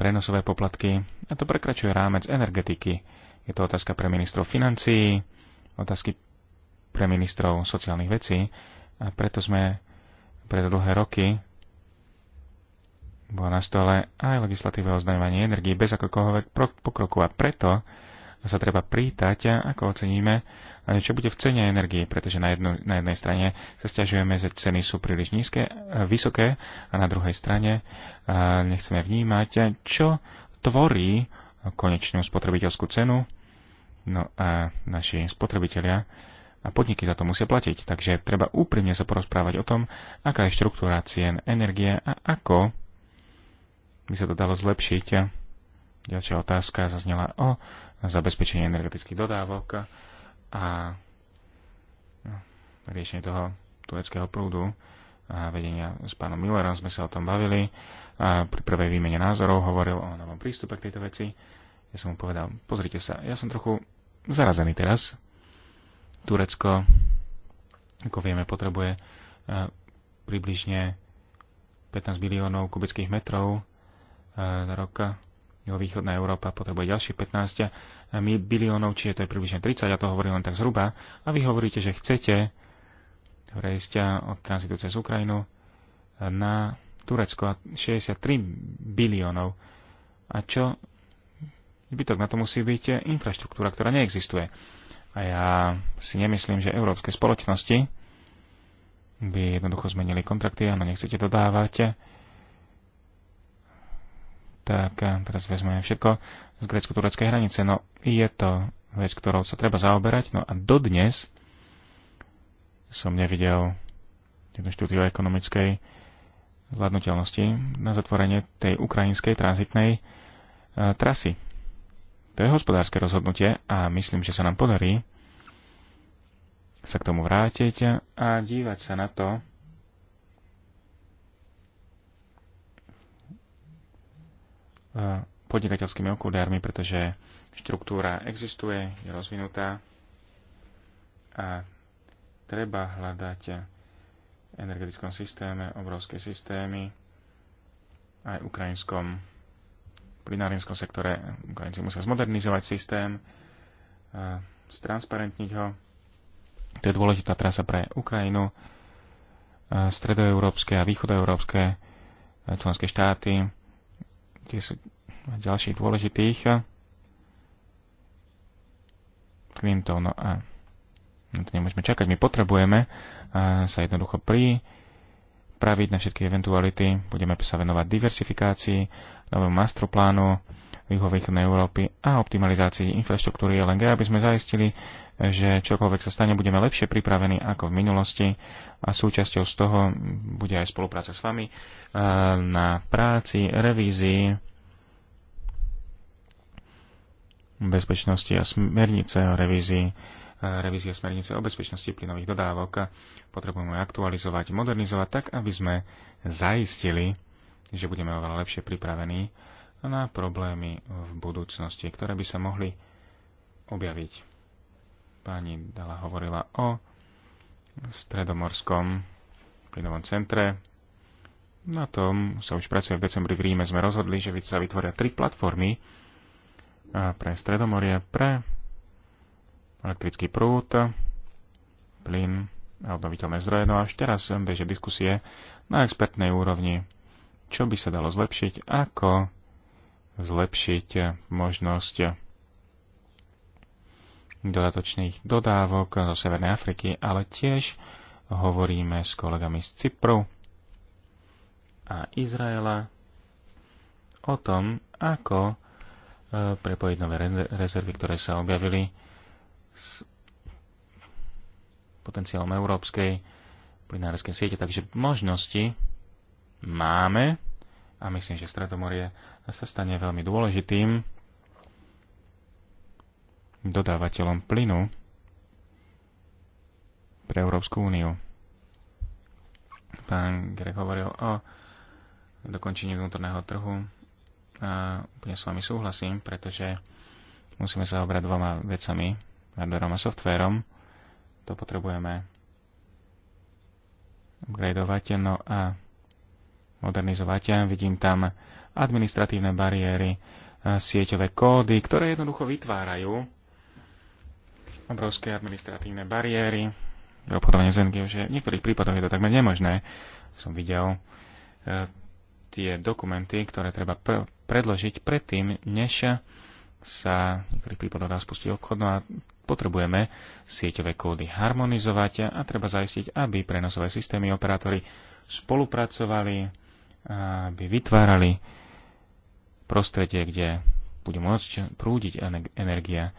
prenosové poplatky a to prekračuje rámec energetiky. Je to otázka pre ministrov financií, otázky pre ministrov sociálnych vecí a preto sme pred dlhé roky bolo na stole aj legislatíve o zdaňovaní energii bez akokoľvek pokroku a preto sa treba prítať, ako oceníme, čo bude v cene energie, pretože na, jednu, na jednej strane sa stiažujeme, že ceny sú príliš nízke, vysoké a na druhej strane nechceme vnímať, čo tvorí konečnú spotrebiteľskú cenu. No a naši spotrebitelia a podniky za to musia platiť, takže treba úprimne sa porozprávať o tom, aká je štruktúra cien energie a ako by sa to dalo zlepšiť. Ďalšia otázka zaznela o zabezpečení energetických dodávok a no, riešenie toho tureckého prúdu a vedenia s pánom Millerom sme sa o tom bavili. A pri prvej výmene názorov hovoril o novom prístupe k tejto veci. Ja som mu povedal, pozrite sa, ja som trochu zarazený teraz. Turecko, ako vieme, potrebuje e, približne 15 miliónov kubických metrov za rok východná Európa potrebuje ďalších 15 biliónov, čiže to je približne 30, ja to hovorím len tak zhruba. A vy hovoríte, že chcete prejsť od tranzitu cez Ukrajinu na Turecko 63 biliónov. A čo? Zbytok na to musí byť infraštruktúra, ktorá neexistuje. A ja si nemyslím, že európske spoločnosti by jednoducho zmenili kontrakty, áno, nechcete dodávať tak teraz vezmeme všetko z grecko-tureckej hranice. No je to vec, ktorou sa treba zaoberať. No a dodnes som nevidel jednu štúdiu ekonomickej zvládnutelnosti na zatvorenie tej ukrajinskej tranzitnej e, trasy. To je hospodárske rozhodnutie a myslím, že sa nám podarí sa k tomu vrátiť a dívať sa na to E, podnikateľskými okulármi, pretože štruktúra existuje, je rozvinutá a treba hľadať v energetickom systéme, obrovské systémy, aj v ukrajinskom plinárinskom sektore. Ukrajinci musia zmodernizovať systém, stransparentniť ho. To je dôležitá trasa pre Ukrajinu, e, stredoeurópske a východoeurópske e, členské štáty, sú ďalších dôležitých. Klientov, no a no to nemôžeme čakať. My potrebujeme eh, sa jednoducho pri praviť na všetky eventuality. Budeme sa venovať diversifikácii, novému masterplánu, juhovýchodnej Európy a optimalizácii infraštruktúry LNG, aby sme zaistili, že čokoľvek sa stane, budeme lepšie pripravení ako v minulosti a súčasťou z toho bude aj spolupráca s vami eh, na práci, revízii bezpečnosti a smernice o revízii eh, revízia smernice o bezpečnosti plynových dodávok. Potrebujeme aktualizovať, modernizovať tak, aby sme zaistili, že budeme oveľa lepšie pripravení na problémy v budúcnosti, ktoré by sa mohli objaviť. Pani Dala hovorila o stredomorskom plynovom centre. Na tom sa už pracuje v decembri v Ríme. Sme rozhodli, že sa vytvoria tri platformy pre stredomorie, pre elektrický prúd, plyn a obnoviteľné zdroje. No až teraz bežia diskusie na expertnej úrovni, čo by sa dalo zlepšiť, ako zlepšiť možnosť dodatočných dodávok zo Severnej Afriky, ale tiež hovoríme s kolegami z Cypru a Izraela o tom, ako e, prepojiť nové rezervy, ktoré sa objavili s potenciálom európskej plinárskej siete. Takže možnosti máme a myslím, že Stredomorie sa stane veľmi dôležitým dodávateľom plynu pre Európsku úniu. Pán Greg hovoril o dokončení vnútorného trhu a úplne s vami súhlasím, pretože musíme sa obrať dvoma vecami, hardwareom a softwareom To potrebujeme upgradeovať, no a modernizovať. vidím tam administratívne bariéry, e, sieťové kódy, ktoré jednoducho vytvárajú obrovské administratívne bariéry. Obchodovanie z NGO, že v niektorých prípadoch je to takmer nemožné. Som videl e, tie dokumenty, ktoré treba pr- predložiť predtým, než sa v niektorých prípadoch dá spustiť obchod. No a potrebujeme sieťové kódy harmonizovať a treba zaistiť, aby prenosové systémy operátory spolupracovali, aby vytvárali prostredie, kde bude môcť prúdiť energia.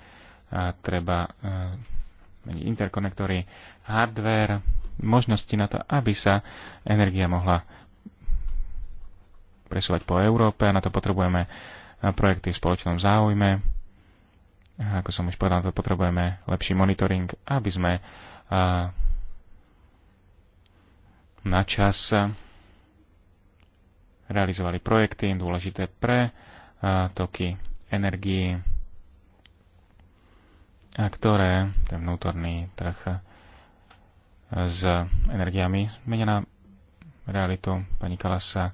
A treba eh, meniť interkonektory, hardware, možnosti na to, aby sa energia mohla presúvať po Európe. Na to potrebujeme eh, projekty v spoločnom záujme. A ako som už povedal, na to potrebujeme lepší monitoring, aby sme eh, na čas realizovali projekty dôležité pre e, toky energii, ktoré ten vnútorný trh e, s energiami zmenia na realitu. Pani Kalasa e,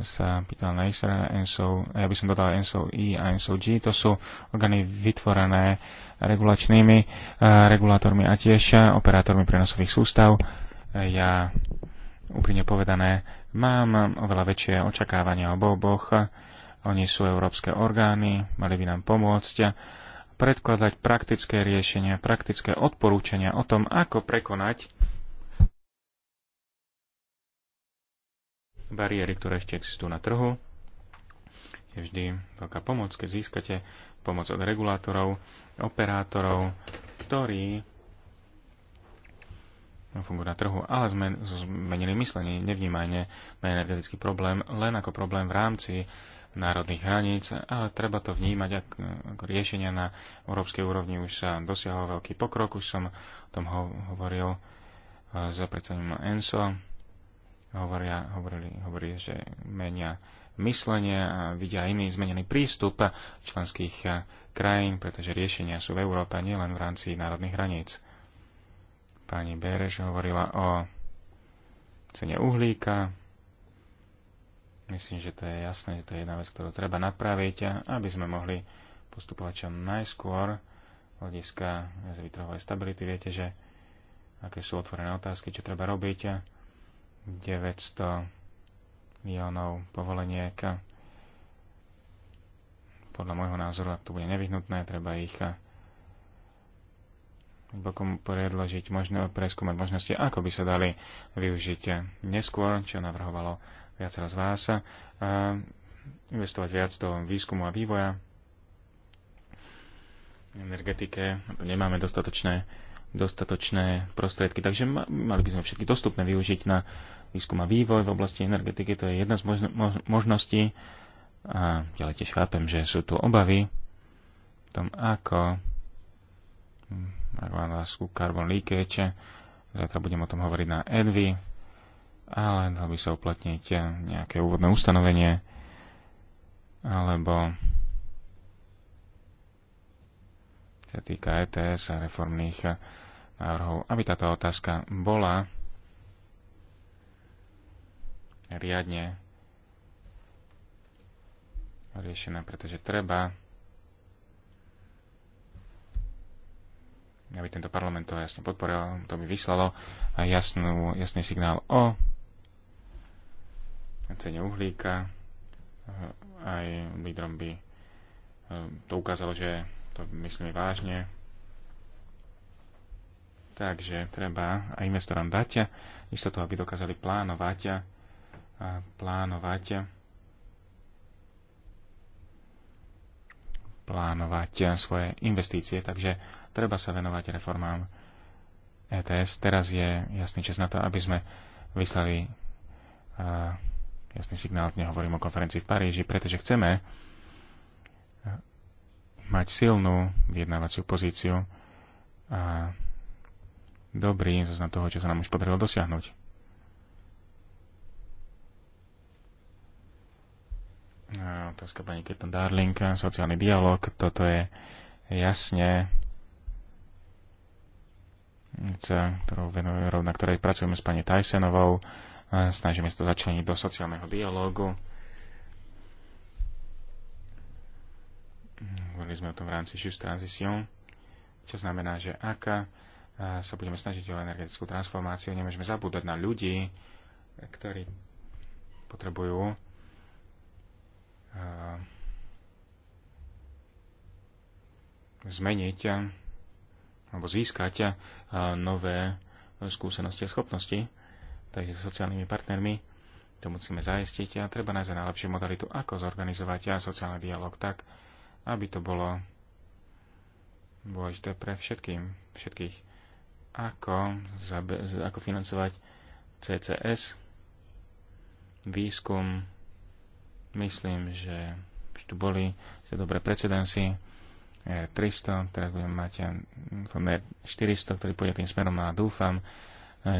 sa pýtala na ISR, ENSO, ja by som dodal ENSO I a ENSO G, to sú orgány vytvorené regulačnými regulátormi a tiež operátormi prenosových sústav. Ja úprimne povedané Mám oveľa väčšie očakávania o boboch. Oni sú európske orgány, mali by nám pomôcť predkladať praktické riešenia, praktické odporúčania o tom, ako prekonať bariéry, ktoré ešte existujú na trhu. Je vždy veľká pomoc, keď získate pomoc od regulátorov, operátorov, ktorí fungujú na trhu, ale sme zmenili myslenie, nevnímanie na energetický problém len ako problém v rámci národných hraníc, ale treba to vnímať ako, riešenia na európskej úrovni. Už sa dosiahol veľký pokrok, už som o tom ho- hovoril eh, s predsedom ENSO. Hovoria, hovorili, hovorí, že menia myslenie a vidia iný zmenený prístup členských eh, krajín, pretože riešenia sú v Európe nielen v rámci národných hraníc. Pani Bereš hovorila o cene uhlíka. Myslím, že to je jasné, že to je jedna vec, ktorú treba napraviť, aby sme mohli postupovať čo najskôr hľadiska zvytrhovej stability. Viete, že aké sú otvorené otázky, čo treba robiť. 900 miliónov povoleniek. Podľa môjho názoru, ak to bude nevyhnutné, treba ich bokom predložiť možno, preskúmať možnosti, ako by sa dali využiť neskôr, čo navrhovalo viacero z vás, a investovať viac do výskumu a vývoja energetike, nemáme dostatočné, dostatočné prostriedky, takže mali by sme všetky dostupné využiť na výskum a vývoj v oblasti energetiky, to je jedna z možností. A ďalej tiež chápem, že sú tu obavy v tom, ako Lásku Carbon Leakage. Zajtra budem o tom hovoriť na Envy, ale dal by sa uplatniť nejaké úvodné ustanovenie alebo sa týka ETS a reformných návrhov, aby táto otázka bola riadne riešená, pretože treba aby tento parlament to jasne podporil, to by vyslalo jasnú, jasný signál o cene uhlíka. Aj lídrom by e, to ukázalo, že to myslíme vážne. Takže treba aj investorom dať istotu, aby dokázali plánovať a plánovať plánovať svoje investície. Takže Treba sa venovať reformám ETS. Teraz je jasný čas na to, aby sme vyslali uh, jasný signál, nehovorím o konferencii v Paríži, pretože chceme eh, mať silnú vyjednávaciu pozíciu a dobrý zoznam toho, čo sa nám už podarilo dosiahnuť. Eh, otázka pani Kirton Darling, sociálny dialog, toto je jasne ktorou venujú, na ktorej pracujeme s pani Tysonovou. Snažíme sa to začleniť do sociálneho dialógu. Hovorili sme o tom v rámci Shift Transition, čo znamená, že ak sa budeme snažiť o energetickú transformáciu, nemôžeme zabúdať na ľudí, ktorí potrebujú zmeniť alebo získať eh, nové skúsenosti a schopnosti, takže s sociálnymi partnermi to musíme zajistiť a treba nájsť najlepšiu modalitu, ako zorganizovať a sociálny dialog tak, aby to bolo dôležité pre všetkým, všetkých, ako, ako financovať CCS, výskum, myslím, že už tu boli ste dobré precedensy, 300, teraz budeme mať r 400, ktorý pôjde tým smerom a dúfam,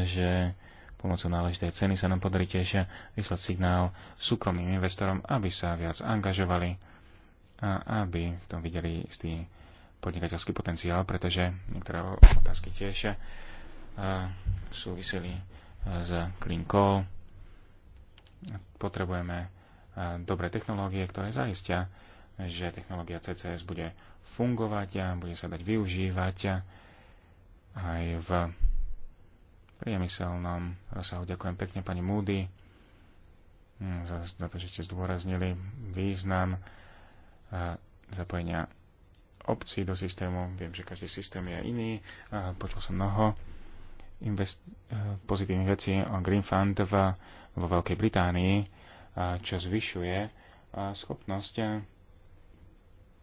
že pomocou náležitej ceny sa nám podarí tiež vyslať signál súkromným investorom, aby sa viac angažovali a aby v tom videli istý podnikateľský potenciál, pretože niektoré otázky tiež eh, súviseli eh, s Call. Potrebujeme eh, dobré technológie, ktoré zaistia, že technológia CCS bude fungovať a bude sa dať využívať aj v priemyselnom rozsahu. Ďakujem pekne pani Moody hm, za, za to, že ste zdôraznili význam eh, zapojenia obcí do systému. Viem, že každý systém je iný. Eh, počul som mnoho invest- eh, pozitívnych vecí o Green Fund v, vo Veľkej Británii, čo zvyšuje schopnosť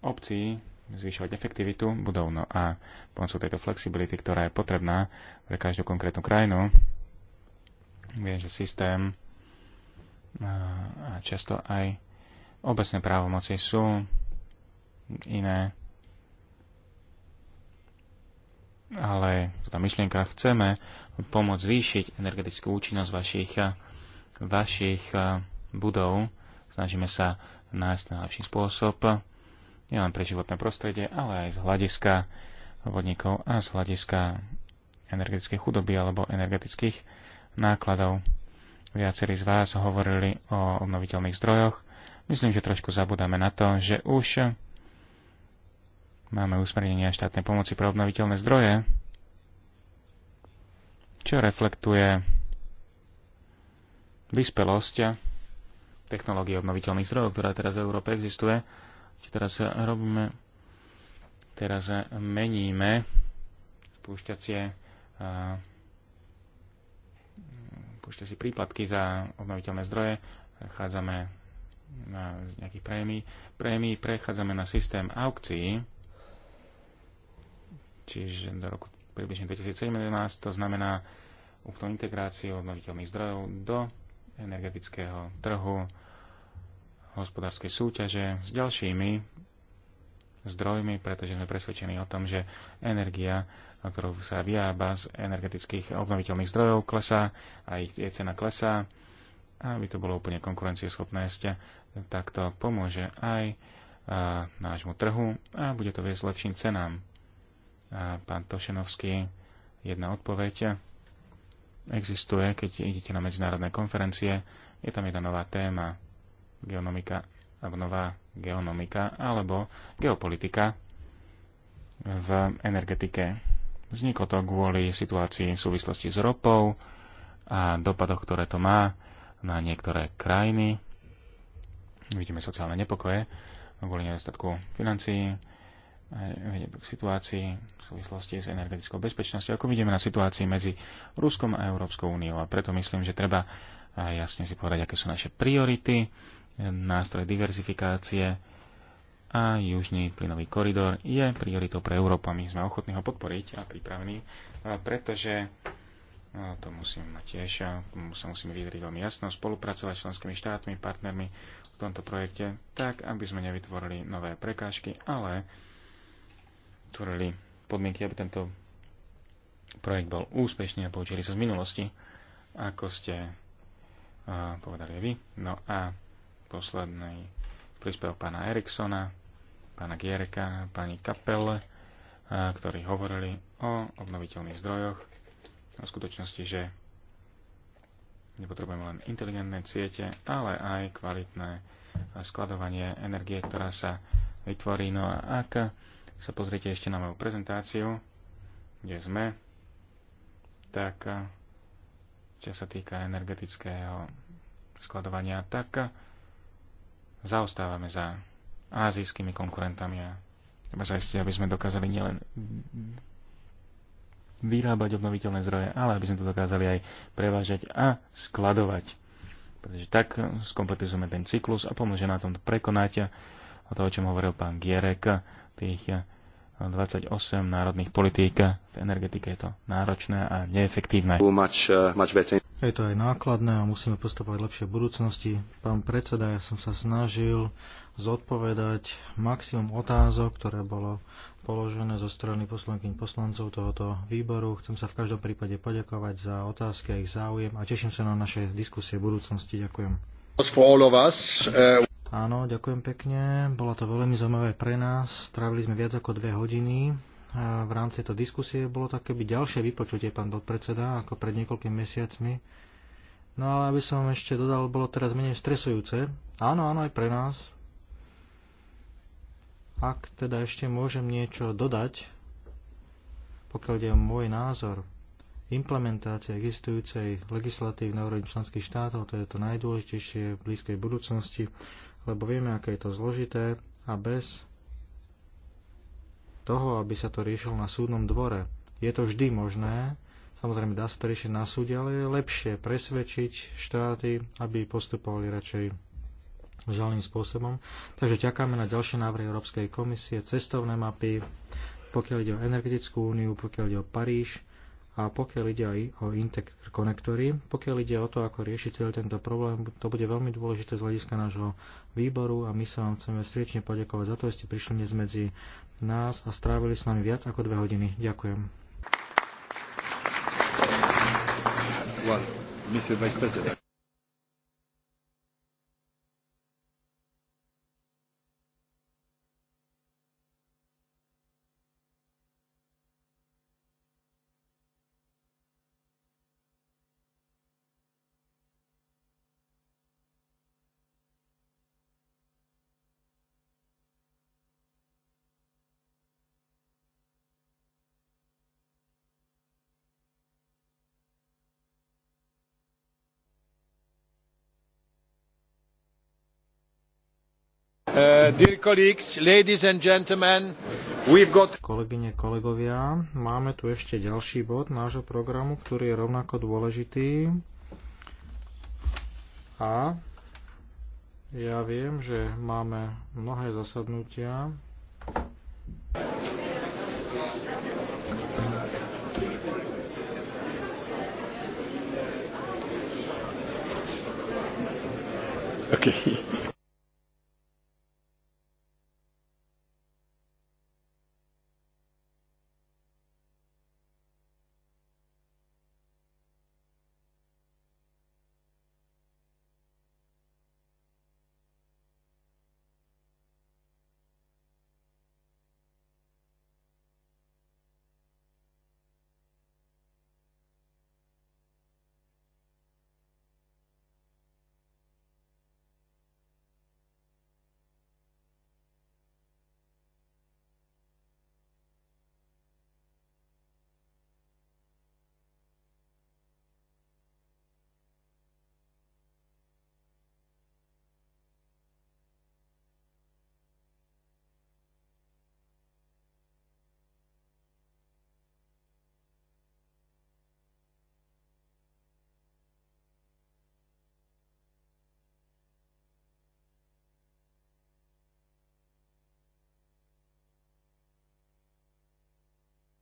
obcí zvýšovať efektivitu budov. No a pomocou tejto flexibility, ktorá je potrebná pre každú konkrétnu krajinu, viem, že systém a často aj obecné právomoci sú iné, ale tá myšlienka chceme pomôcť zvýšiť energetickú účinnosť vašich, vašich budov. Snažíme sa nájsť najlepší spôsob, nielen pre životné prostredie, ale aj z hľadiska vodníkov a z hľadiska energetickej chudoby alebo energetických nákladov. Viacerí z vás hovorili o obnoviteľných zdrojoch. Myslím, že trošku zabudáme na to, že už máme usmernenia štátnej pomoci pre obnoviteľné zdroje, čo reflektuje vyspelosť technológie obnoviteľných zdrojov, ktorá teraz v Európe existuje teraz robíme, teraz meníme spúšťacie si príplatky za obnoviteľné zdroje, chádzame na nejakých prémií, prémií prechádzame na systém aukcií, čiže do roku približne 2017, to znamená úplnú integráciu obnoviteľných zdrojov do energetického trhu hospodárskej súťaže s ďalšími zdrojmi, pretože sme presvedčení o tom, že energia, ktorú sa vyrába z energetických obnoviteľných zdrojov, klesá a ich je cena klesá. A aby to bolo úplne konkurencieschopné, tak to pomôže aj nášmu trhu a bude to viesť lepším cenám. A pán Tošenovský, jedna odpoveď existuje, keď idete na medzinárodné konferencie, je tam jedna nová téma geonomika alebo nová geonomika alebo geopolitika v energetike. Vzniklo to kvôli situácii v súvislosti s ropou a dopadoch, ktoré to má na niektoré krajiny. Vidíme sociálne nepokoje kvôli nedostatku financií, vedie eh, k situácii v súvislosti s energetickou bezpečnosťou, ako vidíme na situácii medzi Ruskom a Európskou úniou. A preto myslím, že treba eh, jasne si povedať, aké sú naše priority, nástroj diverzifikácie a južný plynový koridor je prioritou pre Európu. My sme ochotní ho podporiť a pripravení, pretože to musím tiež, sa musíme vyjadriť veľmi jasno, spolupracovať s členskými štátmi, partnermi v tomto projekte, tak, aby sme nevytvorili nové prekážky, ale tvorili podmienky, aby tento projekt bol úspešný a poučili sa z minulosti, ako ste povedali vy. No a posledný príspev pána Eriksona, pána Gierka, pani Kapelle, ktorí hovorili o obnoviteľných zdrojoch, o skutočnosti, že nepotrebujeme len inteligentné siete, ale aj kvalitné skladovanie energie, ktorá sa vytvorí. No a ak sa pozriete ešte na moju prezentáciu, kde sme, tak čo sa týka energetického skladovania, tak zaostávame za azijskými konkurentami a treba zaistiť, aby sme dokázali nielen vyrábať obnoviteľné zdroje, ale aby sme to dokázali aj prevážať a skladovať. Pretože tak skompletizujeme ten cyklus a pomôže na tom prekonať a o toho, o čom hovoril pán Gierek, tých 28 národných politík. V energetike je to náročné a neefektívne. Eh, je to aj nákladné a musíme postupovať lepšie v budúcnosti. Pán predseda, ja som sa snažil zodpovedať maximum otázok, ktoré bolo položené zo strany poslankyň poslancov tohoto výboru. Chcem sa v každom prípade poďakovať za otázky a ich záujem a teším sa na naše diskusie v budúcnosti. Ďakujem. Eh, Áno, ďakujem pekne. Bolo to veľmi zaujímavé pre nás. Strávili sme viac ako dve hodiny. A v rámci tejto diskusie bolo také by ďalšie vypočutie, pán podpredseda, ako pred niekoľkými mesiacmi. No ale aby som ešte dodal, bolo teraz menej stresujúce. Áno, áno, aj pre nás. Ak teda ešte môžem niečo dodať, pokiaľ ide o môj názor, implementácia existujúcej legislatívy na úrovni členských štátov, to je to najdôležitejšie v blízkej budúcnosti lebo vieme, aké je to zložité a bez toho, aby sa to riešilo na súdnom dvore. Je to vždy možné, samozrejme dá sa to riešiť na súde, ale je lepšie presvedčiť štáty, aby postupovali radšej žalným spôsobom. Takže čakáme na ďalšie návrhy Európskej komisie, cestovné mapy, pokiaľ ide o energetickú úniu, pokiaľ ide o Paríž, a pokiaľ ide aj o interkonektory, pokiaľ ide o to, ako riešiť celý tento problém, to bude veľmi dôležité z hľadiska nášho výboru a my sa vám chceme striečne poďakovať za to, že ste prišli dnes medzi nás a strávili s nami viac ako dve hodiny. Ďakujem. Well, colleagues, ladies and gentlemen, we've got... Kolegyne, kolegovia, máme tu ešte ďalší bod nášho programu, ktorý je rovnako dôležitý. A ja viem, že máme mnohé zasadnutia. Okay.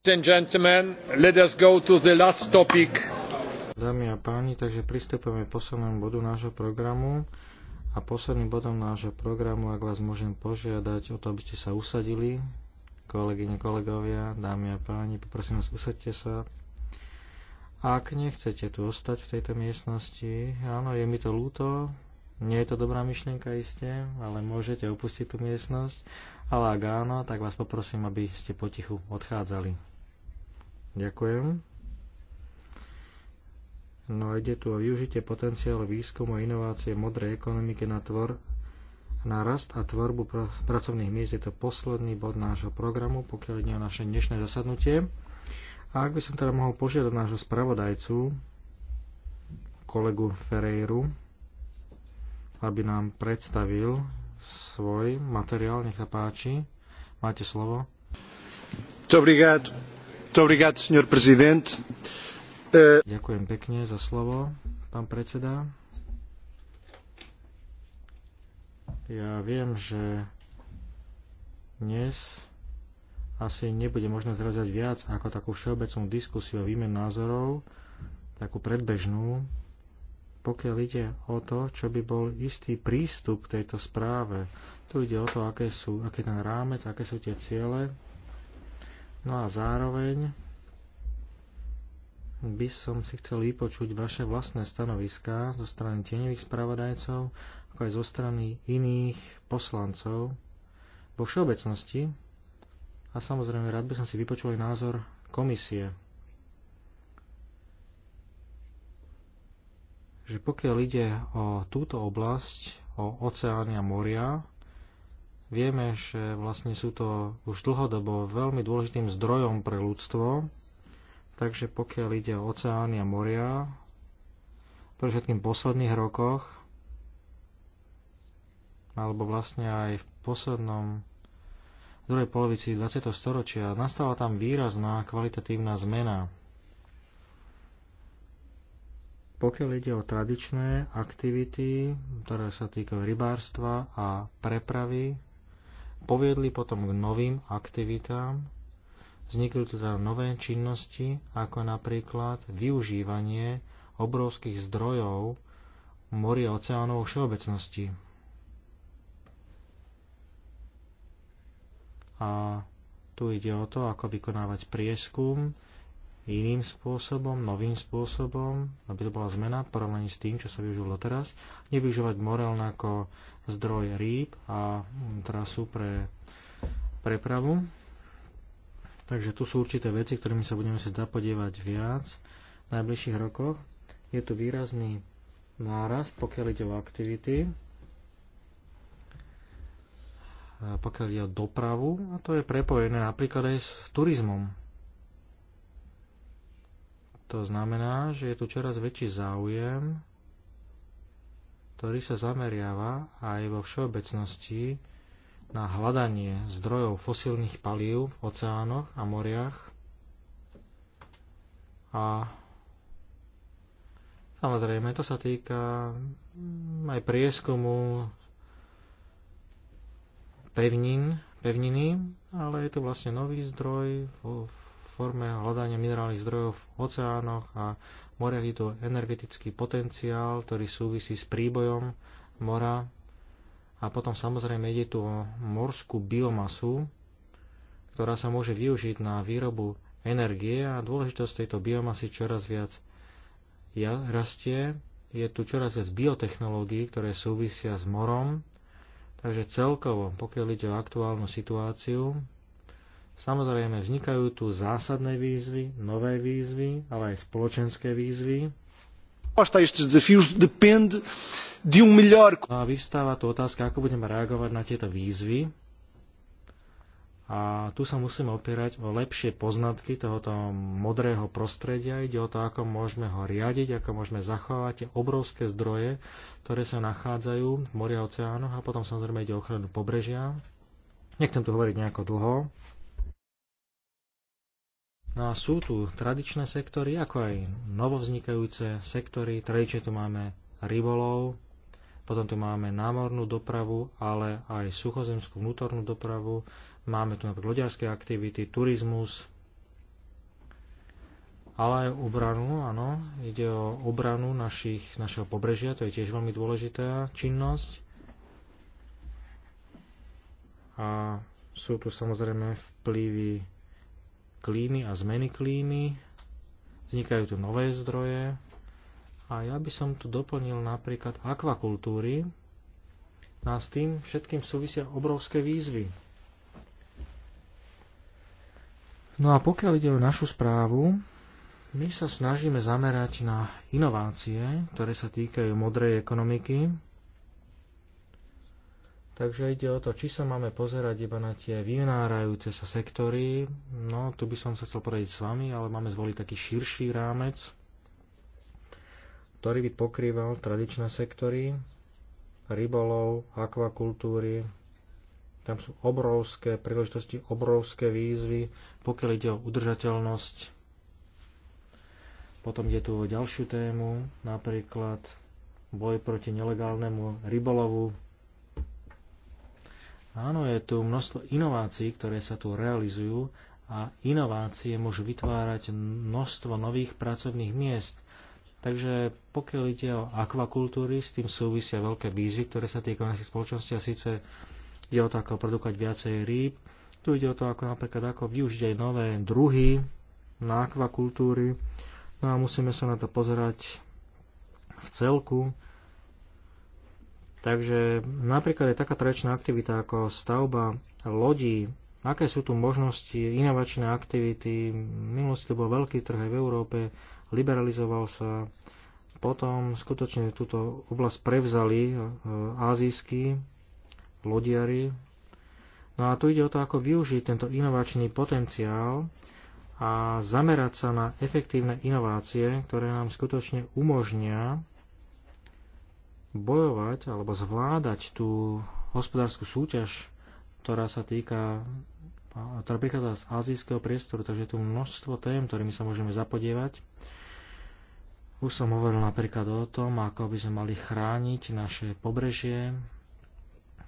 Dámy a páni, takže pristupujeme k poslednému bodu nášho programu. A posledným bodom nášho programu, ak vás môžem požiadať o to, aby ste sa usadili, kolegyne, kolegovia, dámy a páni, poprosím vás, usadte sa. Ak nechcete tu ostať v tejto miestnosti, áno, je mi to ľúto, nie je to dobrá myšlienka iste, ale môžete opustiť tú miestnosť, ale ak áno, tak vás poprosím, aby ste potichu odchádzali. Ďakujem. No a ide tu o využitie potenciálu výskumu a inovácie modrej ekonomiky na, tvor, na rast a tvorbu pr- pracovných miest. Je to posledný bod nášho programu, pokiaľ ide o naše dnešné zasadnutie. A ak by som teda mohol požiadať nášho spravodajcu, kolegu Ferreiru, aby nám predstavil svoj materiál, nech sa páči. Máte slovo. Dobrý Eh, Ďakujem pekne za slovo, pán predseda. Ja viem, že dnes asi nebude možné zrazať viac ako takú všeobecnú diskusiu o výmen názorov, takú predbežnú, pokiaľ ide o to, čo by bol istý prístup k tejto správe. Tu ide o to, aké, sú, aké ten rámec, aké sú tie ciele, No a zároveň by som si chcel vypočuť vaše vlastné stanoviská zo strany tieňových spravodajcov, ako aj zo strany iných poslancov vo všeobecnosti. A samozrejme, rád by som si vypočul aj názor komisie. Že pokiaľ ide o túto oblasť, o oceány a moria, Vieme, že vlastne sú to už dlhodobo veľmi dôležitým zdrojom pre ľudstvo, takže pokiaľ ide o oceány a moria, pre všetkým v posledných rokoch, alebo vlastne aj v poslednom v druhej polovici 20. storočia nastala tam výrazná kvalitatívna zmena. Pokiaľ ide o tradičné aktivity, ktoré sa týkajú rybárstva a prepravy, poviedli potom k novým aktivitám, vznikli teda nové činnosti, ako napríklad využívanie obrovských zdrojov moria oceánov všeobecnosti. A tu ide o to, ako vykonávať prieskum iným spôsobom, novým spôsobom, aby to bola zmena v porovnaní s tým, čo sa využívalo teraz. Nevyužívať morel ako zdroj rýb a mm, trasu pre prepravu. Takže tu sú určité veci, ktorými sa budeme musieť zapodievať viac v najbližších rokoch. Je tu výrazný nárast, pokiaľ ide o aktivity, pokiaľ ide o dopravu a to je prepojené napríklad aj s turizmom. To znamená, že je tu čoraz väčší záujem ktorý sa zameriava aj vo všeobecnosti na hľadanie zdrojov fosílnych palív v oceánoch a moriach a Samozrejme, to sa týka aj prieskumu pevnin, pevniny, ale je to vlastne nový zdroj v forme hľadania minerálnych zdrojov v oceánoch a More je to energetický potenciál, ktorý súvisí s príbojom mora. A potom samozrejme ide tu o morskú biomasu, ktorá sa môže využiť na výrobu energie a dôležitosť tejto biomasy čoraz viac rastie. Je tu čoraz viac biotechnológií, ktoré súvisia s morom, takže celkovo, pokiaľ ide o aktuálnu situáciu, Samozrejme, vznikajú tu zásadné výzvy, nové výzvy, ale aj spoločenské výzvy. Um no a vystáva tu otázka, ako budeme reagovať na tieto výzvy. A tu sa musíme opierať o lepšie poznatky tohoto modrého prostredia. Ide o to, ako môžeme ho riadiť, ako môžeme zachovať tie obrovské zdroje, ktoré sa nachádzajú v mori a oceánoch a potom samozrejme ide o ochranu pobrežia. Nechcem tu hovoriť nejako dlho, No a sú tu tradičné sektory, ako aj novovznikajúce sektory. Tradične tu máme rybolov, potom tu máme námornú dopravu, ale aj suchozemskú vnútornú dopravu. Máme tu napríklad loďarské aktivity, turizmus, ale aj obranu, áno. Ide o obranu našich, našeho pobrežia, to je tiež veľmi dôležitá činnosť. A sú tu samozrejme vplyvy klímy a zmeny klímy, vznikajú tu nové zdroje a ja by som tu doplnil napríklad akvakultúry no a s tým všetkým súvisia obrovské výzvy. No a pokiaľ ide o našu správu, my sa snažíme zamerať na inovácie, ktoré sa týkajú modrej ekonomiky, Takže ide o to, či sa máme pozerať iba na tie vynárajúce sa sektory. No, tu by som sa chcel poradiť s vami, ale máme zvoliť taký širší rámec, ktorý by pokrýval tradičné sektory, rybolov, akvakultúry. Tam sú obrovské príležitosti, obrovské výzvy, pokiaľ ide o udržateľnosť. Potom ide tu o ďalšiu tému, napríklad boj proti nelegálnemu rybolovu, Áno, je tu množstvo inovácií, ktoré sa tu realizujú a inovácie môžu vytvárať množstvo nových pracovných miest. Takže pokiaľ ide o akvakultúry, s tým súvisia veľké výzvy, ktoré sa týkajú našich spoločnosti a síce ide o to, ako produkovať viacej rýb. Tu ide o to, ako napríklad ako využiť aj nové druhy na akvakultúry. No a musíme sa na to pozerať v celku. Takže napríklad je taká tradičná aktivita ako stavba lodí, aké sú tu možnosti, inovačné aktivity, v minulosti to bol veľký trh aj v Európe, liberalizoval sa, potom skutočne túto oblasť prevzali e, azijskí lodiari. No a tu ide o to, ako využiť tento inovačný potenciál a zamerať sa na efektívne inovácie, ktoré nám skutočne umožnia bojovať alebo zvládať tú hospodárskú súťaž, ktorá sa týka ktorá prichádza z azijského priestoru, takže je tu množstvo tém, ktorými sa môžeme zapodievať. Už som hovoril napríklad o tom, ako by sme mali chrániť naše pobrežie.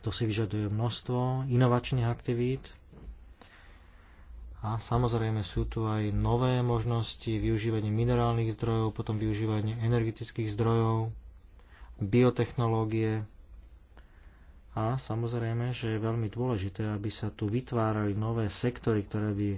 To si vyžaduje množstvo inovačných aktivít. A samozrejme sú tu aj nové možnosti využívanie minerálnych zdrojov, potom využívanie energetických zdrojov, biotechnológie. A samozrejme, že je veľmi dôležité, aby sa tu vytvárali nové sektory, ktoré by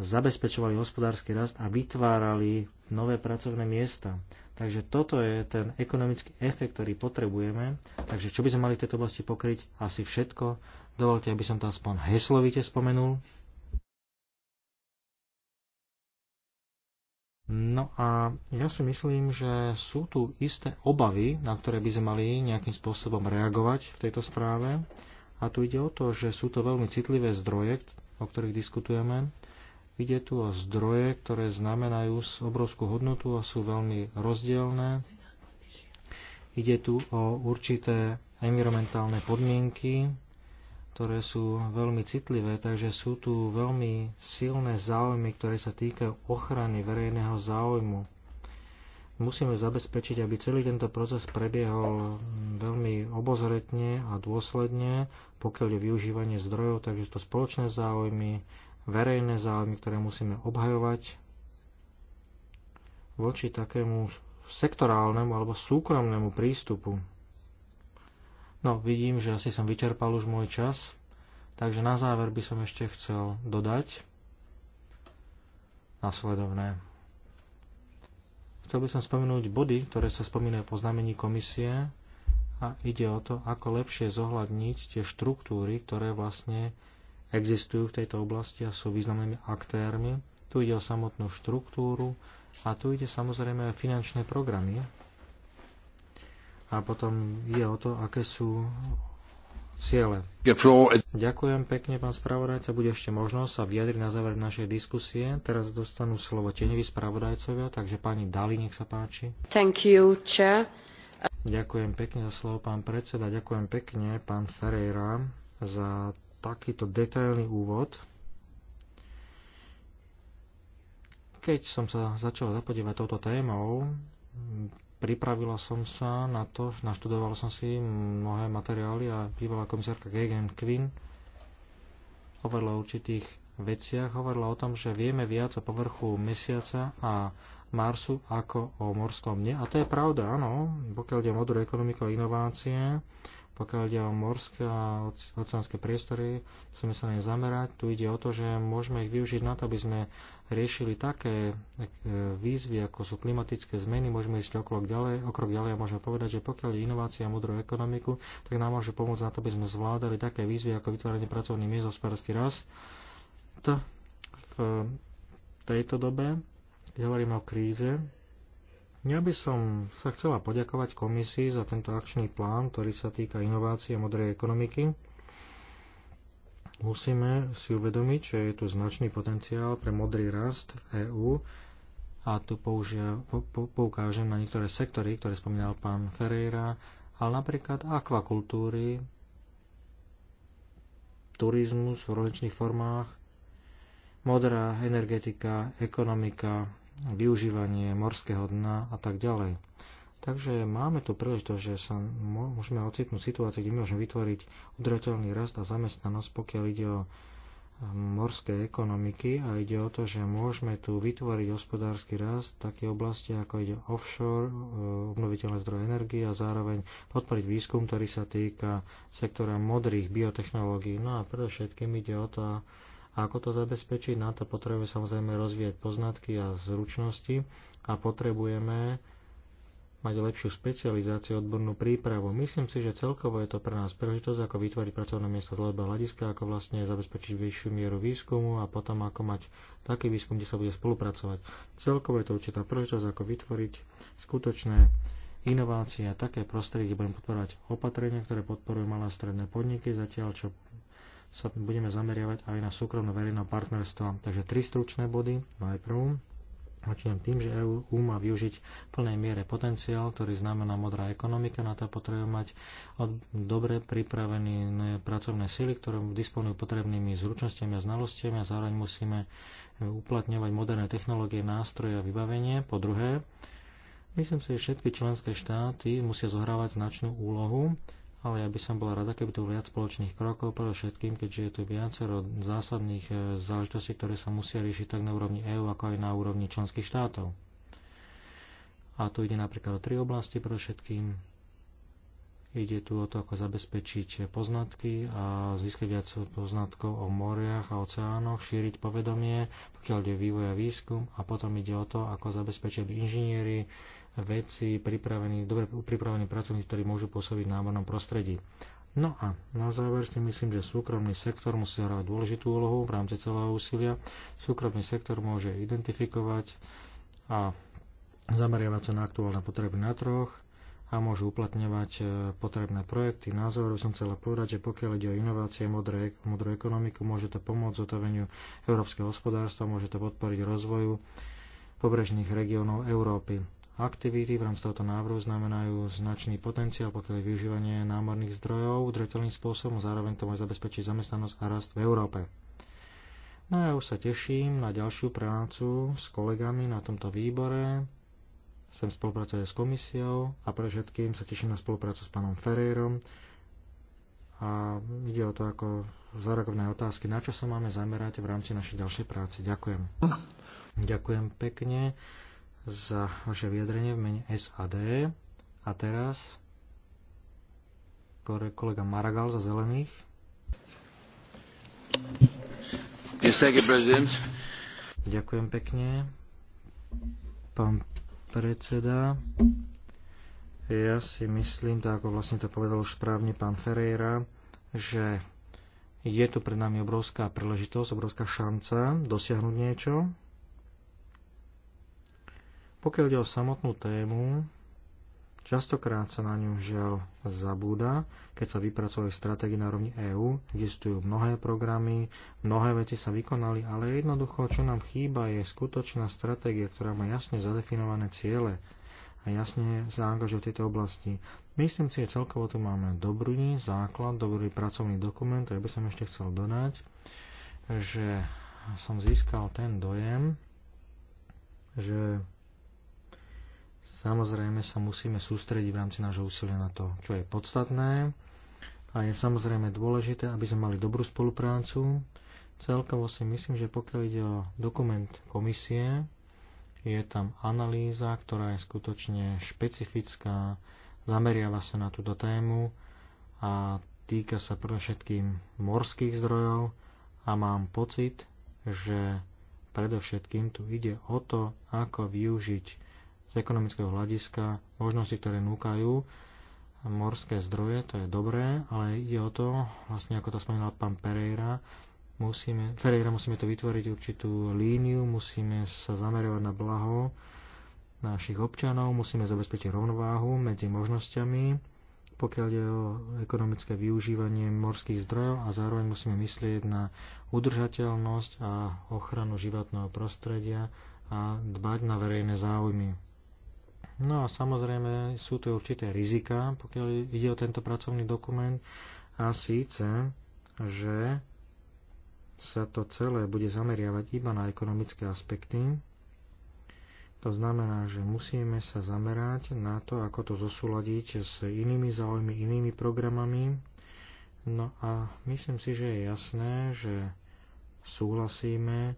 zabezpečovali hospodársky rast a vytvárali nové pracovné miesta. Takže toto je ten ekonomický efekt, ktorý potrebujeme. Takže čo by sme mali v tejto oblasti pokryť? Asi všetko. Dovolte, aby som to aspoň heslovite spomenul. No a ja si myslím, že sú tu isté obavy, na ktoré by sme mali nejakým spôsobom reagovať v tejto správe. A tu ide o to, že sú to veľmi citlivé zdroje, o ktorých diskutujeme. Ide tu o zdroje, ktoré znamenajú obrovskú hodnotu a sú veľmi rozdielne. Ide tu o určité environmentálne podmienky, ktoré sú veľmi citlivé, takže sú tu veľmi silné záujmy, ktoré sa týkajú ochrany verejného záujmu. Musíme zabezpečiť, aby celý tento proces prebiehol veľmi obozretne a dôsledne, pokiaľ je využívanie zdrojov, takže to spoločné záujmy, verejné záujmy, ktoré musíme obhajovať voči takému sektorálnemu alebo súkromnému prístupu No, vidím, že asi som vyčerpal už môj čas, takže na záver by som ešte chcel dodať nasledovné. Chcel by som spomenúť body, ktoré sa spomínajú po znamení komisie a ide o to, ako lepšie zohľadniť tie štruktúry, ktoré vlastne existujú v tejto oblasti a sú významnými aktérmi. Tu ide o samotnú štruktúru a tu ide samozrejme o finančné programy, a potom je o to, aké sú ciele. Ďakujem pekne, pán spravodajca. Bude ešte možnosť sa vyjadriť na záver našej diskusie. Teraz dostanú slovo tenevi spravodajcovia, takže pani Dali, nech sa páči. Thank you, chair. Ďakujem pekne za slovo, pán predseda. Ďakujem pekne, pán Ferreira, za takýto detailný úvod. Keď som sa začal zapodívať touto témou, pripravila som sa na to, naštudoval som si mnohé materiály a bývalá komisárka Gegen Quinn hovorila o určitých veciach, hovorila o tom, že vieme viac o povrchu mesiaca a Marsu ako o morskom dne. A to je pravda, áno, pokiaľ ide o modrú ekonomiku a inovácie, pokiaľ ide o morské a oceánske priestory, musíme sa na ne zamerať. Tu ide o to, že môžeme ich využiť na to, aby sme riešili také e, výzvy, ako sú klimatické zmeny, môžeme ísť okrok ďalej, okrok ďalej a môžeme povedať, že pokiaľ je inovácia a múdru ekonomiku, tak nám môže pomôcť na to, aby sme zvládali také výzvy, ako vytváranie pracovných miest, hospodársky rast. To v tejto dobe, keď hovoríme o kríze, ja by som sa chcela poďakovať komisii za tento akčný plán, ktorý sa týka inovácie a modrej ekonomiky. Musíme si uvedomiť, že je tu značný potenciál pre modrý rast v EÚ a tu použia, po, po, poukážem na niektoré sektory, ktoré spomínal pán Ferreira, ale napríklad akvakultúry, turizmus v rozličných formách, modrá energetika, ekonomika, využívanie morského dna a tak ďalej. Takže máme tu príležitosť, že sa môžeme ocitnúť situácii, kde môžeme vytvoriť udržateľný rast a zamestnanosť, pokiaľ ide o eh, morské ekonomiky a ide o to, že môžeme tu vytvoriť hospodársky rast v také oblasti, ako ide offshore, eh, obnoviteľné zdroje energie a zároveň podporiť výskum, ktorý sa týka sektora modrých biotechnológií. No a predovšetkým ide o to, a ako to zabezpečiť? Na to potrebujeme samozrejme rozvíjať poznatky a zručnosti a potrebujeme mať lepšiu specializáciu, odbornú prípravu. Myslím si, že celkovo je to pre nás príležitosť, ako vytvoriť pracovné miesta z dlhodobého hľadiska, ako vlastne zabezpečiť vyššiu mieru výskumu a potom ako mať taký výskum, kde sa bude spolupracovať. Celkovo je to určitá príležitosť, ako vytvoriť skutočné inovácie a také prostredie, kde budeme podporovať opatrenia, ktoré podporujú malé a stredné podniky, zatiaľ čo sa budeme zameriavať aj na súkromno-verejné partnerstva. Takže tri stručné body. Najprv Začnem tým, že EÚ má využiť v plnej miere potenciál, ktorý znamená modrá ekonomika. Na to potrebuje mať dobre pripravené pracovné sily, ktoré disponujú potrebnými zručnosťami a znalostiami a zároveň musíme uplatňovať moderné technológie, nástroje a vybavenie. Po druhé, myslím si, že všetky členské štáty musia zohrávať značnú úlohu ale ja by som bola rada, keby tu viac spoločných krokov, pre všetkým, keďže je tu viacero zásadných e, záležitostí, ktoré sa musia riešiť tak na úrovni EÚ, ako aj na úrovni členských štátov. A tu ide napríklad o tri oblasti pre všetkým. Ide tu o to, ako zabezpečiť poznatky a získať viac poznatkov o moriach a oceánoch, šíriť povedomie, pokiaľ ide vývoj a výskum a potom ide o to, ako zabezpečiť inžinieri, vedci, pripravení, dobre pripravení pracovníci, ktorí môžu pôsobiť v námornom prostredí. No a na záver si myslím, že súkromný sektor musí hrať dôležitú úlohu v rámci celého úsilia. Súkromný sektor môže identifikovať a zameriavať sa na aktuálne potreby na troch, a môžu uplatňovať e, potrebné projekty. Na záver som chcela povedať, že pokiaľ ide o inovácie modrú ekonomiku, môže to pomôcť zotaveniu európskeho hospodárstva, môže to podporiť rozvoju pobrežných regiónov Európy. Aktivity v rámci tohto návrhu znamenajú značný potenciál, pokiaľ je využívanie námorných zdrojov udržateľným spôsobom, zároveň to môže zabezpečiť zamestnanosť a rast v Európe. No a ja už sa teším na ďalšiu prácu s kolegami na tomto výbore, Chcem spolupracovať s komisiou a pre všetkým sa teším na spoluprácu s pánom Ferreirom. A ide o to ako zárokovné otázky, na čo sa máme zamerať v rámci našej ďalšej práce. Ďakujem. Ďakujem pekne za vaše vyjadrenie v mene SAD. A teraz kolega Maragal za zelených. Ďakujem pekne. Pán predseda. Ja si myslím, tak ako vlastne to povedal už správne pán Ferreira, že je tu pred nami obrovská príležitosť, obrovská šanca dosiahnuť niečo. Pokiaľ ide o samotnú tému, Častokrát sa na ňu žiaľ zabúda, keď sa vypracovali stratégie na rovni EÚ, existujú mnohé programy, mnohé veci sa vykonali, ale jednoducho, čo nám chýba, je skutočná stratégia, ktorá má jasne zadefinované ciele a jasne zaangažuje v tejto oblasti. Myslím si, že celkovo tu máme dobrý základ, dobrý pracovný dokument a ja by som ešte chcel donať, že som získal ten dojem, že Samozrejme sa musíme sústrediť v rámci nášho úsilia na to, čo je podstatné. A je samozrejme dôležité, aby sme mali dobrú spoluprácu. Celkovo si myslím, že pokiaľ ide o dokument komisie, je tam analýza, ktorá je skutočne špecifická, zameriava sa na túto tému a týka sa všetkým morských zdrojov a mám pocit, že predovšetkým tu ide o to, ako využiť z ekonomického hľadiska možnosti, ktoré núkajú morské zdroje, to je dobré, ale ide o to, vlastne ako to spomínal pán Pereira, musíme, Pereira musíme to vytvoriť určitú líniu, musíme sa zamerovať na blaho našich občanov, musíme zabezpečiť rovnováhu medzi možnosťami, pokiaľ je o ekonomické využívanie morských zdrojov a zároveň musíme myslieť na udržateľnosť a ochranu životného prostredia a dbať na verejné záujmy. No a samozrejme sú tu určité rizika, pokiaľ ide o tento pracovný dokument, a síce, že sa to celé bude zameriavať iba na ekonomické aspekty. To znamená, že musíme sa zamerať na to, ako to zosúľadiť s inými záujmy, inými programami. No a myslím si, že je jasné, že súhlasíme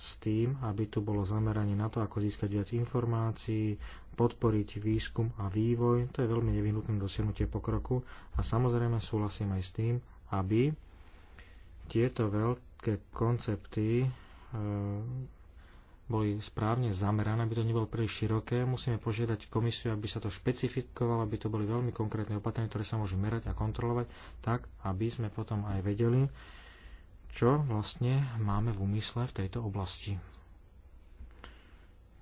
s tým, aby tu bolo zameranie na to, ako získať viac informácií, podporiť výskum a vývoj. To je veľmi nevyhnutné dosiahnutie pokroku a samozrejme súhlasím aj s tým, aby tieto veľké koncepty e, boli správne zamerané, aby to nebolo príliš široké. Musíme požiadať komisiu, aby sa to špecifikovalo, aby to boli veľmi konkrétne opatrenia, ktoré sa môžu merať a kontrolovať, tak aby sme potom aj vedeli, čo vlastne máme v úmysle v tejto oblasti.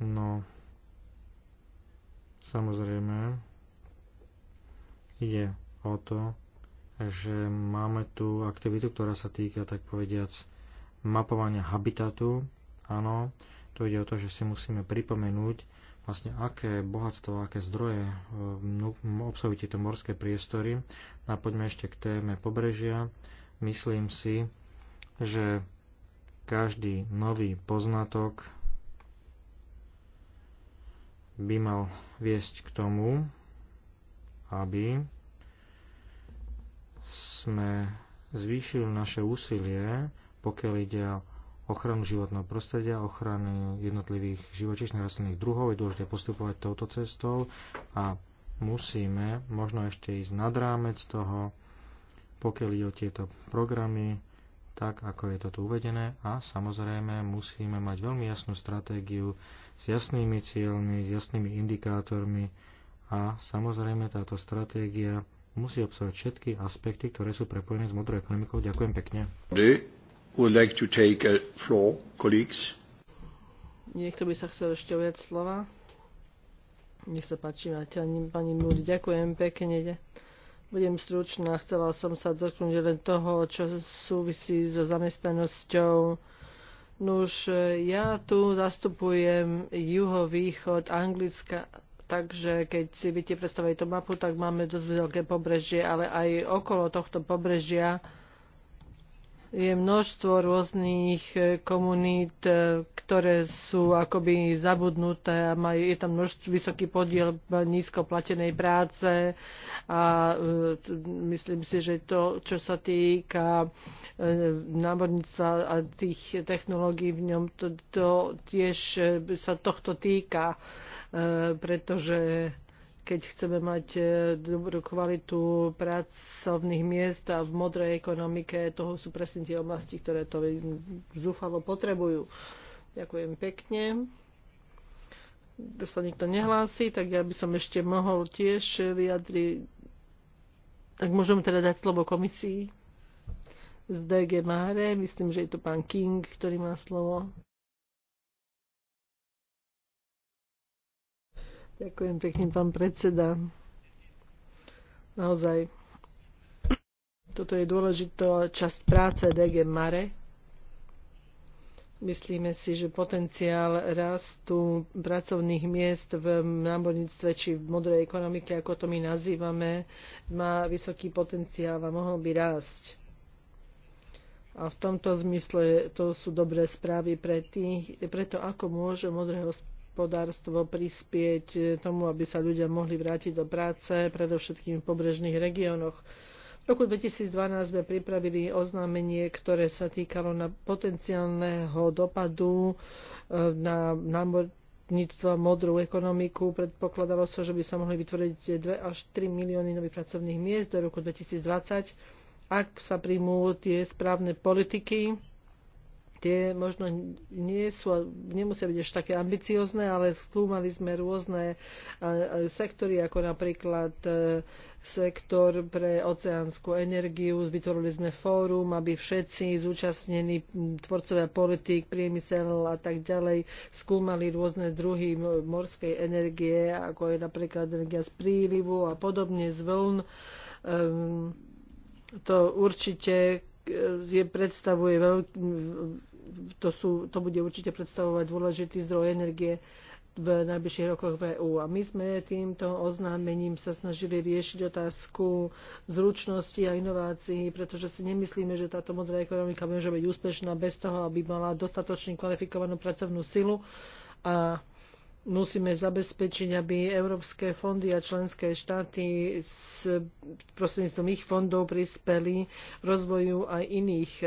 No, samozrejme, ide o to, že máme tu aktivitu, ktorá sa týka, tak povediac, mapovania habitatu. Áno, tu ide o to, že si musíme pripomenúť, vlastne aké bohatstvo, aké zdroje e, no, obsahujú tieto morské priestory. No a poďme ešte k téme pobrežia. Myslím si, že každý nový poznatok by mal viesť k tomu, aby sme zvýšili naše úsilie, pokiaľ ide o ochranu životného prostredia, ochranu jednotlivých živočíšnych rastlinných druhov. Je dôležité postupovať touto cestou a musíme možno ešte ísť nad rámec toho, pokiaľ ide o tieto programy, tak ako je to tu uvedené a samozrejme musíme mať veľmi jasnú stratégiu s jasnými cieľmi, s jasnými indikátormi a samozrejme táto stratégia musí obsahovať všetky aspekty, ktoré sú prepojené s modrou ekonomikou. Ďakujem pekne. Like floor, Niekto by sa chcel ešte ujať slova? Nech sa páči, pani, pani Múri, ďakujem pekne. Budem stručná, chcela som sa dotknúť len toho, čo súvisí so zamestnanosťou. Nuž, ja tu zastupujem juhovýchod Anglicka, takže keď si viete predstaviť tú mapu, tak máme dosť veľké pobrežie, ale aj okolo tohto pobrežia je množstvo rôznych e, komunít, e, ktoré sú akoby zabudnuté a majú, je tam množstvo, vysoký podiel nízko platenej práce a e, myslím si, že to, čo sa týka námorníctva a tých technológií v ňom, to, to tiež sa tohto týka, pretože keď chceme mať e, dobrú kvalitu pracovných miest a v modrej ekonomike, toho sú presne tie oblasti, ktoré to zúfalo potrebujú. Ďakujem pekne Už sa nikto nehlási, tak ja by som ešte mohol tiež vyjadriť, tak môžem teda dať slovo komisii z DG Mare. Myslím, že je to pán King, ktorý má slovo. Ďakujem pekne, pán predseda. Naozaj, toto je dôležitá časť práce DG Mare. Myslíme si, že potenciál rastu pracovných miest v námorníctve či v modrej ekonomike, ako to my nazývame, má vysoký potenciál a mohol by rásť. A v tomto zmysle to sú dobré správy pre tých, preto ako môže modré hospodárstvo prispieť e, tomu, aby sa ľudia mohli vrátiť do práce, predovšetkým v pobrežných regiónoch. V roku 2012 sme pripravili oznámenie, ktoré sa týkalo na potenciálneho dopadu e, na námorníctvo modrú ekonomiku. Predpokladalo sa, že by sa mohli vytvoriť 2 až 3 milióny nových pracovných miest do roku 2020, ak sa príjmú tie správne politiky tie možno nie sú, nemusia byť ešte také ambiciozne, ale skúmali sme rôzne e, e, sektory, ako napríklad e, sektor pre oceánsku energiu, vytvorili sme fórum, aby všetci zúčastnení tvorcovia politik, priemysel a tak ďalej skúmali rôzne druhy morskej energie, ako je napríklad energia z prílivu a podobne z vln. Ehm, to určite je, predstavuje veľký, to, sú, to bude určite predstavovať dôležitý zdroj energie v najbližších rokoch v EÚ. A my sme týmto oznámením sa snažili riešiť otázku zručnosti a inovácií, pretože si nemyslíme, že táto modrá ekonomika môže byť úspešná bez toho, aby mala dostatočne kvalifikovanú pracovnú silu a musíme zabezpečiť, aby európske fondy a členské štáty s prostredníctvom ich fondov prispeli rozvoju aj iných e,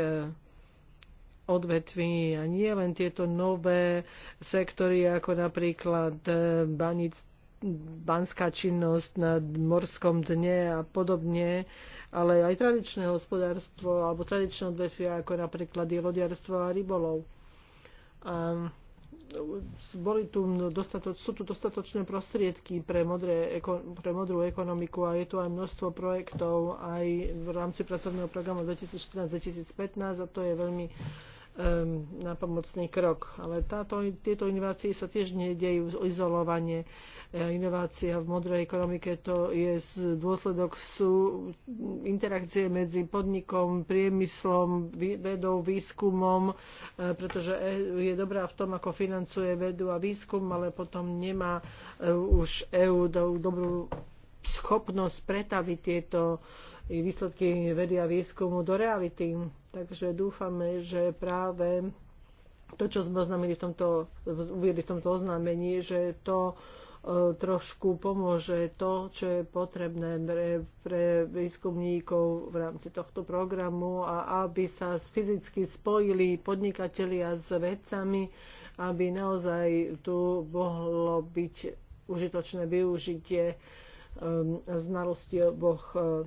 odvetví a nie len tieto nové sektory, ako napríklad e, banic, banská činnosť na morskom dne a podobne, ale aj tradičné hospodárstvo alebo tradičné odvetvia, ako napríklad je lodiarstvo a rybolov. A e, boli tu dostatoč, sú tu dostatočné prostriedky pre, modré, pre modrú ekonomiku a je tu aj množstvo projektov aj v rámci pracovného programu 2014-2015 a to je veľmi na pomocný krok. Ale táto, tieto inovácie sa tiež nedejú izolovanie. E, inovácia v modrej ekonomike to je z dôsledok sú interakcie medzi podnikom, priemyslom, vedou, výskumom, e, pretože e je dobrá v tom, ako financuje vedu a výskum, ale potom nemá už EU dobrú schopnosť pretaviť tieto uh, výsledky vedy a výskumu do reality. Takže dúfame, že práve to, čo sme oznámili v tomto, uviedli v tomto oznámení, že to e, trošku pomôže to, čo je potrebné pre, pre výskumníkov v rámci tohto programu a aby sa fyzicky spojili podnikatelia s vedcami, aby naozaj tu mohlo byť užitočné využitie um, znalosti oboch e,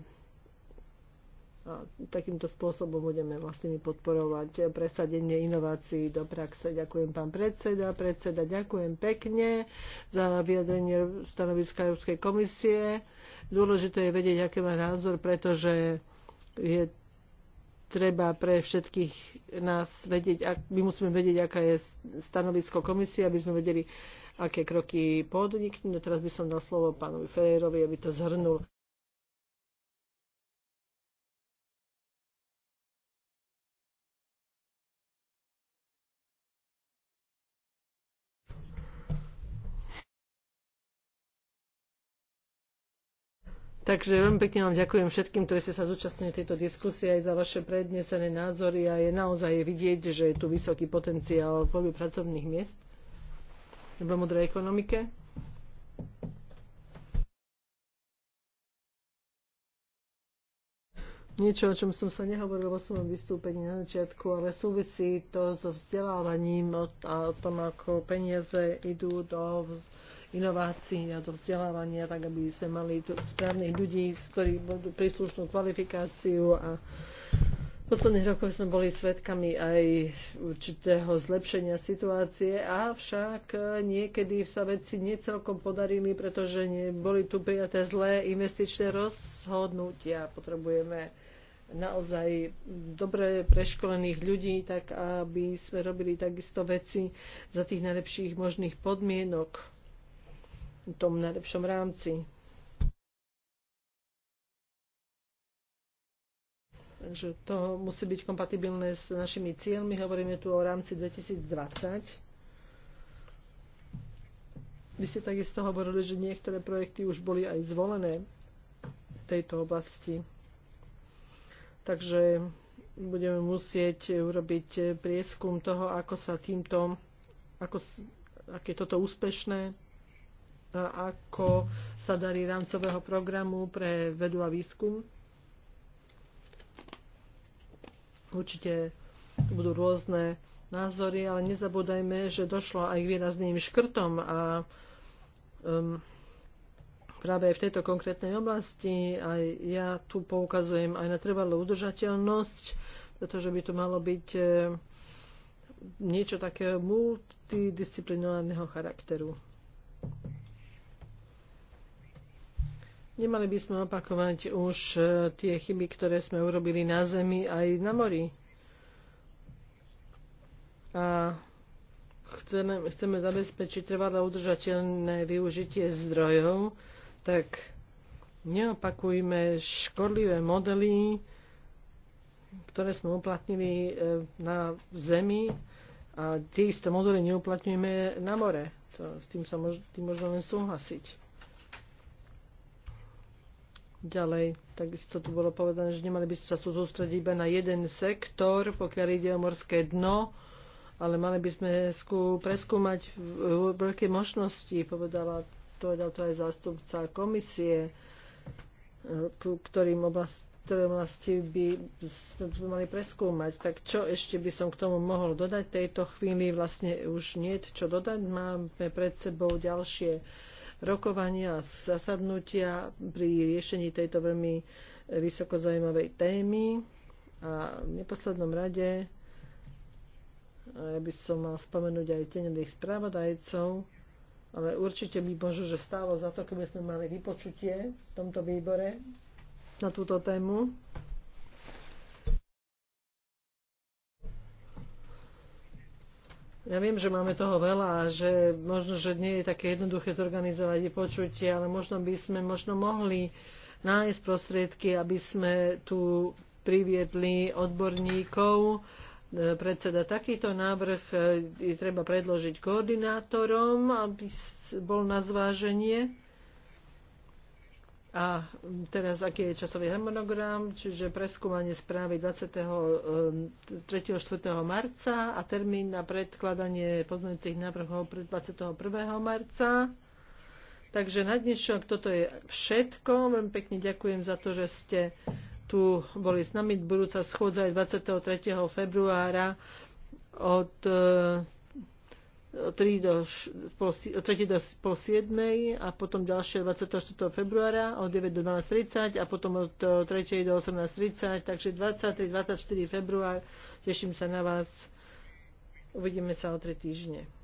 a takýmto spôsobom budeme vlastne podporovať presadenie inovácií do praxe. Ďakujem pán predseda. Predseda, ďakujem pekne za vyjadrenie stanoviska Európskej komisie. Dôležité je vedieť, aký má názor, pretože je treba pre všetkých nás vedieť, ak, my musíme vedieť, aká je stanovisko komisie, aby sme vedeli, aké kroky podniknú. No teraz by som dal slovo pánovi Ferrerovi, aby to zhrnul. Takže veľmi pekne vám ďakujem všetkým, ktorí ste sa zúčastnili tejto diskusie aj za vaše prednesené názory a je naozaj vidieť, že je tu vysoký potenciál v voľbe pracovných miest v modrej ekonomike. Niečo, o čom som sa nehovoril vo svojom vystúpení na začiatku, ale súvisí to so vzdelávaním a o tom, ako peniaze idú do vz- inovácií a do vzdelávania, tak aby sme mali správnych ľudí, ktorých budú príslušnú kvalifikáciu a v posledných rokoch sme boli svedkami aj určitého zlepšenia situácie, avšak niekedy sa veci necelkom podarili, pretože boli tu prijaté zlé investičné rozhodnutia. Potrebujeme naozaj dobre preškolených ľudí, tak aby sme robili takisto veci za tých najlepších možných podmienok tom najlepšom rámci. Takže to musí byť kompatibilné s našimi cieľmi. Hovoríme tu o rámci 2020. Vy ste takisto hovorili, že niektoré projekty už boli aj zvolené v tejto oblasti. Takže budeme musieť urobiť prieskum toho, ako sa týmto, ako, je toto úspešné a ako sa darí rámcového programu pre vedu a výskum. Určite budú rôzne názory, ale nezabúdajme, že došlo aj k výrazným škrtom a um, práve aj v tejto konkrétnej oblasti aj ja tu poukazujem aj na trvalú udržateľnosť, pretože by to malo byť um, niečo takého multidisciplinárneho charakteru. Nemali by sme opakovať už e, tie chyby, ktoré sme urobili na zemi aj na mori. A chceme, zabezpečiť trvalé udržateľné využitie zdrojov, tak neopakujme škodlivé modely, ktoré sme uplatnili e, na zemi a tie isté modely neuplatňujeme na more. To, s tým sa mož, tým možno len súhlasiť. Ďalej, takisto tu bolo povedané, že nemali by sme sa sústrediť iba na jeden sektor, pokiaľ ide o morské dno, ale mali by sme skú, preskúmať veľké možnosti, povedala, povedal to aj zástupca komisie, ktorým oblast, ktoré oblasti by sme mali preskúmať. Tak čo ešte by som k tomu mohol dodať? V tejto chvíli vlastne už nie čo dodať. Máme pred sebou ďalšie rokovania a zasadnutia pri riešení tejto veľmi e, vysoko zaujímavej témy. A v neposlednom rade e, ja by som mal spomenúť aj tenených správodajcov, ale určite by možno, že stálo za to, keby sme mali vypočutie v tomto výbore na túto tému. Ja viem, že máme toho veľa a že možno, že nie je také jednoduché zorganizovať počutie, ale možno by sme možno mohli nájsť prostriedky, aby sme tu priviedli odborníkov. Predseda, takýto návrh eh, je treba predložiť koordinátorom, aby bol na zváženie a teraz, aký je časový harmonogram, čiže preskúmanie správy 23. 4. E, marca a termín na predkladanie pozmeňujúcich návrhov pred 21. marca. Takže na dnešok toto je všetko. Veľmi pekne ďakujem za to, že ste tu boli s nami. Budúca schôdza je 23. februára od e, od 3 do, pol, 3 do pol 7 a potom ďalšie 24. februára od 9 do 12.30 a potom od 3 do 18.30, takže 23, 24 február. Teším sa na vás. Uvidíme sa o 3 týždne.